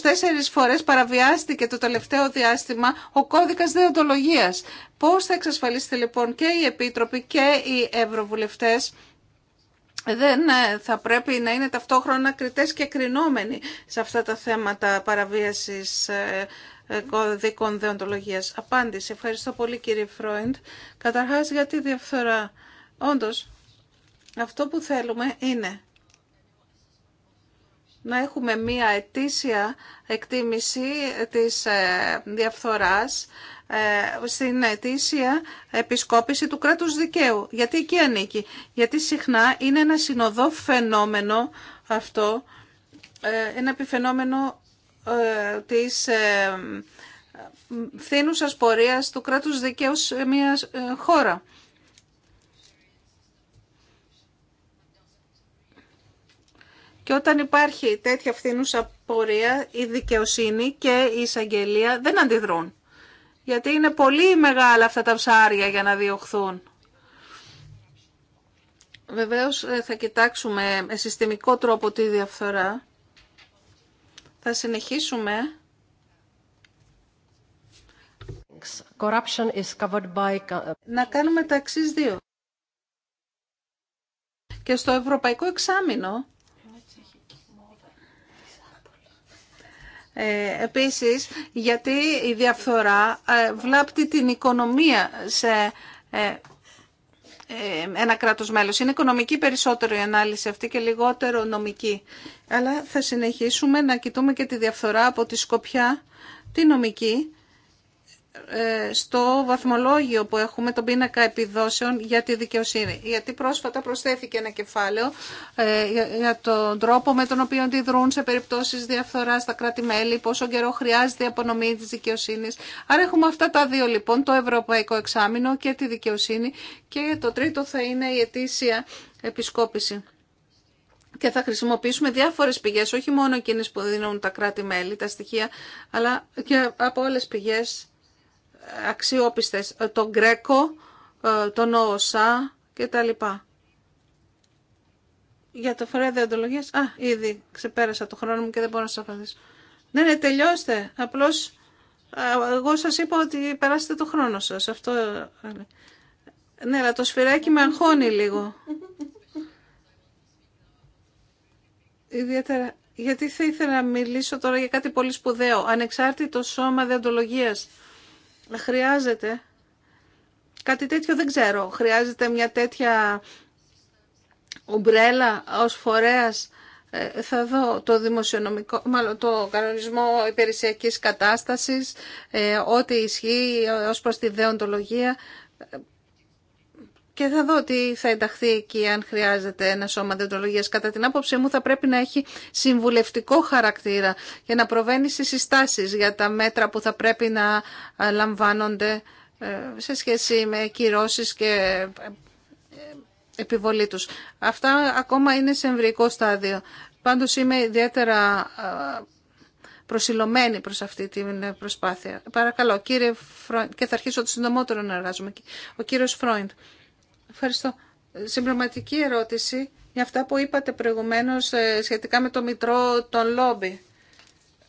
φορές παραβιάστηκε το τελευταίο διάστημα ο κώδικας δεοντολογίας. Πώς θα εξασφαλίσετε λοιπόν και οι επίτροποι και οι ευρωβουλευτές δεν ε, θα πρέπει να είναι ταυτόχρονα κριτές και κρινόμενοι σε αυτά τα θέματα παραβίασης ε, ε, κωδικών δεοντολογίας. Απάντηση. Ευχαριστώ πολύ κύριε Φρόιντ. Καταρχάς γιατί τη διαφθορά. Όντως, αυτό που θέλουμε είναι να έχουμε μία ετήσια εκτίμηση της ε, διαφθοράς ε, στην ετήσια επισκόπηση του κράτους δικαίου. Γιατί εκεί ανήκει. Γιατί συχνά είναι ένα συνοδό φαινόμενο αυτό, ε, ένα επιφαινόμενο της φθήνουσας πορείας του κράτους δικαίου σε μια χώρα. Και όταν υπάρχει τέτοια φθηνούσα πορεία, η δικαιοσύνη και η εισαγγελία δεν αντιδρούν. Γιατί είναι πολύ μεγάλα αυτά τα ψάρια για να διωχθούν. Βεβαίως ε, θα κοιτάξουμε με συστημικό τρόπο τη διαφθορά. Θα συνεχίσουμε. is Να κάνουμε τα εξής δύο. Και στο ευρωπαϊκό εξάμεινο Ε, επίσης, γιατί η διαφθορά ε, βλάπτει την οικονομία σε ε, ένα κράτος μέλος. Είναι οικονομική περισσότερο η ανάλυση αυτή και λιγότερο νομική. Αλλά θα συνεχίσουμε να κοιτούμε και τη διαφθορά από τη σκοπιά, τη νομική, ε, στο βαθμολόγιο που έχουμε, τον πίνακα επιδόσεων για τη δικαιοσύνη. Γιατί πρόσφατα προσθέθηκε ένα κεφάλαιο ε, για τον τρόπο με τον οποίο αντιδρούν σε περιπτώσεις διαφθοράς στα κράτη-μέλη, πόσο καιρό χρειάζεται η απονομή της δικαιοσύνης. Άρα έχουμε αυτά τα δύο λοιπόν, το Ευρωπαϊκό Εξάμεινο και τη δικαιοσύνη και το τρίτο θα είναι η ετήσια επισκόπηση. Και θα χρησιμοποιήσουμε διάφορες πηγές, όχι μόνο εκείνες που δίνουν τα κράτη-μέλη, τα στοιχεία, αλλά και από όλες πηγές αξιόπιστες, ε, τον Γκρέκο, ε, τον Όσα και τα λοιπά. Για το φορέα διοντολογίας, α, ήδη ξεπέρασα το χρόνο μου και δεν μπορώ να σας απαντήσω. Ναι, ναι, τελειώστε. Απλώς ε, εγώ σας είπα ότι περάσετε το χρόνο σας. Αυτό... Ναι, αλλά το σφυράκι με αγχώνει λίγο. Ιδιαίτερα, γιατί θα ήθελα να μιλήσω τώρα για κάτι πολύ σπουδαίο. Ανεξάρτητο σώμα διοντολογίας χρειάζεται κάτι τέτοιο δεν ξέρω. Χρειάζεται μια τέτοια ομπρέλα ως φορέας. Ε, θα δω το δημοσιονομικό, μάλλον το κανονισμό υπηρεσιακής κατάστασης, ε, ό,τι ισχύει ως προς τη δεοντολογία και θα δω τι θα ενταχθεί εκεί αν χρειάζεται ένα σώμα διοντολογίας. Κατά την άποψή μου θα πρέπει να έχει συμβουλευτικό χαρακτήρα και να προβαίνει στις συστάσεις για τα μέτρα που θα πρέπει να ε, λαμβάνονται ε, σε σχέση με κυρώσεις και ε, επιβολή τους. Αυτά ακόμα είναι σε εμβρυϊκό στάδιο. Πάντως είμαι ιδιαίτερα προσιλωμένη προς αυτή την προσπάθεια. Παρακαλώ, κύριε Φρόιντ, και θα αρχίσω το συντομότερο να εργάζομαι. Ο κύριος Φρόιντ. Ευχαριστώ. Συμπληρωματική ερώτηση για αυτά που είπατε προηγουμένως ε, σχετικά με το Μητρό των Λόμπι,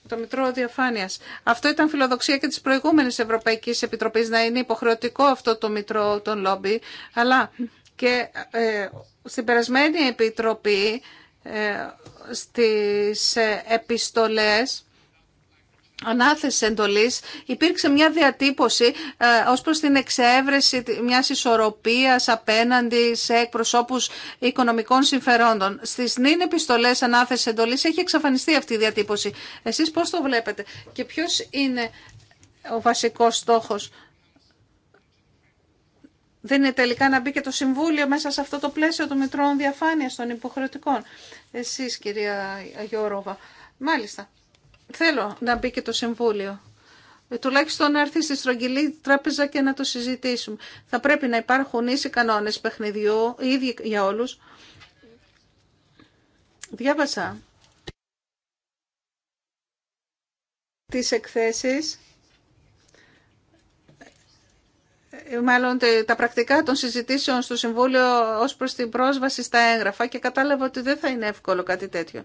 το Μητρό διαφάνεια. Αυτό ήταν φιλοδοξία και της προηγούμενη Ευρωπαϊκής Επιτροπής να είναι υποχρεωτικό αυτό το Μητρό των Λόμπι, αλλά και ε, στην περασμένη Επιτροπή ε, στις ε, επιστολές ανάθεση εντολή υπήρξε μια διατύπωση ε, ως προς την εξέβρεση μιας ισορροπίας απέναντι σε εκπροσώπους οικονομικών συμφερόντων. Στις νυν επιστολές ανάθεση εντολή έχει εξαφανιστεί αυτή η διατύπωση. Εσείς πώς το βλέπετε και ποιος είναι ο βασικός στόχος. Δεν είναι τελικά να μπει και το Συμβούλιο μέσα σε αυτό το πλαίσιο των Μητρών Διαφάνειας των Υποχρεωτικών. Εσείς κυρία Γιώροβα. Μάλιστα. Θέλω να μπει και το Συμβούλιο. Ε, τουλάχιστον να έρθει στη στρογγυλή τράπεζα και να το συζητήσουμε. Θα πρέπει να υπάρχουν ίσοι κανόνες παιχνιδιού, οι ίδιοι για όλους. Διάβασα τις εκθέσεις, ε, μάλλον τα πρακτικά των συζητήσεων στο Συμβούλιο ως προς την πρόσβαση στα έγγραφα και κατάλαβα ότι δεν θα είναι εύκολο κάτι τέτοιο.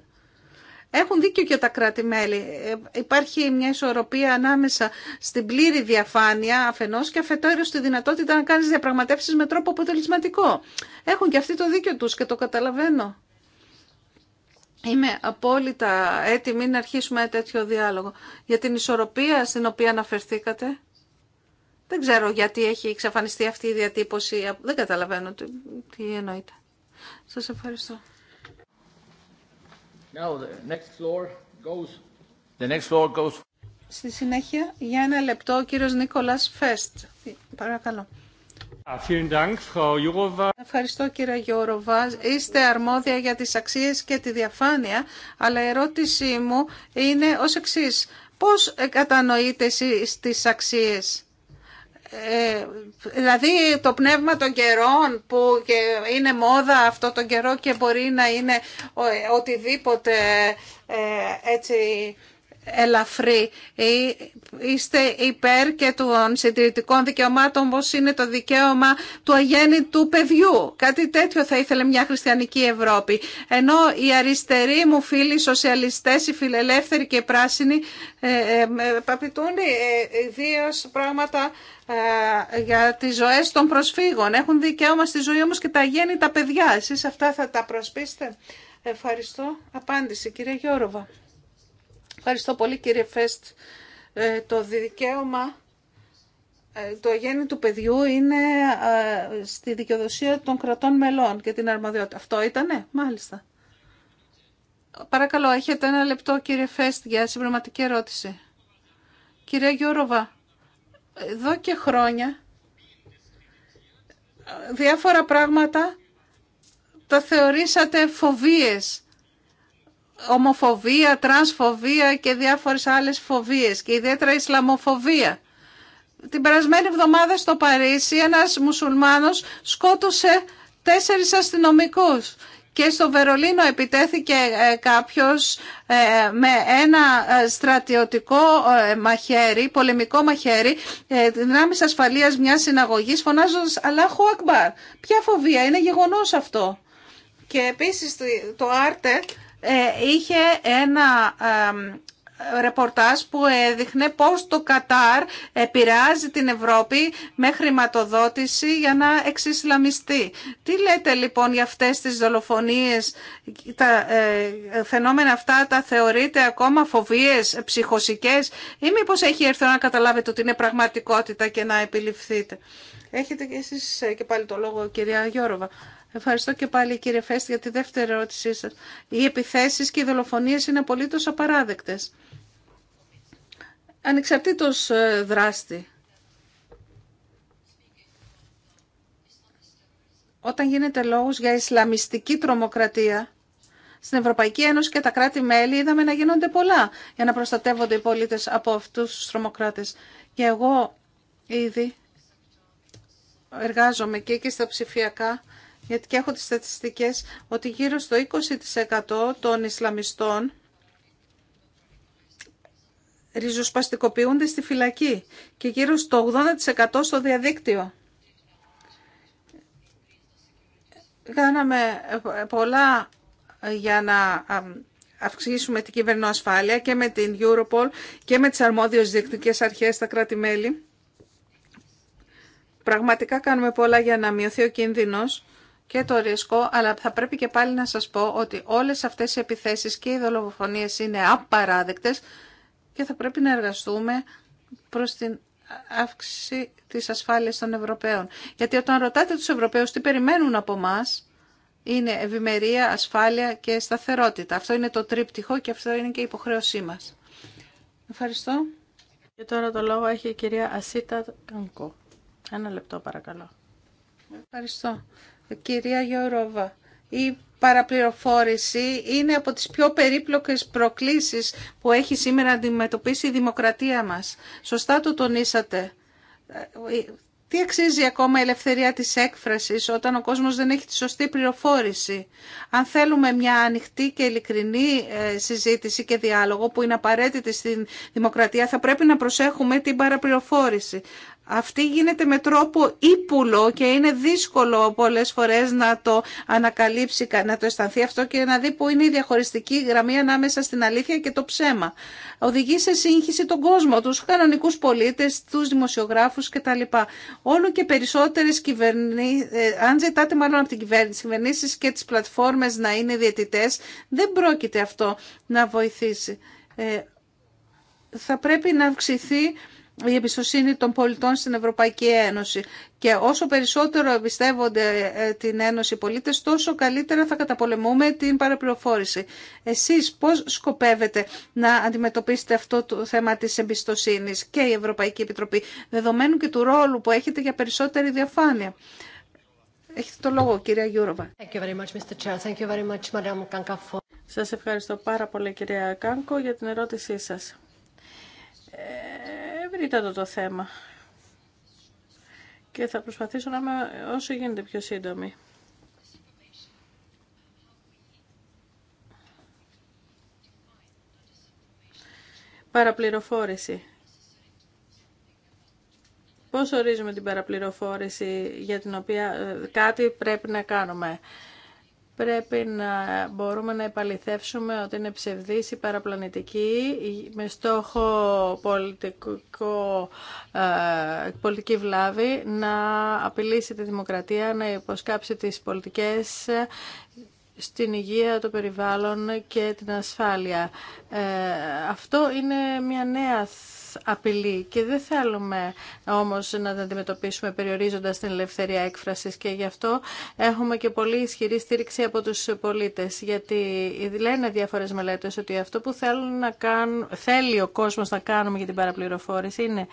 Έχουν δίκιο και τα κράτη-μέλη. Ε, υπάρχει μια ισορροπία ανάμεσα στην πλήρη διαφάνεια αφενός και αφετέρου στη δυνατότητα να κάνεις διαπραγματεύσει με τρόπο αποτελεσματικό. Έχουν και αυτοί το δίκιο τους και το καταλαβαίνω. Είμαι απόλυτα έτοιμη να αρχίσουμε ένα τέτοιο διάλογο. Για την ισορροπία στην οποία αναφερθήκατε, δεν ξέρω γιατί έχει εξαφανιστεί αυτή η διατύπωση. Δεν καταλαβαίνω τι εννοείται. Σας ευχαριστώ. Στη συνέχεια, για ένα λεπτό, ο κύριος Νίκολας Φέστ. Παρακαλώ. Ευχαριστώ κύριε Γιώροβα. Είστε αρμόδια για τις αξίες και τη διαφάνεια, αλλά η ερώτησή μου είναι ως εξής. Πώς κατανοείτε εσείς τις αξίες ε, δηλαδή το πνεύμα των καιρών που και είναι μόδα αυτό τον καιρό και μπορεί να είναι ε, οτιδήποτε ε, έτσι ελαφρύ. Ε, είστε υπέρ και των συντηρητικών δικαιωμάτων όπως είναι το δικαίωμα του αγέννητου παιδιού. Κάτι τέτοιο θα ήθελε μια χριστιανική Ευρώπη. Ενώ οι αριστεροί μου φίλοι, οι σοσιαλιστές, οι φιλελεύθεροι και οι πράσινοι ε, ε, πράγματα ε, για τις ζωές των προσφύγων. Έχουν δικαίωμα στη ζωή όμως και τα γέννη τα παιδιά. Εσείς αυτά θα τα προσπίσετε. Ευχαριστώ. Απάντηση, κύριε Γιώροβα. Ευχαριστώ πολύ, κύριε Φέστ. Ε, το δικαίωμα ε, το γέννη του παιδιού είναι στη δικαιοδοσία των κρατών μελών και την αρμοδιότητα. Αυτό ήτανε, μάλιστα. Παρακαλώ, έχετε ένα λεπτό, κύριε Φέστ, για συμπληρωματική ερώτηση. Κυρία Γιώροβα, εδώ και χρόνια διάφορα πράγματα τα θεωρήσατε φοβίες. Ομοφοβία, τρανσφοβία και διάφορες άλλες φοβίες και ιδιαίτερα Ισλαμοφοβία. Την περασμένη εβδομάδα στο Παρίσι ένας μουσουλμάνος σκότωσε τέσσερις αστυνομικούς και στο Βερολίνο επιτέθηκε ε, κάποιος ε, με ένα ε, στρατιωτικό μαχαίρι, πολεμικό μαχαίρι, δυνάμεις ασφαλείας μιας συναγωγής φωνάζοντας «Αλάχου Ακμπάρ». Ποια φοβία, είναι γεγονός αυτό. Και επίσης το Άρτε είχε ένα ρεπορτάζ που έδειχνε πώς το Κατάρ επηρεάζει την Ευρώπη με χρηματοδότηση για να εξισλαμιστεί. Τι λέτε λοιπόν για αυτές τις δολοφονίες, τα ε, φαινόμενα αυτά τα θεωρείτε ακόμα φοβίες ψυχοσικές ή μήπως έχει έρθει να καταλάβετε ότι είναι πραγματικότητα και να επιληφθείτε. Έχετε και εσείς ε, και πάλι το λόγο κυρία Γιώροβα. Ευχαριστώ και πάλι κύριε Φέστη για τη δεύτερη ερώτησή σας. Οι επιθέσεις και οι δολοφονίες είναι απολύτως απαράδεκτες. Ανεξαρτήτως ε, δράστη. Όταν γίνεται λόγος για ισλαμιστική τρομοκρατία, στην Ευρωπαϊκή Ένωση και τα κράτη-μέλη είδαμε να γίνονται πολλά για να προστατεύονται οι πολίτες από αυτούς τους τρομοκράτες. Και εγώ ήδη εργάζομαι και, και στα ψηφιακά γιατί και έχω τις στατιστικές ότι γύρω στο 20% των Ισλαμιστών ριζοσπαστικοποιούνται στη φυλακή και γύρω στο 80% στο διαδίκτυο. Κάναμε πολλά για να αυξήσουμε την κυβερνοασφάλεια και με την Europol και με τις αρμόδιες διεκτικές αρχές στα κράτη-μέλη. Πραγματικά κάνουμε πολλά για να μειωθεί ο κίνδυνος και το ρίσκο, αλλά θα πρέπει και πάλι να σας πω ότι όλες αυτές οι επιθέσεις και οι δολοφονίες είναι απαράδεκτες και θα πρέπει να εργαστούμε προς την αύξηση της ασφάλειας των Ευρωπαίων. Γιατί όταν ρωτάτε τους Ευρωπαίους τι περιμένουν από εμά, είναι ευημερία, ασφάλεια και σταθερότητα. Αυτό είναι το τρίπτυχο και αυτό είναι και η υποχρέωσή μας. Ευχαριστώ. Και τώρα το λόγο έχει η κυρία Ασίτα Κανκό. Ένα λεπτό παρακαλώ. Ευχαριστώ κυρία Γιώροβα, η παραπληροφόρηση είναι από τις πιο περίπλοκες προκλήσεις που έχει σήμερα αντιμετωπίσει η δημοκρατία μας. Σωστά το τονίσατε. Ε, τι αξίζει ακόμα η ελευθερία της έκφρασης όταν ο κόσμος δεν έχει τη σωστή πληροφόρηση. Αν θέλουμε μια ανοιχτή και ειλικρινή ε, συζήτηση και διάλογο που είναι απαραίτητη στην δημοκρατία θα πρέπει να προσέχουμε την παραπληροφόρηση αυτή γίνεται με τρόπο ύπουλο και είναι δύσκολο πολλές φορές να το ανακαλύψει, να το αισθανθεί αυτό και να δει που είναι η διαχωριστική γραμμή ανάμεσα στην αλήθεια και το ψέμα. Οδηγεί σε σύγχυση τον κόσμο, τους κανονικούς πολίτες, τους δημοσιογράφους κτλ. Όλο και περισσότερες κυβερνήσεις, αν ζητάτε μάλλον από την κυβέρνηση, κυβερνήσεις και τις πλατφόρμες να είναι διαιτητές, δεν πρόκειται αυτό να βοηθήσει. Ε, θα πρέπει να αυξηθεί η εμπιστοσύνη των πολιτών στην Ευρωπαϊκή Ένωση. Και όσο περισσότερο εμπιστεύονται ε, την Ένωση οι πολίτες, τόσο καλύτερα θα καταπολεμούμε την παραπληροφόρηση. Εσείς πώς σκοπεύετε να αντιμετωπίσετε αυτό το θέμα της εμπιστοσύνης και η Ευρωπαϊκή Επιτροπή, δεδομένου και του ρόλου που έχετε για περισσότερη διαφάνεια. Έχετε το λόγο, κυρία Γιούροβα. Σας ευχαριστώ πάρα πολύ, κυρία Κάνκο, για την ερώτησή σας. Ε, ήταν το θέμα και θα προσπαθήσω να είμαι όσο γίνεται πιο σύντομη. Παραπληροφόρηση. Πώς ορίζουμε την παραπληροφόρηση για την οποία ε, κάτι πρέπει να κάνουμε πρέπει να μπορούμε να επαληθεύσουμε ότι είναι ψευδής ή παραπλανητική με στόχο πολιτικό, ε, πολιτική βλάβη να απειλήσει τη δημοκρατία, να υποσκάψει τις πολιτικές στην υγεία, το περιβάλλον και την ασφάλεια. Ε, αυτό είναι μια νέα απειλή και δεν θέλουμε όμως να την αντιμετωπίσουμε περιορίζοντας την ελευθερία έκφρασης και γι' αυτό έχουμε και πολύ ισχυρή στήριξη από τους πολίτες γιατί λένε διάφορες μελέτες ότι αυτό που θέλουν να κάνουν, θέλει ο κόσμος να κάνουμε για την παραπληροφόρηση είναι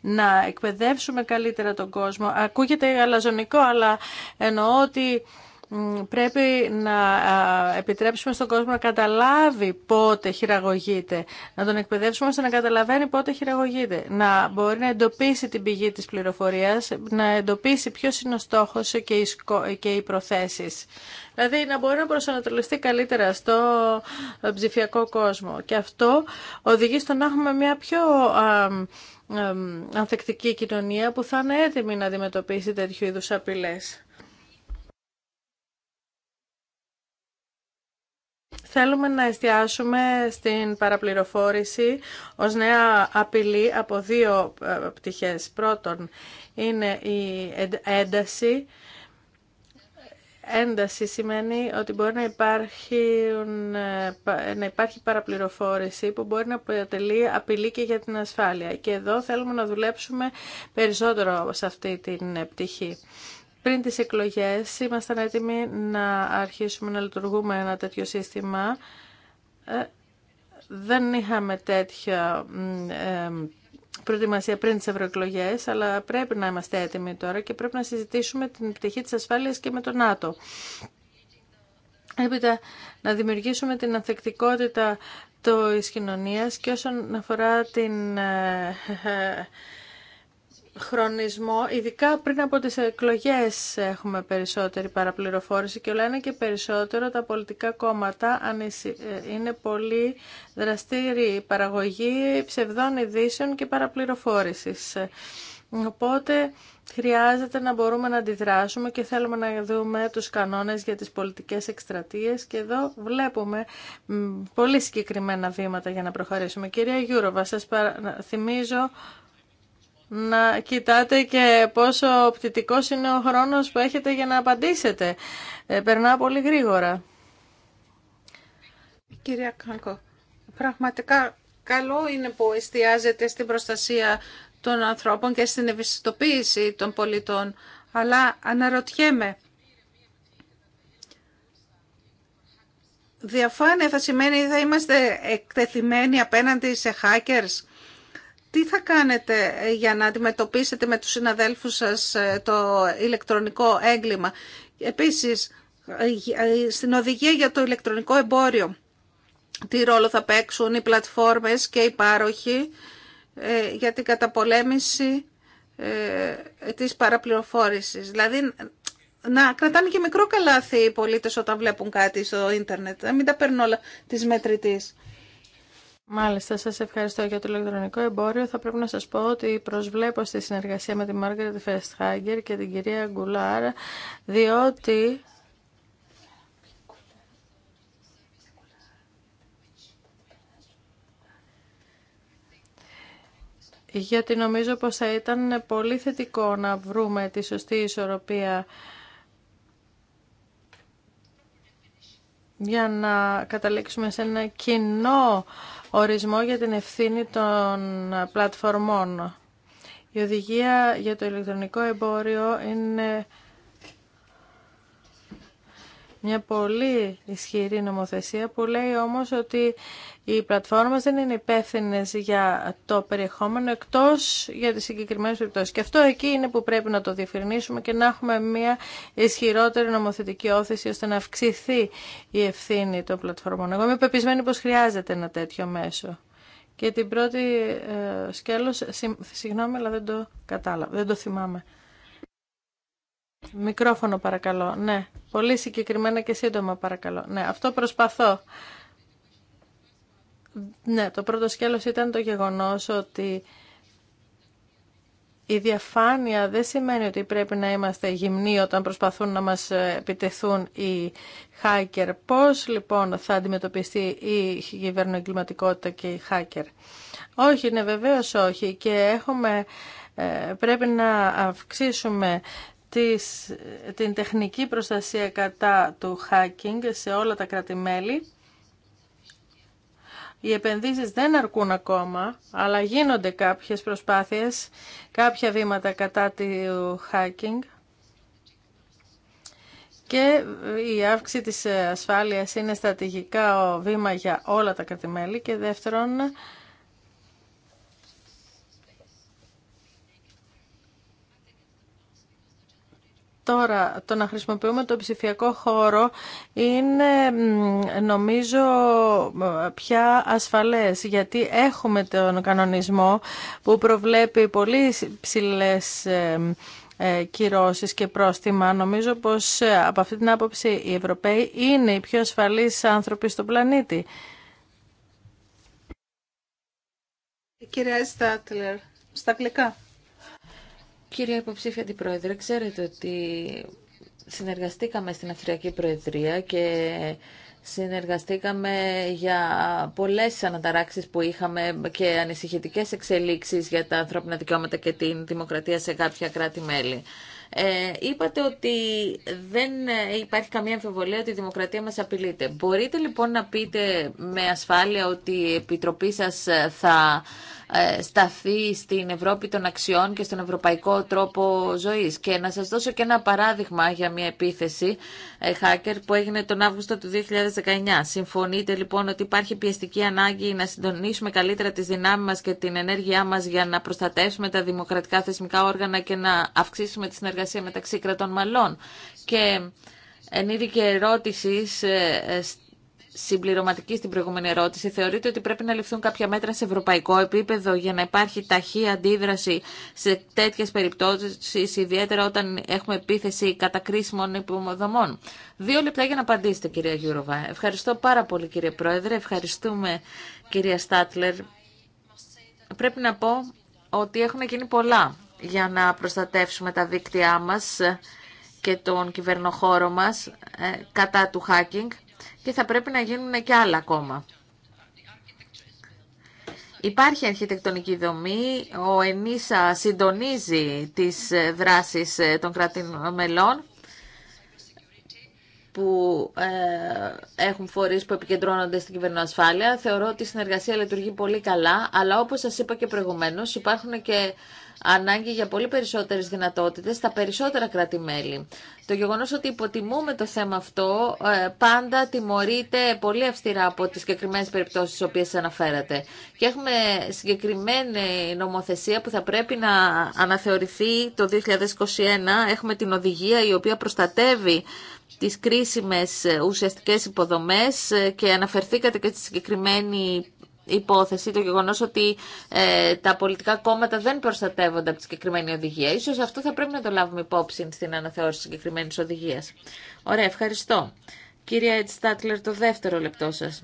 να εκπαιδεύσουμε καλύτερα τον κόσμο. Ακούγεται αλαζονικό αλλά εννοώ ότι πρέπει να επιτρέψουμε στον κόσμο να καταλάβει πότε χειραγωγείται, να τον εκπαιδεύσουμε ώστε να καταλαβαίνει πότε χειραγωγείται, να μπορεί να εντοπίσει την πηγή της πληροφορίας, να εντοπίσει ποιος είναι ο στόχος και οι προθέσεις. Δηλαδή να μπορεί να προσανατολιστεί καλύτερα στο ε, ψηφιακό κόσμο. Και αυτό οδηγεί στο να έχουμε μια πιο ε, ανθεκτική κοινωνία που θα είναι έτοιμη να αντιμετωπίσει τέτοιου είδους απειλές. Θέλουμε να εστιάσουμε στην παραπληροφόρηση ως νέα απειλή από δύο ε, πτυχές. Πρώτον, είναι η ένταση. Ένταση σημαίνει ότι μπορεί να υπάρχει, να υπάρχει παραπληροφόρηση που μπορεί να αποτελεί απειλή και για την ασφάλεια. Και εδώ θέλουμε να δουλέψουμε περισσότερο σε αυτή την ε, πτυχή πριν τις εκλογές ήμασταν έτοιμοι να αρχίσουμε να λειτουργούμε ένα τέτοιο σύστημα. Ε, δεν είχαμε τέτοια ε, προετοιμασία πριν τις ευρωεκλογέ, αλλά πρέπει να είμαστε έτοιμοι τώρα και πρέπει να συζητήσουμε την πτυχή της ασφάλειας και με τον ΝΑΤΟ. Έπειτα να δημιουργήσουμε την ανθεκτικότητα της κοινωνίας και όσον αφορά την ε, χρονισμό, ειδικά πριν από τις εκλογές έχουμε περισσότερη παραπληροφόρηση και όλα είναι και περισσότερο τα πολιτικά κόμματα ε, είναι πολύ δραστήριοι παραγωγή ψευδών ειδήσεων και παραπληροφόρησης. Οπότε χρειάζεται να μπορούμε να αντιδράσουμε και θέλουμε να δούμε τους κανόνες για τις πολιτικές εκστρατείες και εδώ βλέπουμε πολύ συγκεκριμένα βήματα για να προχωρήσουμε. Κυρία Γιούροβα, σας θυμίζω να κοιτάτε και πόσο οπτητικός είναι ο χρόνος που έχετε για να απαντήσετε. Ε, περνά πολύ γρήγορα. Κυρία Κάνκο, πραγματικά καλό είναι που εστιάζεται στην προστασία των ανθρώπων και στην ευαισθητοποίηση των πολιτών. Αλλά αναρωτιέμαι, διαφάνεια θα σημαίνει θα είμαστε εκτεθειμένοι απέναντι σε hackers τι θα κάνετε ε, για να αντιμετωπίσετε με τους συναδέλφους σας ε, το ηλεκτρονικό έγκλημα. Επίσης, ε, στην οδηγία για το ηλεκτρονικό εμπόριο, τι ρόλο θα παίξουν οι πλατφόρμες και οι πάροχοι για την καταπολέμηση της παραπληροφόρησης. Δηλαδή, να κρατάνε και μικρό καλάθι οι πολίτες όταν βλέπουν κάτι στο ίντερνετ, να μην τα παίρνουν όλα τις μετρητής. Μάλιστα, σας ευχαριστώ για το ηλεκτρονικό εμπόριο. Θα πρέπει να σας πω ότι προσβλέπω στη συνεργασία με τη Μάργαρετ Φεστχάγκερ και την κυρία Γκουλάρα, διότι γιατί νομίζω πως θα ήταν πολύ θετικό να βρούμε τη σωστή ισορροπία για να καταλήξουμε σε ένα κοινό ορισμό για την ευθύνη των πλατφορμών. Η οδηγία για το ηλεκτρονικό εμπόριο είναι μια πολύ ισχυρή νομοθεσία που λέει όμως ότι οι πλατφόρμες δεν είναι υπεύθυνε για το περιεχόμενο εκτός για τις συγκεκριμένες περιπτώσεις. Και αυτό εκεί είναι που πρέπει να το διευκρινίσουμε και να έχουμε μια ισχυρότερη νομοθετική όθηση ώστε να αυξηθεί η ευθύνη των πλατφόρμων. Εγώ είμαι πεπισμένη πως χρειάζεται ένα τέτοιο μέσο. Και την πρώτη ε, σκέλος, συγγνώμη αλλά δεν το κατάλαβα, δεν το θυμάμαι. Μικρόφωνο παρακαλώ, ναι. Πολύ συγκεκριμένα και σύντομα παρακαλώ. Ναι, αυτό προσπαθώ. Ναι, το πρώτο σκέλος ήταν το γεγονός ότι η διαφάνεια δεν σημαίνει ότι πρέπει να είμαστε γυμνοί όταν προσπαθούν να μας επιτεθούν οι hacker. Πώς λοιπόν θα αντιμετωπιστεί η κυβερνοεγκληματικότητα και οι hacker. Όχι, είναι βεβαίως όχι και έχουμε... Ε, πρέπει να αυξήσουμε της, την τεχνική προστασία κατά του hacking σε όλα τα κράτη-μέλη. Οι επενδύσεις δεν αρκούν ακόμα, αλλά γίνονται κάποιες προσπάθειες, κάποια βήματα κατά του hacking. Και η αύξηση της ασφάλειας είναι στρατηγικά βήμα για όλα τα κράτη-μέλη Και δεύτερον, Τώρα, το να χρησιμοποιούμε το ψηφιακό χώρο είναι νομίζω πια ασφαλές γιατί έχουμε τον κανονισμό που προβλέπει πολύ ψηλές ε, ε, κυρώσεις και πρόστιμα. Νομίζω πως ε, από αυτή την άποψη οι Ευρωπαίοι είναι οι πιο ασφαλείς άνθρωποι στον πλανήτη. κυρία Στάτλερ, στα αγγλικά. Κύριε υποψήφια αντιπρόεδρε, ξέρετε ότι συνεργαστήκαμε στην Αυστριακή Προεδρία και συνεργαστήκαμε για πολλές αναταράξεις που είχαμε και ανησυχητικές εξελίξεις για τα ανθρώπινα δικαιώματα και την δημοκρατία σε κάποια κράτη-μέλη. Ε, είπατε ότι δεν υπάρχει καμία αμφιβολία ότι η δημοκρατία μας απειλείται. Μπορείτε λοιπόν να πείτε με ασφάλεια ότι η Επιτροπή σας θα ε, σταθεί στην Ευρώπη των αξιών και στον ευρωπαϊκό τρόπο ζωής. Και να σας δώσω και ένα παράδειγμα για μια επίθεση ε, hacker που έγινε τον Αύγουστο του 2019. Συμφωνείτε λοιπόν ότι υπάρχει πιεστική ανάγκη να συντονίσουμε καλύτερα τις δυνάμεις μας και την ενέργειά μας για να προστατεύσουμε τα δημοκρατικά θεσμικά όργανα και να αυξήσουμε τη συνεργασία μεταξύ κρατών μαλλών. Και εν και ερώτησης ε, συμπληρωματική στην προηγούμενη ερώτηση, θεωρείτε ότι πρέπει να ληφθούν κάποια μέτρα σε ευρωπαϊκό επίπεδο για να υπάρχει ταχύ αντίδραση σε τέτοιες περιπτώσεις, ιδιαίτερα όταν έχουμε επίθεση κατακρίσιμων υποδομών. Δύο λεπτά για να απαντήσετε, κυρία Γιούροβα. Ευχαριστώ πάρα πολύ, κύριε Πρόεδρε. Ευχαριστούμε, κυρία Στάτλερ. Πρέπει να πω ότι έχουν γίνει πολλά για να προστατεύσουμε τα δίκτυά μας και τον κυβερνοχώρο μας ε, κατά του hacking και θα πρέπει να γίνουν και άλλα ακόμα. Υπάρχει αρχιτεκτονική δομή, ο ΕΝΗΣΑ συντονίζει τις δράσεις ε, των κρατών μελών που ε, έχουν φορείς που επικεντρώνονται στην κυβερνοασφάλεια. Θεωρώ ότι η συνεργασία λειτουργεί πολύ καλά, αλλά όπως σας είπα και προηγουμένως υπάρχουν και ανάγκη για πολύ περισσότερες δυνατότητες στα περισσότερα κράτη-μέλη. Το γεγονός ότι υποτιμούμε το θέμα αυτό ε, πάντα τιμωρείται πολύ αυστηρά από τις συγκεκριμένες περιπτώσεις στις οποίες αναφέρατε. Και έχουμε συγκεκριμένη νομοθεσία που θα πρέπει να αναθεωρηθεί το 2021. Έχουμε την οδηγία η οποία προστατεύει τις κρίσιμες ουσιαστικές υποδομές ε, και αναφερθήκατε και στη συγκεκριμένη υπόθεση το γεγονό ότι ε, τα πολιτικά κόμματα δεν προστατεύονται από τη συγκεκριμένη οδηγία. Σω αυτό θα πρέπει να το λάβουμε υπόψη στην αναθεώρηση συγκεκριμένη οδηγία. Ωραία, ευχαριστώ. Κύριε Ετστάτλερ, το δεύτερο λεπτό σας.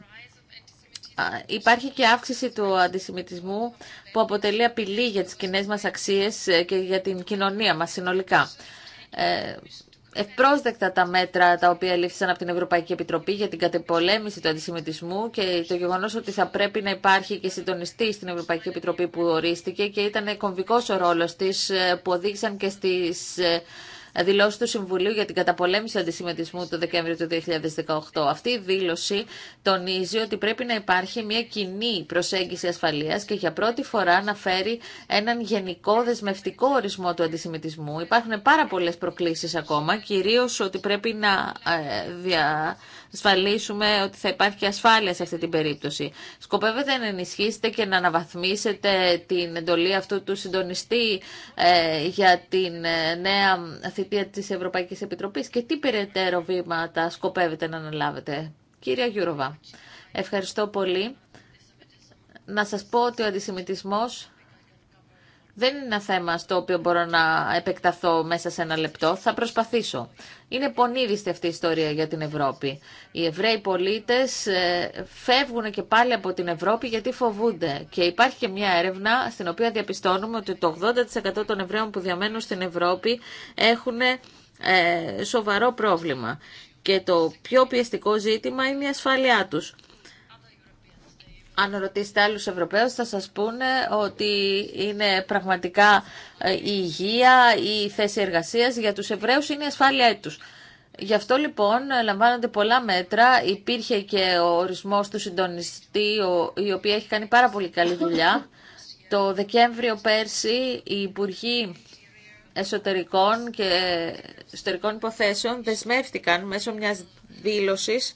Υπάρχει και αύξηση του αντισημιτισμού που αποτελεί απειλή για τι κοινέ μας αξίες ε, και για την κοινωνία μας συνολικά. Ε, ευπρόσδεκτα τα μέτρα τα οποία λήφθησαν από την Ευρωπαϊκή Επιτροπή για την κατεπολέμηση του αντισημιτισμού και το γεγονό ότι θα πρέπει να υπάρχει και συντονιστή στην Ευρωπαϊκή Επιτροπή που ορίστηκε και ήταν κομβικό ο ρόλο τη ε, που οδήγησαν και στι ε, δηλώσει του Συμβουλίου για την καταπολέμηση αντισημιτισμού το Δεκέμβριο του 2018. Αυτή η δήλωση τονίζει ότι πρέπει να υπάρχει μια κοινή προσέγγιση ασφαλεία και για πρώτη φορά να φέρει έναν γενικό δεσμευτικό ορισμό του αντισημιτισμού. Υπάρχουν πάρα πολλέ προκλήσεις ακόμα, κυρίως ότι πρέπει να ε, δια ασφαλίσουμε ότι θα υπάρχει και ασφάλεια σε αυτή την περίπτωση. Σκοπεύετε να ενισχύσετε και να αναβαθμίσετε την εντολή αυτού του συντονιστή ε, για την ε, νέα θητεία της Ευρωπαϊκής Επιτροπής και τι περαιτέρω βήματα σκοπεύετε να αναλάβετε. Κύριε Γιούροβα, ευχαριστώ πολύ. Να σας πω ότι ο αντισημιτισμός δεν είναι ένα θέμα στο οποίο μπορώ να επεκταθώ μέσα σε ένα λεπτό. Θα προσπαθήσω. Είναι πονήριστη αυτή η ιστορία για την Ευρώπη. Οι Εβραίοι πολίτε ε, φεύγουν και πάλι από την Ευρώπη γιατί φοβούνται. Και υπάρχει και μια έρευνα στην οποία διαπιστώνουμε ότι το 80% των Εβραίων που διαμένουν στην Ευρώπη έχουν ε, σοβαρό πρόβλημα. Και το πιο πιεστικό ζήτημα είναι η ασφάλειά τους αν ρωτήσετε άλλους Ευρωπαίους θα σας πούνε ότι είναι πραγματικά ε, η υγεία, η θέση εργασίας για τους Εβραίους είναι η ασφάλειά τους. Γι' αυτό λοιπόν λαμβάνονται πολλά μέτρα. Υπήρχε και ο ορισμός του συντονιστή, η οποία έχει κάνει πάρα πολύ καλή δουλειά. Το Δεκέμβριο πέρσι οι Υπουργοί Εσωτερικών και Εσωτερικών Υποθέσεων δεσμεύτηκαν μέσω μιας δήλωσης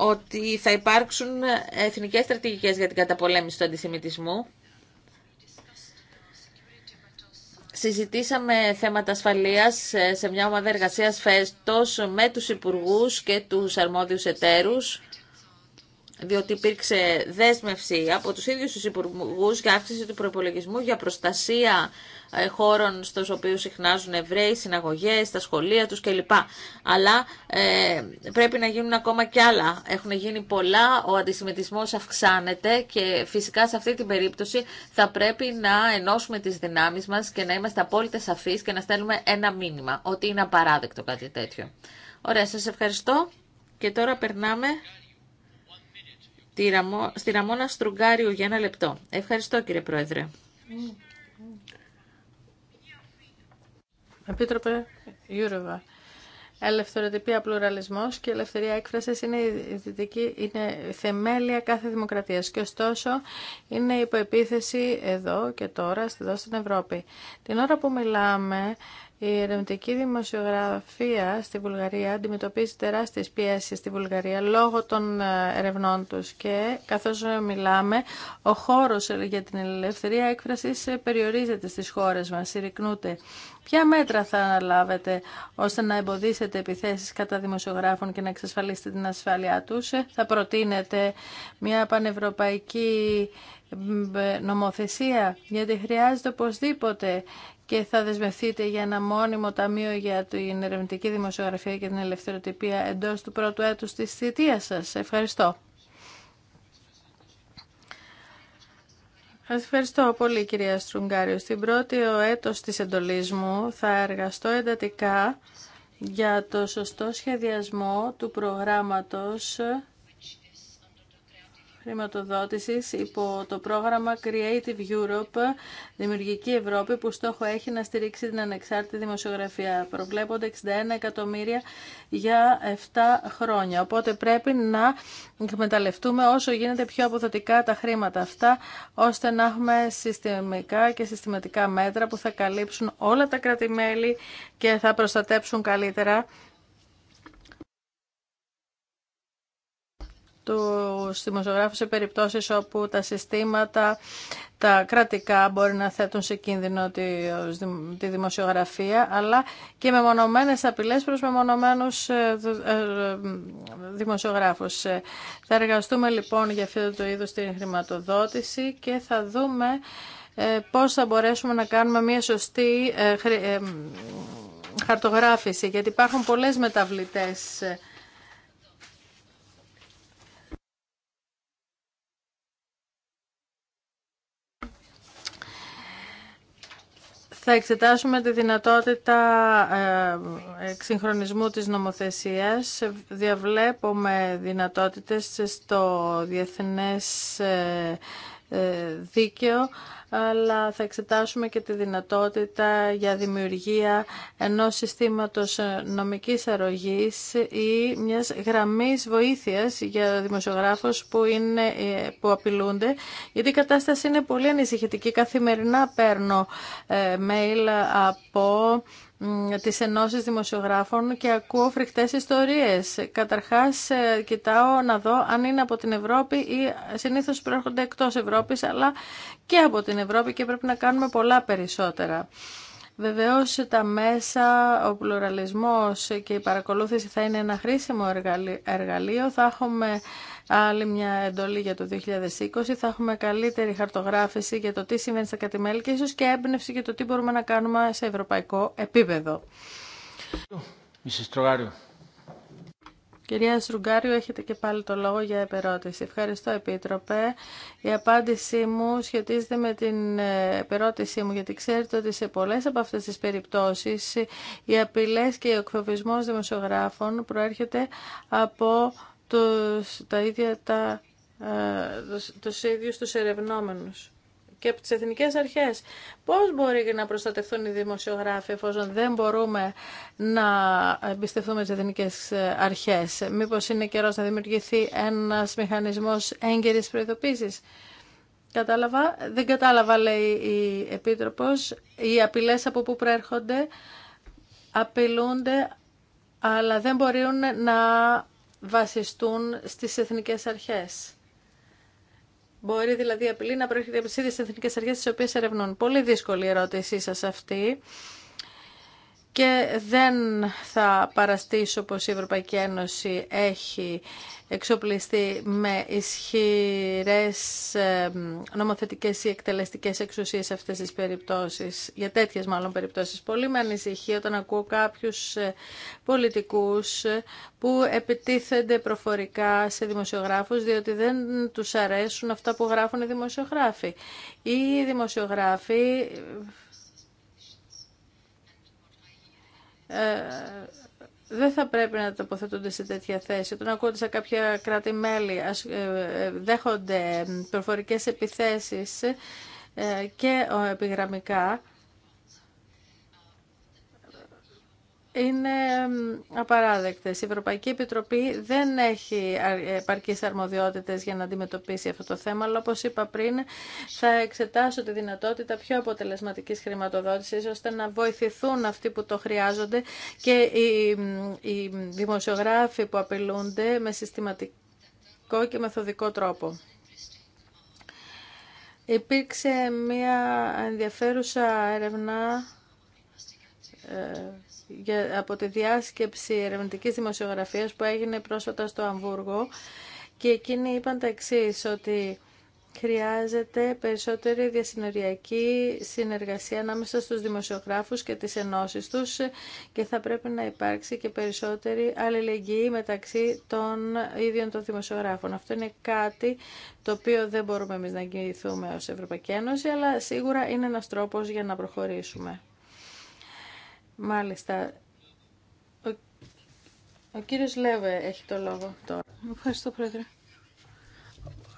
ότι θα υπάρξουν εθνικές στρατηγικές για την καταπολέμηση του αντισημιτισμού. Συζητήσαμε θέματα ασφαλείας σε μια ομάδα εργασίας φέστος με τους υπουργούς και τους αρμόδιους εταίρους διότι υπήρξε δέσμευση από τους ίδιους τους υπουργού για αύξηση του προπολογισμού για προστασία ε, χώρων στους οποίους συχνάζουν Εβραίοι, συναγωγές, τα σχολεία τους κλπ. Αλλά ε, πρέπει να γίνουν ακόμα κι άλλα. Έχουν γίνει πολλά, ο αντισημιτισμός αυξάνεται και φυσικά σε αυτή την περίπτωση θα πρέπει να ενώσουμε τις δυνάμεις μας και να είμαστε απόλυτα σαφείς και να στέλνουμε ένα μήνυμα ότι είναι απαράδεκτο κάτι τέτοιο. Ωραία, σας ευχαριστώ και τώρα περνάμε Στη, Ραμό, στη Ραμόνα Στρουγκάριου για ένα λεπτό. Ευχαριστώ κύριε Πρόεδρε. Επίτροπε Γιούρεβα. Ελευθεροτυπία, πλουραλισμό και ελευθερία έκφραση είναι, είναι θεμέλια κάθε δημοκρατία. Και ωστόσο είναι υποεπίθεση εδώ και τώρα, εδώ στην Ευρώπη. Την ώρα που μιλάμε, η ερευνητική δημοσιογραφία στη Βουλγαρία αντιμετωπίζει τεράστιε πιέσει στη Βουλγαρία λόγω των ε, ερευνών τους και καθώ ε, μιλάμε ο χώρος για την ελευθερία έκφραση ε, περιορίζεται στι χώρες μα, συρρυκνούται. Ποια μέτρα θα αναλάβετε ώστε να εμποδίσετε επιθέσεις κατά δημοσιογράφων και να εξασφαλίσετε την ασφάλειά τους. Θα προτείνετε μια πανευρωπαϊκή νομοθεσία, γιατί χρειάζεται οπωσδήποτε και θα δεσμευτείτε για ένα μόνιμο ταμείο για την ερευνητική δημοσιογραφία και την ελευθεροτυπία εντός του πρώτου έτους της θητείας σας. Ευχαριστώ. Σας ευχαριστώ πολύ κυρία Στρουγκάριο. Στην πρώτη ο έτος της εντολής μου θα εργαστώ εντατικά για το σωστό σχεδιασμό του προγράμματος χρηματοδότησης υπό το πρόγραμμα Creative Europe, Δημιουργική Ευρώπη, που στόχο έχει να στηρίξει την ανεξάρτητη δημοσιογραφία. Προβλέπονται 61 εκατομμύρια για 7 χρόνια. Οπότε πρέπει να εκμεταλλευτούμε όσο γίνεται πιο αποδοτικά τα χρήματα αυτά, ώστε να έχουμε συστημικά και συστηματικά μέτρα που θα καλύψουν όλα τα κρατημέλη και θα προστατέψουν καλύτερα του δημοσιογράφου σε περιπτώσεις όπου τα συστήματα τα κρατικά μπορεί να θέτουν σε κίνδυνο τη, δημοσιογραφία, αλλά και με μονομένες απειλές προς μεμονωμένους ε, ε, δημοσιογράφους. Ε, θα εργαστούμε λοιπόν για αυτό το είδος την χρηματοδότηση και θα δούμε πώς θα μπορέσουμε να κάνουμε μια σωστή χαρτογράφηση, γιατί υπάρχουν πολλές μεταβλητές Θα εξετάσουμε τη δυνατότητα ε, εξυγχρονισμού της νομοθεσίας. Διαβλέπουμε δυνατότητες στο διεθνές ε, ε, δίκαιο αλλά θα εξετάσουμε και τη δυνατότητα για δημιουργία ενός συστήματος νομικής αρρωγής ή μιας γραμμής βοήθειας για δημοσιογράφους που, είναι, που απειλούνται, γιατί η κατάσταση είναι πολύ ανησυχητική. Καθημερινά παίρνω ε, mail από τις ενώσεις δημοσιογράφων και ακούω φρικτές ιστορίες. Καταρχάς ε, κοιτάω να δω αν είναι από την Ευρώπη ή συνήθως προέρχονται εκτός Ευρώπης αλλά και από την στην Ευρώπη και πρέπει να κάνουμε πολλά περισσότερα. Βεβαίως τα μέσα, ο πλουραλισμός και η παρακολούθηση θα είναι ένα χρήσιμο εργαλείο. Θα έχουμε άλλη μια εντολή για το 2020, θα έχουμε καλύτερη χαρτογράφηση για το τι συμβαίνει στα κατημέλη και ίσως και έμπνευση για το τι μπορούμε να κάνουμε σε ευρωπαϊκό επίπεδο. Κυρία Σρουγκάριου, έχετε και πάλι το λόγο για επερώτηση. Ευχαριστώ, Επίτροπε. Η απάντησή μου σχετίζεται με την ε, επερώτησή μου, γιατί ξέρετε ότι σε πολλές από αυτές τις περιπτώσεις οι απειλές και ο εκφοβισμός δημοσιογράφων προέρχεται από τους, τα ίδια τα, ε, τους, τους ίδιους τους ερευνόμενους και από τις εθνικές αρχές. Πώς μπορεί να προστατευτούν οι δημοσιογράφοι εφόσον δεν μπορούμε να εμπιστευτούμε τις εθνικές αρχές. Μήπως είναι καιρός να δημιουργηθεί ένας μηχανισμός έγκαιρης προειδοποίησης. Κατάλαβα, δεν κατάλαβα λέει η Επίτροπος, οι απειλές από που προέρχονται απειλούνται αλλά δεν μπορούν να βασιστούν στις εθνικές αρχές. Μπορεί δηλαδή η απειλή να προέρχεται από τι ίδιε εθνικέ αρχέ τι οποίε ερευνούν. Πολύ δύσκολη η ερώτησή σα αυτή και δεν θα παραστήσω πως η Ευρωπαϊκή Ένωση έχει εξοπλιστεί με ισχυρές ε, νομοθετικές ή εκτελεστικές εξουσίες σε αυτές τις περιπτώσεις, για τέτοιες μάλλον περιπτώσεις. Πολύ με ανησυχεί όταν ακούω κάποιους ε, πολιτικούς ε, που επιτίθενται προφορικά σε δημοσιογράφους διότι δεν τους αρέσουν αυτά που γράφουν οι δημοσιογράφοι. Οι δημοσιογράφοι Ε, δεν θα πρέπει να τοποθετούνται σε τέτοια θέση. Όταν να σε κάποια κράτη-μέλη ε, ε, δέχονται προφορικές επιθέσεις και επιγραμμικά, είναι απαράδεκτες. Η Ευρωπαϊκή Επιτροπή δεν έχει επαρκείς αρμοδιότητες για να αντιμετωπίσει αυτό το θέμα, αλλά όπως είπα πριν θα εξετάσω τη δυνατότητα πιο αποτελεσματικής χρηματοδότησης ώστε να βοηθηθούν αυτοί που το χρειάζονται και οι, οι δημοσιογράφοι που απειλούνται με συστηματικό και μεθοδικό τρόπο. Υπήρξε μια ενδιαφέρουσα έρευνα ε, από τη διάσκεψη ερευνητικής δημοσιογραφίας που έγινε πρόσφατα στο Αμβούργο και εκείνοι είπαν τα εξή ότι χρειάζεται περισσότερη διασυνοριακή συνεργασία ανάμεσα στους δημοσιογράφους και τις ενώσεις τους και θα πρέπει να υπάρξει και περισσότερη αλληλεγγύη μεταξύ των ίδιων των δημοσιογράφων. Αυτό είναι κάτι το οποίο δεν μπορούμε εμείς να εγγυηθούμε ως Ευρωπαϊκή Ένωση, αλλά σίγουρα είναι ένας τρόπος για να προχωρήσουμε. Μάλιστα. Ο, ο κύριος Λέβε έχει το λόγο τώρα. Ευχαριστώ, Πρόεδρε.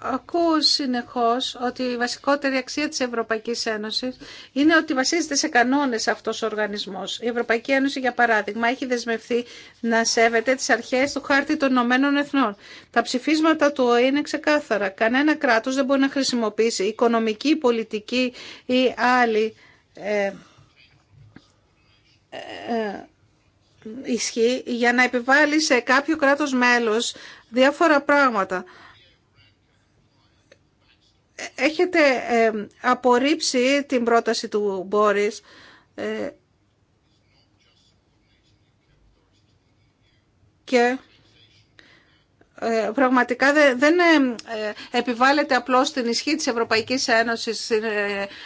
Ακούω συνεχώς ότι η βασικότερη αξία της Ευρωπαϊκής Ένωσης είναι ότι βασίζεται σε κανόνες αυτός ο οργανισμός. Η Ευρωπαϊκή Ένωση, για παράδειγμα, έχει δεσμευθεί να σέβεται τις αρχές του χάρτη των Ηνωμένων Εθνών. Τα ψηφίσματα του ΟΗΕ είναι ξεκάθαρα. Κανένα κράτος δεν μπορεί να χρησιμοποιήσει οικονομική, πολιτική ή άλλη ε, ε, ισχύει για να επιβάλλει σε κάποιο κράτος μέλος διάφορα πράγματα. Ε, έχετε ε, απορρίψει την πρόταση του Μπόρις και ε, πραγματικά δεν ε, ε, επιβάλλεται απλώς την ισχύ της Ευρωπαϊκής Ένωσης στην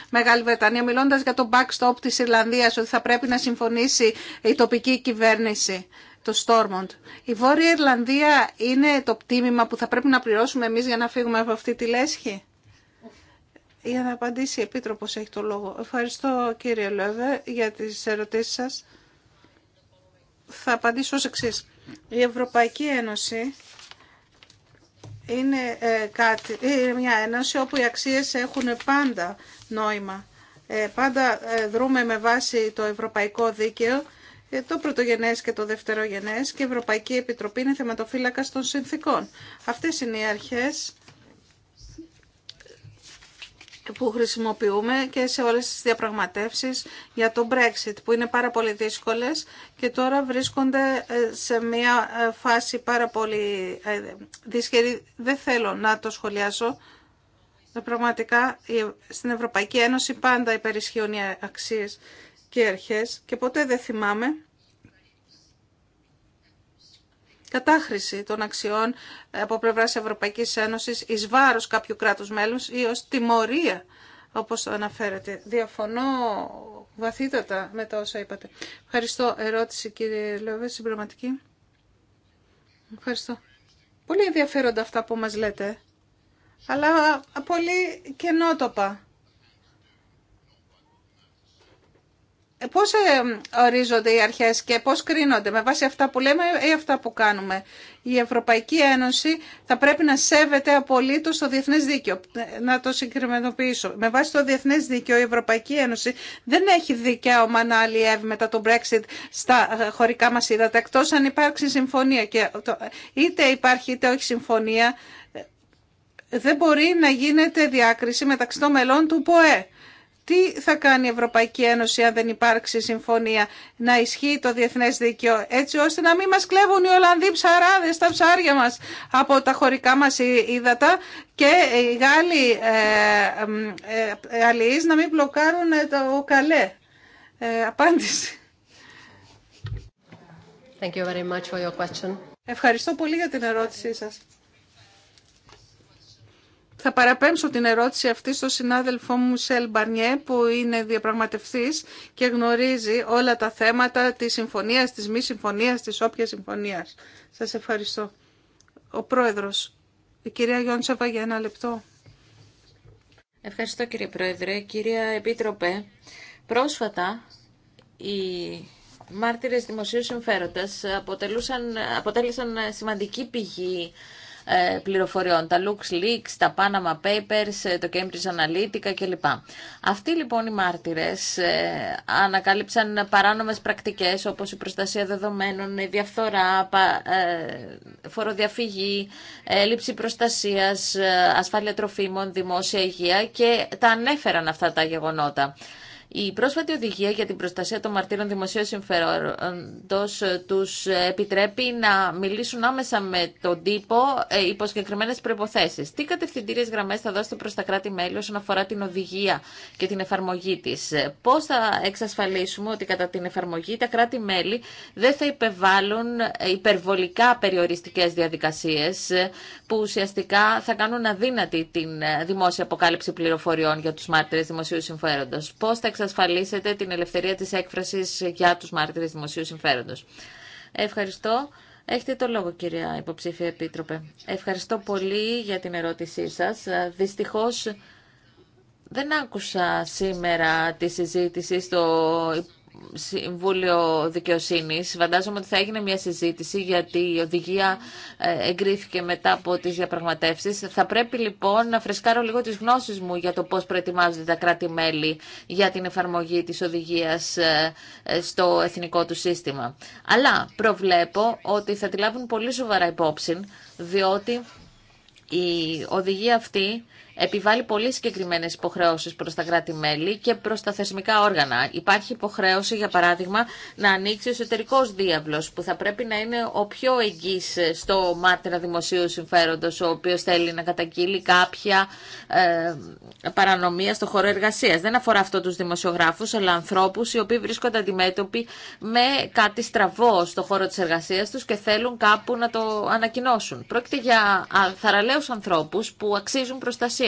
Μεγάλη Βρετανία, μιλώντας για το backstop της Ιρλανδίας, ότι θα πρέπει να συμφωνήσει η τοπική κυβέρνηση το Stormont. Η Βόρεια Ιρλανδία είναι το πτήμημα που θα πρέπει να πληρώσουμε εμείς για να φύγουμε από αυτή τη λέσχη. Για να απαντήσει η Επίτροπος έχει το λόγο. Ευχαριστώ κύριε Λεβε για τις ερωτήσεις σας. Θα απαντήσω ως εξής. Η Ευρωπαϊκή Ένωση είναι, ε, κάτι, ε, μια ένωση όπου οι αξίες έχουν πάντα νόημα. Ε, πάντα δρούμε με βάση το ευρωπαϊκό δίκαιο, το πρωτογενές και το δευτερογενές και η Ευρωπαϊκή Επιτροπή είναι θεματοφύλακα των συνθήκων. Αυτές είναι οι αρχές που χρησιμοποιούμε και σε όλες τις διαπραγματεύσεις για το Brexit που είναι πάρα πολύ δύσκολες και τώρα βρίσκονται ε, σε μια ε, φάση πάρα πολύ ε, δύσκολη. Δεν θέλω να το σχολιάσω. Πραγματικά στην Ευρωπαϊκή Ένωση πάντα υπερισχύουν οι αξίες και οι αρχές και ποτέ δεν θυμάμαι κατάχρηση των αξιών ε, από πλευράς Ευρωπαϊκής Ένωσης εις βάρος κάποιου κράτους μέλους ή ως τιμωρία, όπως το αναφέρετε. Διαφωνώ βαθύτατα με τα όσα είπατε. Ευχαριστώ. Ερώτηση κύριε Λεωβέ, συμπληρωματική. Ευχαριστώ. Πολύ ενδιαφέροντα αυτά που μας λέτε, αλλά πολύ καινότοπα. πώς ε, ορίζονται οι αρχές και πώς κρίνονται με βάση αυτά που λέμε ή αυτά που κάνουμε. Η Ευρωπαϊκή Ένωση θα πρέπει να σέβεται απολύτως το διεθνές δίκαιο. Ε, να το συγκεκριμενοποιήσω. Με βάση το διεθνές δίκαιο η Ευρωπαϊκή Ένωση δεν έχει δικαίωμα να αλλιεύει μετά το Brexit στα ε, χωρικά μας ύδατα εκτός αν υπάρξει συμφωνία. Και είτε υπάρχει είτε όχι συμφωνία δεν μπορεί να γίνεται διάκριση μεταξύ των μελών του ΠΟΕ. Τι θα κάνει η Ευρωπαϊκή Ένωση αν δεν υπάρξει συμφωνία να ισχύει το διεθνές δίκαιο έτσι ώστε να μην μας κλέβουν οι Ολλανδοί ψαράδες τα ψάρια μας από τα χωρικά μας ύδατα και οι Γάλλοι ε, ε αλληλείς να μην μπλοκάρουν ε, το καλέ. Ε, απάντηση. Thank you very much for your Ευχαριστώ πολύ για την ερώτησή σας. Θα παραπέμψω την ερώτηση αυτή στον συνάδελφό μου Σελ Μπαρνιέ που είναι διαπραγματευτής και γνωρίζει όλα τα θέματα της συμφωνίας, της μη συμφωνίας, της όποιας συμφωνίας. Σας ευχαριστώ. Ο πρόεδρος, η κυρία Γιόντσεβα για ένα λεπτό. Ευχαριστώ κύριε πρόεδρε. Κυρία Επίτροπε, πρόσφατα οι μάρτυρες δημοσίου συμφέροντας αποτέλεσαν σημαντική πηγή ε, πληροφοριών, τα LuxLeaks, τα Panama Papers, ε, το Cambridge Analytica κλπ. Αυτοί λοιπόν οι μάρτυρες ε, ανακάλυψαν παράνομες πρακτικές όπως η προστασία δεδομένων, η διαφθορά, φοροδιαφυγή, έλλειψη προστασίας, ασφάλεια τροφίμων, δημόσια υγεία και τα ανέφεραν αυτά τα γεγονότα. Η πρόσφατη οδηγία για την προστασία των μαρτύρων δημοσίου συμφέροντο του επιτρέπει να μιλήσουν άμεσα με τον τύπο ε, υπό συγκεκριμένε προποθέσει. Τι κατευθυντήριες γραμμέ θα δώσετε προ τα κράτη-μέλη όσον αφορά την οδηγία και την εφαρμογή τη. Πώ θα εξασφαλίσουμε ότι κατά την εφαρμογή τα κράτη-μέλη δεν θα υπεβάλλουν ε, υπερβολικά περιοριστικέ διαδικασίε ε, που ουσιαστικά θα κάνουν αδύνατη την δημόσια αποκάλυψη πληροφοριών για του μάρτυρε δημοσίου συμφέροντο. Πώ θα εξασφαλίσετε την ελευθερία της έκφρασης για τους μάρτυρες δημοσίου συμφέροντος. Ευχαριστώ. Έχετε το λόγο, κυρία υποψήφια επίτροπε. Ευχαριστώ πολύ για την ερώτησή σας. Δυστυχώς δεν άκουσα σήμερα τη συζήτηση στο Συμβούλιο Δικαιοσύνης. Φαντάζομαι ότι θα έγινε μια συζήτηση γιατί η οδηγία ε, εγκρίθηκε μετά από τις διαπραγματεύσεις. Θα πρέπει λοιπόν να φρεσκάρω λίγο τις γνώσεις μου για το πώ προετοιμάζονται τα κράτη-μέλη για την εφαρμογή της οδηγίας ε, ε, στο εθνικό του σύστημα. Αλλά προβλέπω ότι θα τη λάβουν πολύ σοβαρά υπόψη διότι η οδηγία αυτή επιβάλλει πολύ συγκεκριμένε υποχρεώσει προ τα κράτη-μέλη και προ τα θεσμικά όργανα. Υπάρχει υποχρέωση, για παράδειγμα, να ανοίξει ο εσωτερικό δίαβλο που θα πρέπει να είναι ο πιο εγγύς στο μάτρα δημοσίου συμφέροντο, ο οποίο θέλει να καταγγείλει κάποια ε, παρανομία στο χώρο εργασία. Δεν αφορά αυτό του δημοσιογράφου αλλά ανθρώπου οι οποίοι βρίσκονται αντιμέτωποι με κάτι στραβό στο χώρο τη εργασία του και θέλουν κάπου να το ανακοινώσουν. Πρόκειται για θαραλέου ανθρώπου που αξίζουν προστασία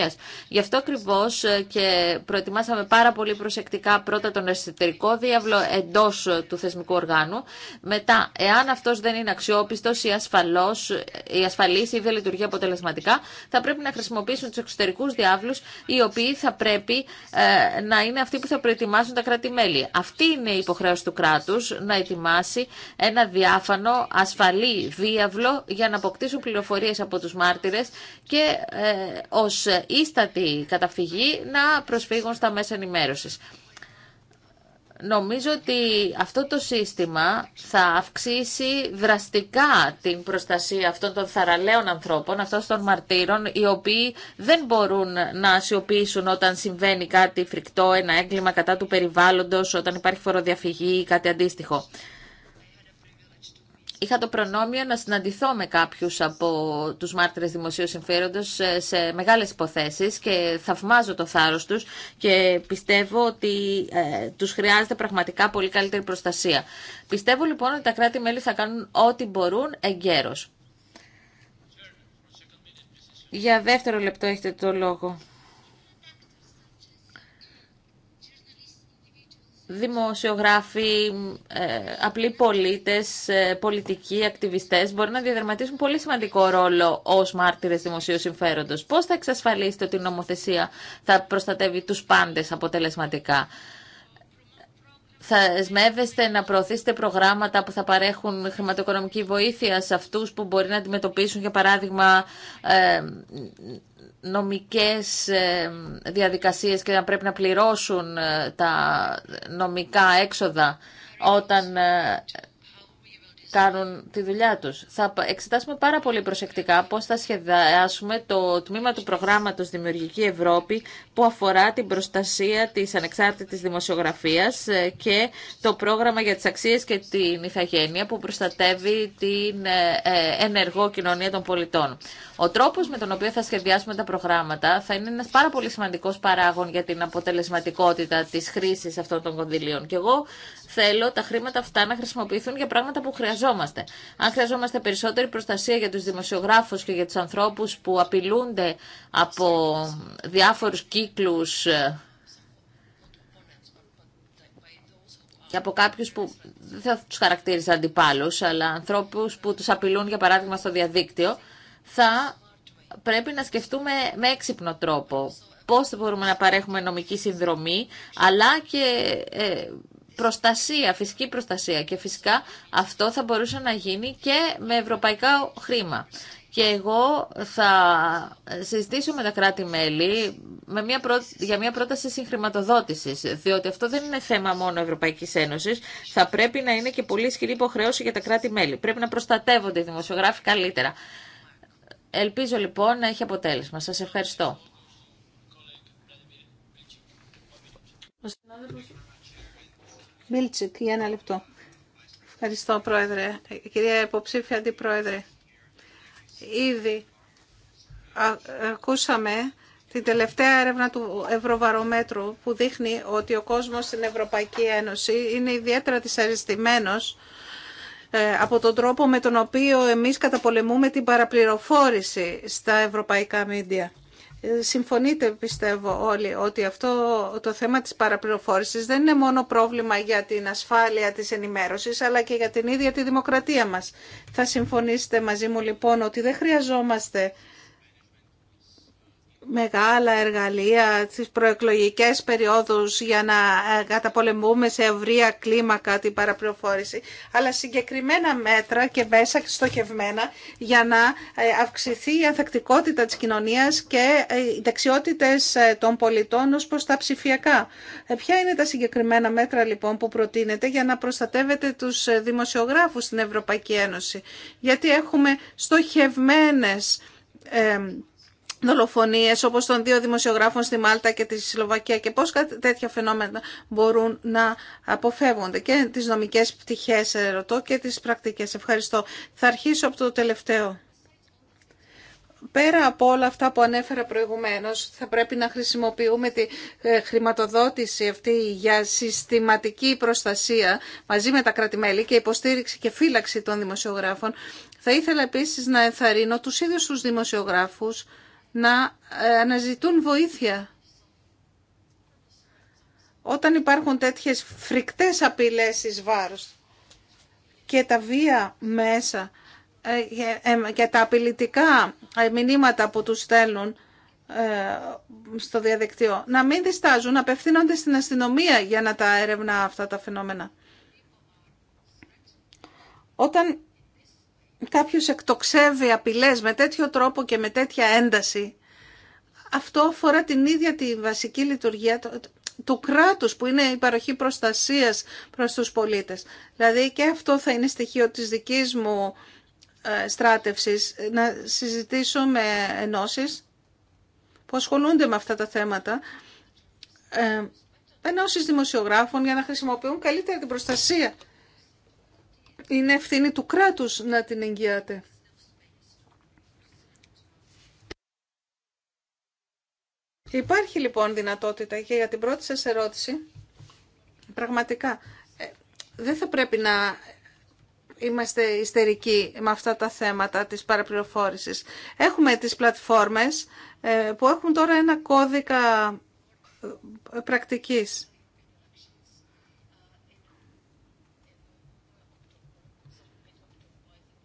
Γι' αυτό ακριβώ ε, και προετοιμάσαμε πάρα πολύ προσεκτικά πρώτα τον εσωτερικό διάβλο εντός του θεσμικού οργάνου. Μετά, εάν αυτός δεν είναι αξιόπιστος ή ασφαλός, ε, ή ασφαλής ή δεν λειτουργεί αποτελεσματικά, θα πρέπει να χρησιμοποιήσουν τους εξωτερικούς διάβλους, οι οποίοι θα πρέπει ε, να είναι αυτοί που θα προετοιμάσουν τα κράτη-μέλη. Αυτή είναι η υποχρέωση του κράτους να ετοιμάσει ένα διάφανο, ασφαλή διάβλο για να αποκτήσουν πληροφορίες από τους μάρτυρες και ε, ως ίστατη καταφυγή να προσφύγουν στα μέσα ενημέρωσης. Νομίζω ότι αυτό το σύστημα θα αυξήσει δραστικά την προστασία αυτών των θαραλέων ανθρώπων, αυτών των μαρτύρων, οι οποίοι δεν μπορούν να ασιοποιήσουν όταν συμβαίνει κάτι φρικτό, ένα έγκλημα κατά του περιβάλλοντος, όταν υπάρχει φοροδιαφυγή ή κάτι αντίστοιχο. Είχα το προνόμιο να συναντηθώ με κάποιους από τους μάρτυρες δημοσίου συμφέροντος ε, σε μεγάλες υποθέσει και θαυμάζω το θάρρος τους και πιστεύω ότι ε, τους χρειάζεται πραγματικά πολύ καλύτερη προστασία. Πιστεύω λοιπόν ότι τα κράτη-μέλη θα κάνουν ό,τι μπορούν εγκαίρω. Για δεύτερο λεπτό έχετε το λόγο. δημοσιογράφοι, ε, απλοί πολίτες, ε, πολιτικοί, ακτιβιστές μπορεί να διαδραματίσουν πολύ σημαντικό ρόλο ως μάρτυρες δημοσίου συμφέροντος. Πώς θα εξασφαλίσετε ότι η νομοθεσία θα προστατεύει τους πάντες αποτελεσματικά. Θα εσμεύεστε να προωθήσετε προγράμματα που θα παρέχουν χρηματοοικονομική βοήθεια σε αυτούς που μπορεί να αντιμετωπίσουν, για παράδειγμα, ε, νομικές ε, διαδικασίες και να πρέπει να πληρώσουν ε, τα νομικά έξοδα όταν ε, κάνουν τη δουλειά τους. Θα εξετάσουμε πάρα πολύ προσεκτικά πώς θα σχεδιάσουμε το τμήμα του προγράμματος Δημιουργική Ευρώπη που αφορά την προστασία της ανεξάρτητης δημοσιογραφίας ε, και το πρόγραμμα για τις αξίες και την ηθαγένεια που προστατεύει την ε, ε, ενεργό κοινωνία των πολιτών. Ο τρόπος με τον οποίο θα σχεδιάσουμε τα προγράμματα θα είναι ένας πάρα πολύ σημαντικός παράγων για την αποτελεσματικότητα της χρήσης αυτών των κονδυλίων. Και εγώ θέλω τα χρήματα αυτά να χρησιμοποιηθούν για πράγματα που χρειαζόμαστε. Αν χρειαζόμαστε περισσότερη προστασία για τους δημοσιογράφους και για τους ανθρώπους που απειλούνται από διάφορους κύκλους ε, και από κάποιους που δεν θα τους χαρακτήριζα αντιπάλους, αλλά ανθρώπους που τους απειλούν για παράδειγμα στο διαδίκτυο, θα πρέπει να σκεφτούμε με έξυπνο τρόπο πώς μπορούμε να παρέχουμε νομική συνδρομή, αλλά και ε, προστασία, φυσική προστασία και φυσικά αυτό θα μπορούσε να γίνει και με ευρωπαϊκά χρήμα. Και εγώ θα συζητήσω με τα κράτη-μέλη για μια πρόταση συγχρηματοδότησης, διότι αυτό δεν είναι θέμα μόνο Ευρωπαϊκής Ένωσης, θα πρέπει να είναι και πολύ ισχυρή υποχρέωση για τα κράτη-μέλη. Πρέπει να προστατεύονται οι δημοσιογράφοι καλύτερα. Ελπίζω λοιπόν να έχει αποτέλεσμα. Σας ευχαριστώ. Μίλτσικ, για ένα λεπτό. Ευχαριστώ, Πρόεδρε. Κυρία Υποψήφια Αντιπρόεδρε, ήδη ακούσαμε την τελευταία έρευνα του Ευρωβαρομέτρου που δείχνει ότι ο κόσμος στην Ευρωπαϊκή Ένωση είναι ιδιαίτερα δυσαρεστημένος ε, από τον τρόπο με τον οποίο εμείς καταπολεμούμε την παραπληροφόρηση στα ευρωπαϊκά μίντια. Συμφωνείτε πιστεύω όλοι ότι αυτό το θέμα της παραπληροφόρησης δεν είναι μόνο πρόβλημα για την ασφάλεια της ενημέρωσης αλλά και για την ίδια τη δημοκρατία μας. Θα συμφωνήσετε μαζί μου λοιπόν ότι δεν χρειαζόμαστε μεγάλα εργαλεία στις προεκλογικές περιόδους για να ε, καταπολεμούμε σε ευρία κλίμακα την παραπληροφόρηση, αλλά συγκεκριμένα μέτρα και μέσα στοχευμένα για να ε, αυξηθεί η ανθεκτικότητα της κοινωνίας και ε, οι δεξιότητες των πολιτών ως προς τα ψηφιακά. Ποια είναι τα συγκεκριμένα μέτρα λοιπόν που προτείνεται για να προστατεύετε τους δημοσιογράφους στην Ευρωπαϊκή Ένωση, γιατί έχουμε στοχευμένες όπω όπως των δύο δημοσιογράφων στη Μάλτα και τη Σλοβακία και πώς τέτοια φαινόμενα μπορούν να αποφεύγονται και τι νομικές πτυχές ερωτώ και τι πρακτικές. Ευχαριστώ. Θα αρχίσω από το τελευταίο. Πέρα από όλα αυτά που ανέφερα προηγουμένως, θα πρέπει να χρησιμοποιούμε τη ε, χρηματοδότηση αυτή για συστηματική προστασία μαζί με τα κρατημέλη και υποστήριξη και φύλαξη των δημοσιογράφων. Θα ήθελα επίσης να ενθαρρύνω τους ίδιους τους δημοσιογράφους να ε, αναζητούν βοήθεια. Όταν υπάρχουν τέτοιες φρικτές απειλές εις βάρος και τα βία μέσα ε, ε, και τα απειλητικά μηνύματα που τους στέλνουν στο διαδικτύο, να μην διστάζουν, να απευθύνονται στην αστυνομία για να τα έρευνα αυτά τα φαινόμενα. Όταν κάποιος εκτοξεύει απειλές με τέτοιο τρόπο και με τέτοια ένταση, αυτό αφορά την ίδια τη βασική λειτουργία του κράτους που είναι η παροχή προστασίας προς τους πολίτες. Δηλαδή και αυτό θα είναι στοιχείο της δικής μου ε, στράτευσης, να συζητήσω με ενώσεις που ασχολούνται με αυτά τα θέματα, ε, ενώσεις δημοσιογράφων για να χρησιμοποιούν καλύτερα την προστασία είναι ευθύνη του κράτους να την εγγυάται. Υπάρχει λοιπόν δυνατότητα και για την πρώτη σας ερώτηση, πραγματικά, ε, δεν θα πρέπει να είμαστε ιστερικοί με αυτά τα θέματα της παραπληροφόρησης. Έχουμε τις πλατφόρμες ε, που έχουν τώρα ένα κώδικα ε, πρακτικής.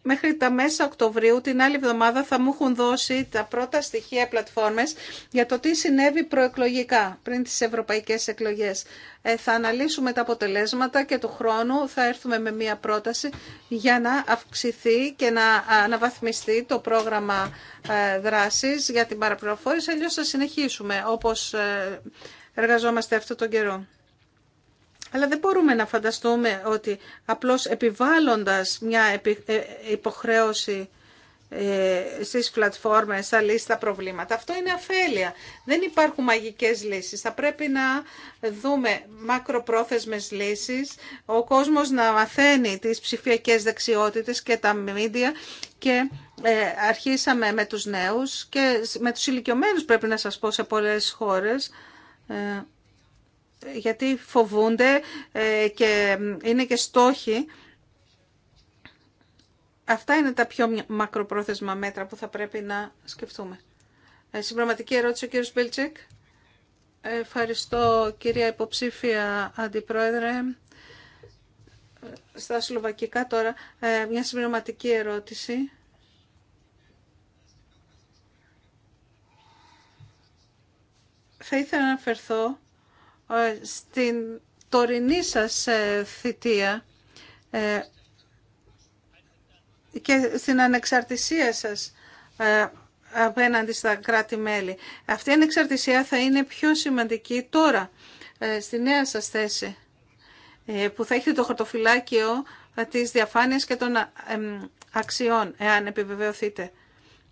μέχρι τα μέσα Οκτωβρίου την άλλη εβδομάδα θα μου έχουν δώσει τα πρώτα στοιχεία πλατφόρμες για το τι συνέβη προεκλογικά πριν τις ευρωπαϊκές εκλογές. Ε, θα αναλύσουμε τα αποτελέσματα και του χρόνου θα έρθουμε με μία πρόταση για να αυξηθεί και να αναβαθμιστεί το πρόγραμμα ε, δράσης για την παραπληροφόρηση. Αλλιώς θα συνεχίσουμε όπως ε, εργαζόμαστε αυτόν τον καιρό. Αλλά δεν μπορούμε να φανταστούμε ότι απλώς επιβάλλοντας μια ε, υποχρέωση ε, στις πλατφόρμες θα λύσει τα προβλήματα. Αυτό είναι αφέλεια. Δεν υπάρχουν μαγικές λύσεις. Θα πρέπει να δούμε μακροπρόθεσμες λύσεις, ο κόσμος να μαθαίνει τις ψηφιακές δεξιότητες και τα μίντια και ε, αρχίσαμε με τους νέους και με τους ηλικιωμένους πρέπει να σας πω σε πολλές χώρες γιατί φοβούνται ε, και είναι και στόχοι. Αυτά είναι τα πιο μακροπρόθεσμα μέτρα που θα πρέπει να σκεφτούμε. Ε, Συμπραγματική ερώτηση ο κύριος Μπίλτσικ ε, Ευχαριστώ κυρία υποψήφια Αντιπρόεδρε. Στα Σλοβακικά τώρα μια συμπληρωματική ερώτηση. Θα ήθελα να αναφερθώ ε, στην τωρινή σας ε, θητεία ε, και στην ανεξαρτησία σας απέναντι στα κράτη-μέλη. Αυτή η ανεξαρτησία θα είναι πιο σημαντική τώρα, στη νέα σας θέση, που θα έχετε το χαρτοφυλάκιο της διαφάνειας και των αξιών, εάν επιβεβαιωθείτε,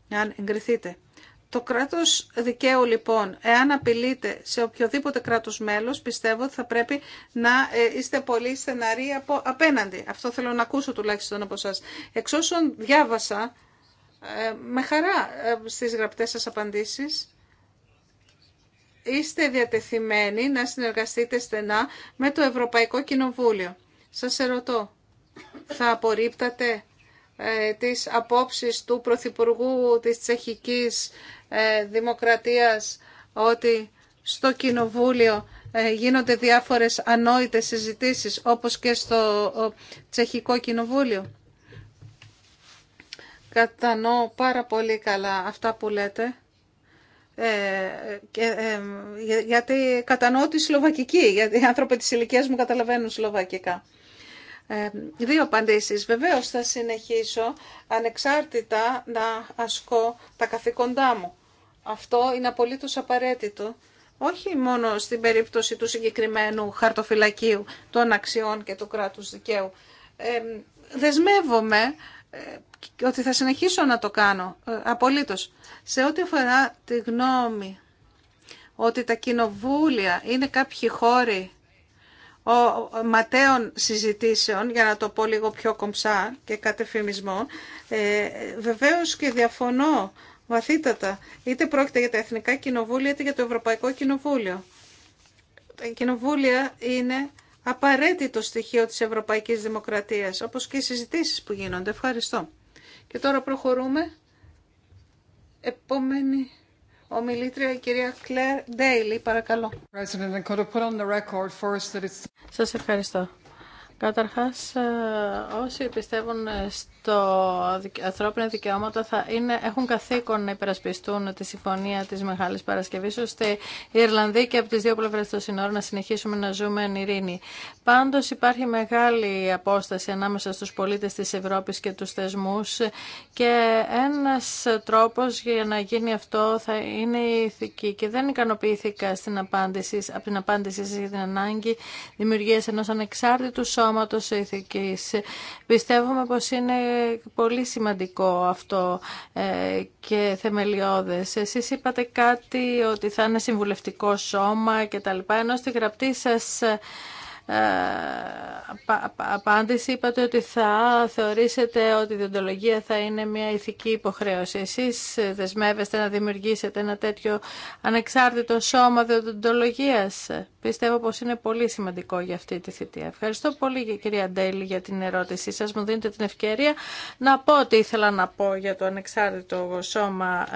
εάν εγκριθείτε. Το κράτος δικαίου λοιπόν, εάν απειλείται σε οποιοδήποτε κράτος μέλος, πιστεύω ότι θα πρέπει να ε, είστε πολύ στεναροί από, απέναντι. Αυτό θέλω να ακούσω τουλάχιστον από εσά. Εξ όσων διάβασα, ε, με χαρά ε, στις γραπτές σας απαντήσεις, είστε διατεθειμένοι να συνεργαστείτε στενά με το Ευρωπαϊκό Κοινοβούλιο. Σας ερωτώ, θα απορρίπτατε ε, τις απόψεις του Πρωθυπουργού της Τσεχικής ε, Δημοκρατίας ότι στο Κοινοβούλιο ε, γίνονται διάφορες ανόητες συζητήσεις όπως και στο Τσεχικό Κοινοβούλιο. Κατανοώ πάρα πολύ καλά αυτά που λέτε. Ε, γιατί κατανοώ τη Σλοβακική, γιατί οι άνθρωποι της ηλικίας μου καταλαβαίνουν Σλοβακικά. Ε, δύο απαντήσεις. Βεβαίως θα συνεχίσω ανεξάρτητα να ασκώ τα καθήκοντά μου. Αυτό είναι απολύτως απαραίτητο. Όχι μόνο στην περίπτωση του συγκεκριμένου χαρτοφυλακίου των αξιών και του κράτους δικαίου. Ε, δεσμεύομαι ε, ότι θα συνεχίσω να το κάνω, απολύτως. Σε ό,τι αφορά τη γνώμη ότι τα κοινοβούλια είναι κάποιοι χώροι ο ματέων συζητήσεων, για να το πω λίγο πιο κομψά και κατεφημισμών, ε, βεβαίως και διαφωνώ βαθύτατα, είτε πρόκειται για τα Εθνικά Κοινοβούλια, είτε για το Ευρωπαϊκό Κοινοβούλιο. Τα κοινοβούλια είναι απαραίτητο στοιχείο της Ευρωπαϊκής Δημοκρατίας, όπως και οι συζητήσεις που γίνονται. Ευχαριστώ. Και τώρα προχωρούμε. Επόμενη Ομιλήτρια η κυρία Κλέρ Ντέιλι, παρακαλώ. Σας ευχαριστώ. Καταρχάς, ε, όσοι πιστεύουν στο ανθρώπινα δικαιώματα θα είναι, έχουν καθήκον να υπερασπιστούν τη συμφωνία της Μεγάλης Παρασκευής, ώστε οι Ιρλανδοί και από τις δύο πλευρές των συνόρων να συνεχίσουμε να ζούμε εν ειρήνη. Πάντως υπάρχει μεγάλη απόσταση ανάμεσα στους πολίτες της Ευρώπης και τους θεσμούς και ένας τρόπος για να γίνει αυτό θα είναι η ηθική και δεν ικανοποιήθηκα στην απάντηση, από την απάντησή σας για την ανάγκη δημιουργίας ενός ανεξάρτητου σώματος σώματος ηθικής. Πιστεύουμε πως είναι πολύ σημαντικό αυτό ε, και θεμελιώδες. Εσείς είπατε κάτι ότι θα είναι συμβουλευτικό σώμα και τα λοιπά, ενώ στη γραπτή σας ε, απάντηση είπατε ότι θα θεωρήσετε ότι η διοντολογία θα είναι μια ηθική υποχρέωση. Εσείς δεσμεύεστε να δημιουργήσετε ένα τέτοιο ανεξάρτητο σώμα διοντολογίας. Πιστεύω πως είναι πολύ σημαντικό για αυτή τη θητεία. Ευχαριστώ πολύ κυρία Ντέιλι για την ερώτησή σας. Μου δίνετε την ευκαιρία να πω ότι ήθελα να πω για το ανεξάρτητο σώμα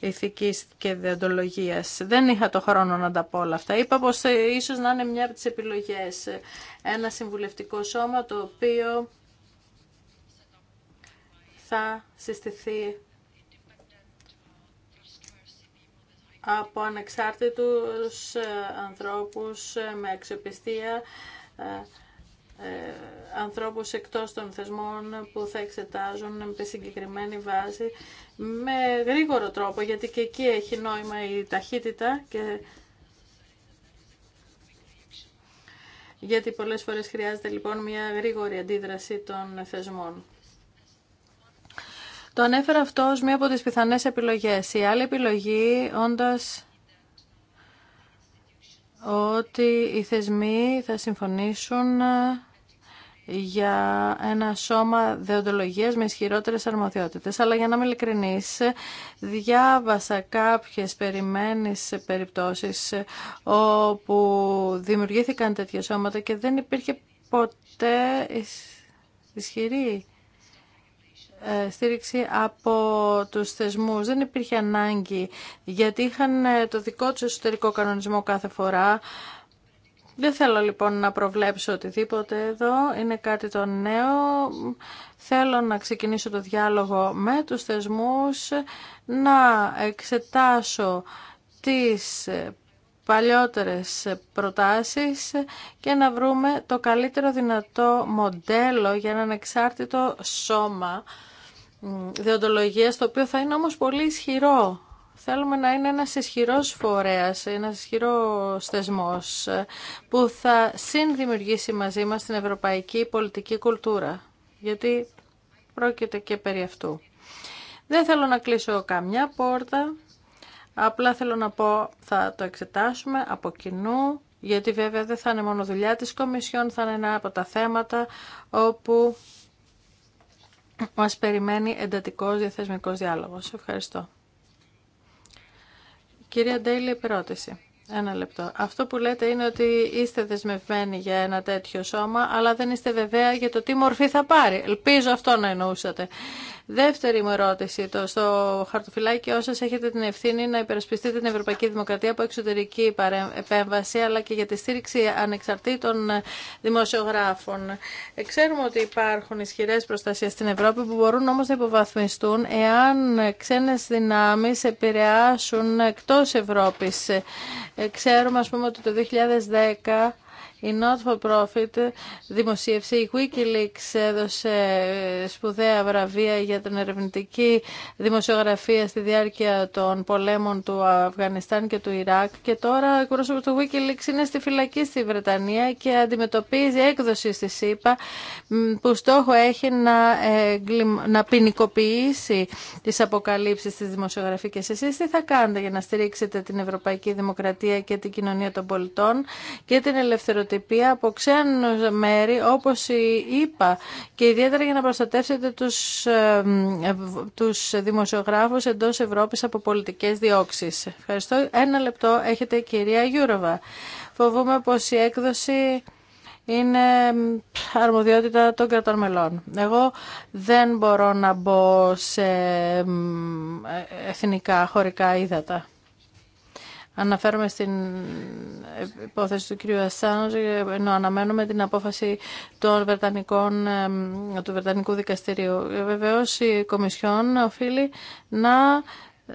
ε, ηθικής και διοντολογίας. Δεν είχα το χρόνο να τα πω όλα αυτά. Είπα πως ίσως να είναι μια από τις επιλογές ένα συμβουλευτικό σώμα το οποίο θα συστηθεί από ανεξάρτητους ε, ανθρώπους ε, με αξιοπιστία, ε, ανθρώπους εκτός των θεσμών που θα εξετάζουν με συγκεκριμένη βάση με γρήγορο τρόπο γιατί και εκεί έχει νόημα η ταχύτητα και γιατί πολλές φορές χρειάζεται λοιπόν μια γρήγορη αντίδραση των θεσμών. Το ανέφερα αυτό ως μία από τις πιθανές επιλογές. Η άλλη επιλογή όντας ότι οι θεσμοί θα συμφωνήσουν για ένα σώμα δεοντολογίας με ισχυρότερε αρμοδιότητες. Αλλά για να είμαι ειλικρινής, διάβασα κάποιες περιμένεις περιπτώσεις όπου δημιουργήθηκαν τέτοια σώματα και δεν υπήρχε ποτέ ισχυρή ε, στήριξη από τους θεσμούς. Δεν υπήρχε ανάγκη γιατί είχαν ε, το δικό τους εσωτερικό κανονισμό κάθε φορά δεν θέλω λοιπόν να προβλέψω οτιδήποτε εδώ, είναι κάτι το νέο. Θέλω να ξεκινήσω το διάλογο με τους θεσμούς, να εξετάσω τις παλιότερες προτάσεις και να βρούμε το καλύτερο δυνατό μοντέλο για έναν εξάρτητο σώμα διοντολογίας, το οποίο θα είναι όμως πολύ ισχυρό Θέλουμε να είναι ένας ισχυρός φορέας, ένας ισχυρό θεσμός που θα συνδημιουργήσει μαζί μας την ευρωπαϊκή πολιτική κουλτούρα. Γιατί πρόκειται και περί αυτού. Δεν θέλω να κλείσω καμιά πόρτα, απλά θέλω να πω θα το εξετάσουμε από κοινού, γιατί βέβαια δεν θα είναι μόνο δουλειά της Κομισιόν, θα είναι ένα από τα θέματα όπου μας περιμένει εντατικός διαθεσμικός διάλογος. Ευχαριστώ. Κυρία Ντέιλι, προταση. Ένα λεπτό. Αυτό που λέτε είναι ότι είστε δεσμευμένοι για ένα τέτοιο σώμα, αλλά δεν είστε βεβαία για το τι μορφή θα πάρει. Ελπίζω αυτό να εννοούσατε. Δεύτερη μου ερώτηση. Το, στο χαρτοφυλάκι σα έχετε την ευθύνη να υπερασπιστείτε την Ευρωπαϊκή Δημοκρατία από εξωτερική επέμβαση, αλλά και για τη στήριξη ανεξαρτήτων δημοσιογράφων. Ε, ξέρουμε ότι υπάρχουν ισχυρέ προστασίε στην Ευρώπη που μπορούν όμω να υποβαθμιστούν εάν ξένε δυνάμει επηρεάσουν εκτό Ευρώπη ε, ξέρουμε, ας πούμε, ότι το 2010 η Not for Profit δημοσίευσε, η Wikileaks έδωσε σπουδαία βραβεία για την ερευνητική δημοσιογραφία στη διάρκεια των πολέμων του Αφγανιστάν και του Ιράκ και τώρα ο εκπρόσωπο του Wikileaks είναι στη φυλακή στη Βρετανία και αντιμετωπίζει έκδοση στη ΣΥΠΑ που στόχο έχει να, ε, να ποινικοποιήσει τις αποκαλύψεις της δημοσιογραφικής. Εσείς τι θα κάνετε για να στηρίξετε την Ευρωπαϊκή Δημοκρατία και την κοινωνία των πολιτών και την ελευθερωτική στερεοτυπία από ξένου μέρη όπως είπα, και ιδιαίτερα για να προστατεύσετε τους, ε, τους δημοσιογράφους εντός Ευρώπης από πολιτικές διώξεις. Ευχαριστώ. Ένα λεπτό έχετε κυρία Γιούροβα. Φοβούμαι πως η έκδοση είναι αρμοδιότητα των κρατών μελών. Εγώ δεν μπορώ να μπω σε εθνικά χωρικά ύδατα. Αναφέρομαι στην υπόθεση του κυρίου για ενώ αναμένουμε την απόφαση των του Βρετανικού Δικαστηρίου. Βεβαίως η Κομισιόν οφείλει να ε,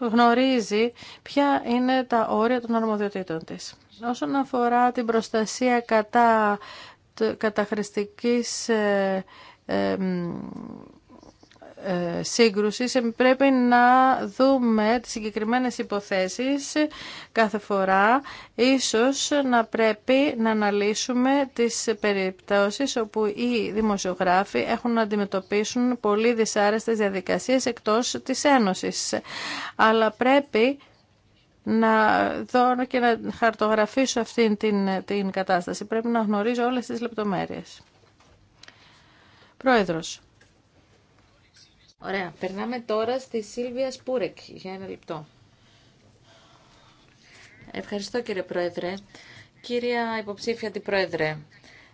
γνωρίζει ποια είναι τα όρια των αρμοδιοτήτων της. Όσον αφορά την προστασία κατά καταχρηστικής ε, ε, σύγκρουσης ε, πρέπει να δούμε τις συγκεκριμένες υποθέσεις κάθε φορά ίσως να πρέπει να αναλύσουμε τις περιπτώσεις όπου οι δημοσιογράφοι έχουν να αντιμετωπίσουν πολύ δυσάρεστες διαδικασίες εκτός της Ένωσης αλλά πρέπει να δω και να χαρτογραφήσω αυτήν την, την κατάσταση πρέπει να γνωρίζω όλες τις λεπτομέρειες Πρόεδρος Ωραία. Περνάμε τώρα στη Σίλβια Σπούρεκ για ένα λεπτό. Ευχαριστώ κύριε Πρόεδρε. Κύρια υποψήφια Πρόεδρε.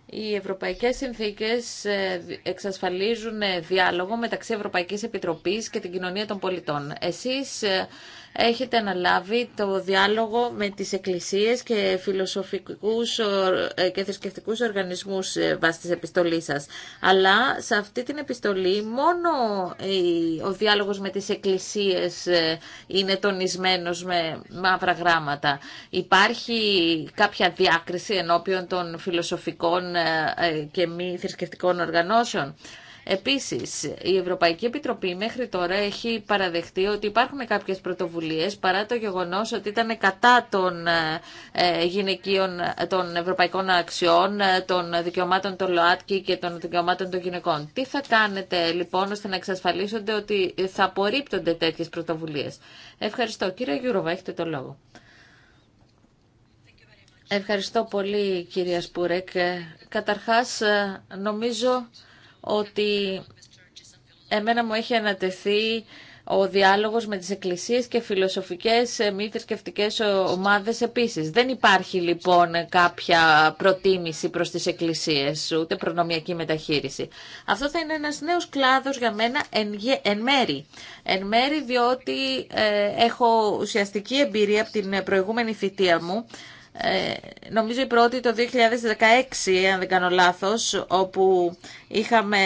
οι ευρωπαϊκές συνθήκες ε, εξασφαλίζουν ε, διάλογο μεταξύ Ευρωπαϊκής Επιτροπής και την κοινωνία των πολιτών. Εσείς ε, έχετε αναλάβει το διάλογο με τις εκκλησίες και φιλοσοφικούς ε, και θρησκευτικού οργανισμούς ε, βάσει της επιστολής σας. Αλλά σε αυτή την επιστολή μόνο ο διάλογος με τις εκκλησίες ε, είναι τονισμένος με μαύρα γράμματα. Υπάρχει κάποια διάκριση ενώπιον των φιλοσοφικών και μη θρησκευτικών οργανώσεων. Επίσης, η Ευρωπαϊκή Επιτροπή μέχρι τώρα έχει παραδεχτεί ότι υπάρχουν κάποιες πρωτοβουλίες παρά το γεγονός ότι ήταν κατά των ε, γυναικείων, των ευρωπαϊκών αξιών, ε, των δικαιωμάτων των ΛΟΑΤΚΙ και των δικαιωμάτων των γυναικών. Τι θα κάνετε λοιπόν ώστε να εξασφαλίσονται ότι θα απορρίπτονται τέτοιες πρωτοβουλίες. Ευχαριστώ. Κύριε Γιούροβα, έχετε το λόγο. Ευχαριστώ πολύ κυρία Σπούρεκ. Ε, καταρχάς νομίζω ότι εμένα μου έχει ανατεθεί ο διάλογος με τις εκκλησίες και φιλοσοφικές ε, μη θρησκευτικέ ομάδες επίσης. Δεν υπάρχει λοιπόν κάποια προτίμηση προς τις εκκλησίες, ούτε προνομιακή μεταχείριση. Αυτό θα είναι ένας νέος κλάδος για μένα εν, εν μέρη. Εν μέρη διότι ε, έχω ουσιαστική εμπειρία από την προηγούμενη θητεία μου, ε, νομίζω η πρώτη το 2016, αν δεν κάνω λάθος, όπου είχαμε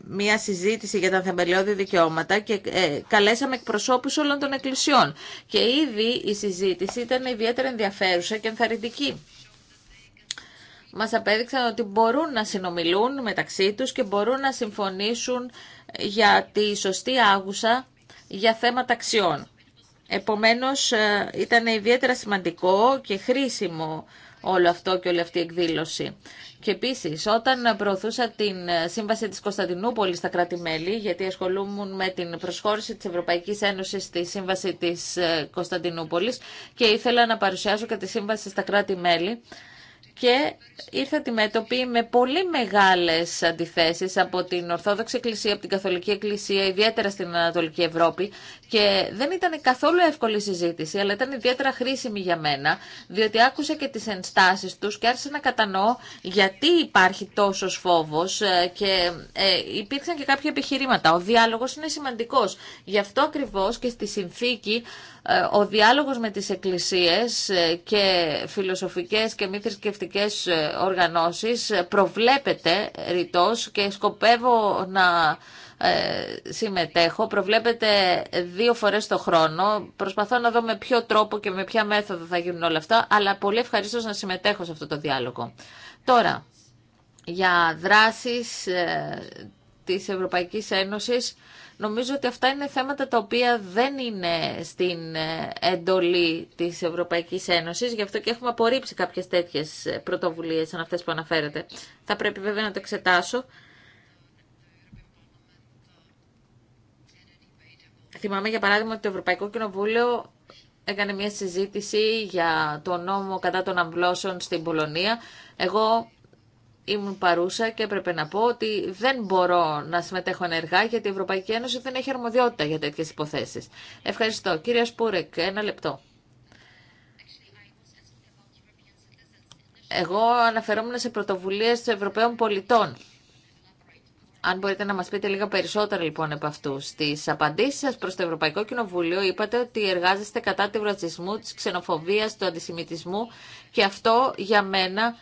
μία συζήτηση για τα θεμελιώδη δικαιώματα και ε, καλέσαμε εκπροσώπους όλων των εκκλησιών. Και ήδη η συζήτηση ήταν ιδιαίτερα ενδιαφέρουσα και ενθαρρυντική. Μας απέδειξαν ότι μπορούν να συνομιλούν μεταξύ τους και μπορούν να συμφωνήσουν για τη σωστή άγουσα για θέματα αξιών. Επομένως ε, ήταν ιδιαίτερα σημαντικό και χρήσιμο όλο αυτό και όλη αυτή η εκδήλωση. Και επίσης, όταν προωθούσα την ε, σύμβαση της Κωνσταντινούπολης στα κράτη-μέλη, γιατί ασχολούμουν με την προσχώρηση της Ευρωπαϊκής Ένωσης στη σύμβαση της ε, Κωνσταντινούπολης και ήθελα να παρουσιάσω και τη σύμβαση στα κράτη-μέλη. Και ήρθα τη μέτωπη με πολύ μεγάλες αντιθέσεις από την Ορθόδοξη Εκκλησία, από την Καθολική Εκκλησία, ιδιαίτερα στην Ανατολική Ευρώπη και δεν ήταν καθόλου εύκολη συζήτηση, αλλά ήταν ιδιαίτερα χρήσιμη για μένα, διότι άκουσα και τις ενστάσεις τους και άρχισα να κατανοώ γιατί υπάρχει τόσος φόβος ε, και ε, υπήρξαν και κάποια επιχειρήματα. Ο διάλογος είναι σημαντικός. Γι' αυτό ακριβώς και στη συνθήκη ε, ο διάλογος με τις εκκλησίες και φιλοσοφικές και μη θρησκευτικέ οργανώσεις προβλέπεται ρητός και σκοπεύω να ε, συμμετέχω. Προβλέπετε δύο φορές το χρόνο. Προσπαθώ να δω με ποιο τρόπο και με ποια μέθοδο θα γίνουν όλα αυτά, αλλά πολύ ευχαριστώ να συμμετέχω σε αυτό το διάλογο. Τώρα, για δράσεις ε, της Ευρωπαϊκής Ένωσης, νομίζω ότι αυτά είναι θέματα τα οποία δεν είναι στην ε, εντολή της Ευρωπαϊκής Ένωσης, γι' αυτό και έχουμε απορρίψει κάποιες τέτοιες πρωτοβουλίες σαν αυτές που αναφέρετε. Θα πρέπει βέβαια να το εξετάσω Θυμάμαι για παράδειγμα ότι το Ευρωπαϊκό Κοινοβούλιο έκανε μια συζήτηση για το νόμο κατά των αμβλώσεων στην Πολωνία. Εγώ ήμουν παρούσα και έπρεπε να πω ότι δεν μπορώ να συμμετέχω ενεργά γιατί η Ευρωπαϊκή Ένωση δεν έχει αρμοδιότητα για τέτοιες υποθέσεις. Ευχαριστώ. Κύριε Σπούρεκ, ένα λεπτό. Εγώ αναφερόμουν σε πρωτοβουλίες των Ευρωπαίων πολιτών. Αν μπορείτε να μας πείτε λίγα περισσότερα λοιπόν από αυτού. Στις απαντήσεις σας προς το Ευρωπαϊκό Κοινοβούλιο είπατε ότι εργάζεστε κατά του ρατσισμού, της ξενοφοβίας, του αντισημιτισμού και αυτό για μένα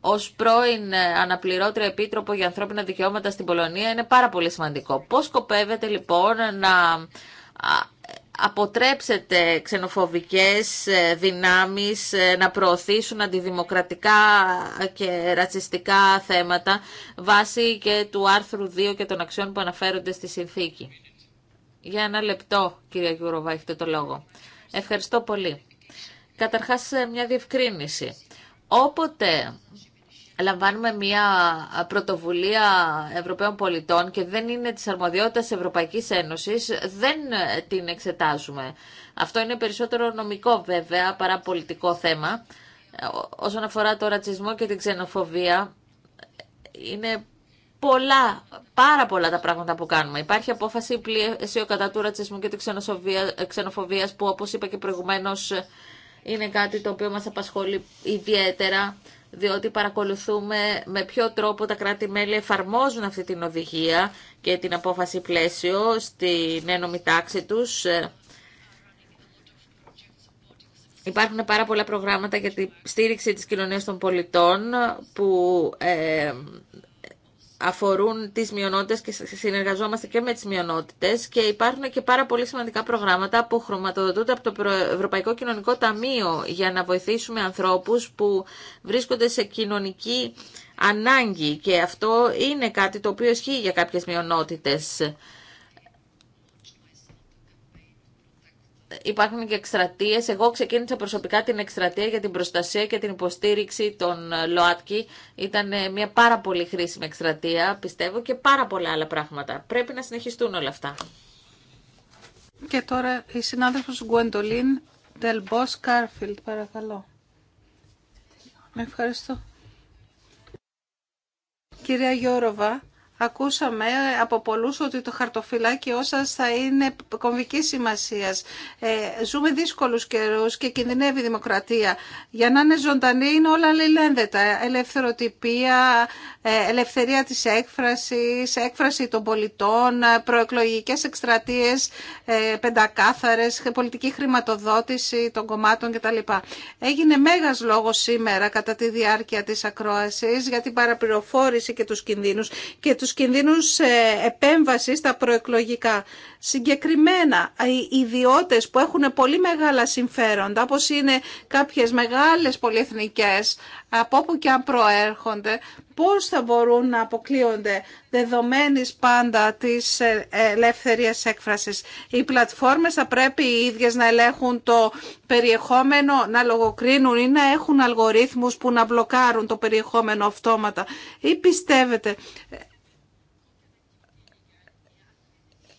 ως πρώην ε, αναπληρώτρια επίτροπο για ανθρώπινα δικαιώματα στην Πολωνία είναι πάρα πολύ σημαντικό. Πώς σκοπεύετε λοιπόν να αποτρέψετε ξενοφοβικές ε, δυνάμεις ε, να προωθήσουν αντιδημοκρατικά και ρατσιστικά θέματα βάσει και του άρθρου 2 και των αξιών που αναφέρονται στη συνθήκη. Για ένα λεπτό, κυρία Γιούροβα, έχετε το λόγο. Ευχαριστώ πολύ. Καταρχάς, ε, μια διευκρίνηση. Όποτε λαμβάνουμε μια πρωτοβουλία Ευρωπαίων πολιτών και δεν είναι της αρμοδιότητας Ευρωπαϊκής Ένωσης, δεν ε, την εξετάζουμε. Αυτό είναι περισσότερο νομικό βέβαια παρά πολιτικό θέμα. Ε, όσον αφορά το ρατσισμό και την ξενοφοβία, είναι πολλά, πάρα πολλά τα πράγματα που κάνουμε. Υπάρχει απόφαση πλαίσιο κατά του ρατσισμού και τη ε, ξενοφοβίας που όπως είπα και προηγουμένως είναι κάτι το οποίο μας απασχολεί ιδιαίτερα διότι παρακολουθούμε με ποιο τρόπο τα κράτη-μέλη εφαρμόζουν αυτή την οδηγία και την απόφαση πλαίσιο στην ένωμη τάξη τους. Ε, υπάρχουν πάρα πολλά προγράμματα για τη στήριξη της κοινωνίας των πολιτών που ε, αφορούν τις μειονότητες και συνεργαζόμαστε και με τις μειονότητες και υπάρχουν και πάρα πολύ σημαντικά προγράμματα που χρωματοδοτούνται από το Ευρωπαϊκό Κοινωνικό Ταμείο για να βοηθήσουμε ανθρώπους που βρίσκονται σε κοινωνική ανάγκη και αυτό είναι κάτι το οποίο ισχύει για κάποιες μειονότητες. υπάρχουν και εκστρατείε. Εγώ ξεκίνησα προσωπικά την εκστρατεία για την προστασία και την υποστήριξη των ε, ΛΟΑΤΚΙ. Ήταν ε, μια πάρα πολύ χρήσιμη εκστρατεία, πιστεύω, και πάρα πολλά άλλα πράγματα. Πρέπει να συνεχιστούν όλα αυτά. Και τώρα η συνάδελφος Γκουεντολίν Τελμπό Κάρφιλτ, παρακαλώ. Με ευχαριστώ. Κυρία Γιώροβα, Ακούσαμε από πολλούς ότι το χαρτοφυλάκι όσα θα είναι κομβική σημασίας. Ε, ζούμε δύσκολους καιρούς και κινδυνεύει η δημοκρατία. Για να είναι ζωντανή είναι όλα αλληλένδετα. Ελευθεροτυπία, ε, ελευθερία της έκφρασης, έκφραση των πολιτών, ε, προεκλογικές εκστρατείες, ε, πεντακάθαρες, πολιτική χρηματοδότηση των κομμάτων κτλ. Έγινε μέγας λόγος σήμερα κατά τη διάρκεια της ακρόασης για την παραπληροφόρηση και τους κινδύνους και τους κινδύνους επέμβασης στα προεκλογικά. Συγκεκριμένα, οι ιδιώτες που έχουν πολύ μεγάλα συμφέροντα, όπως είναι κάποιες μεγάλες πολυεθνικές, από όπου και αν προέρχονται, πώς θα μπορούν να αποκλείονται δεδομένης πάντα της ε, ελεύθερης έκφρασης. Οι πλατφόρμες θα πρέπει οι ίδιες να ελέγχουν το περιεχόμενο, να λογοκρίνουν ή να έχουν αλγορίθμους που να μπλοκάρουν το περιεχόμενο αυτόματα. Ή πιστεύετε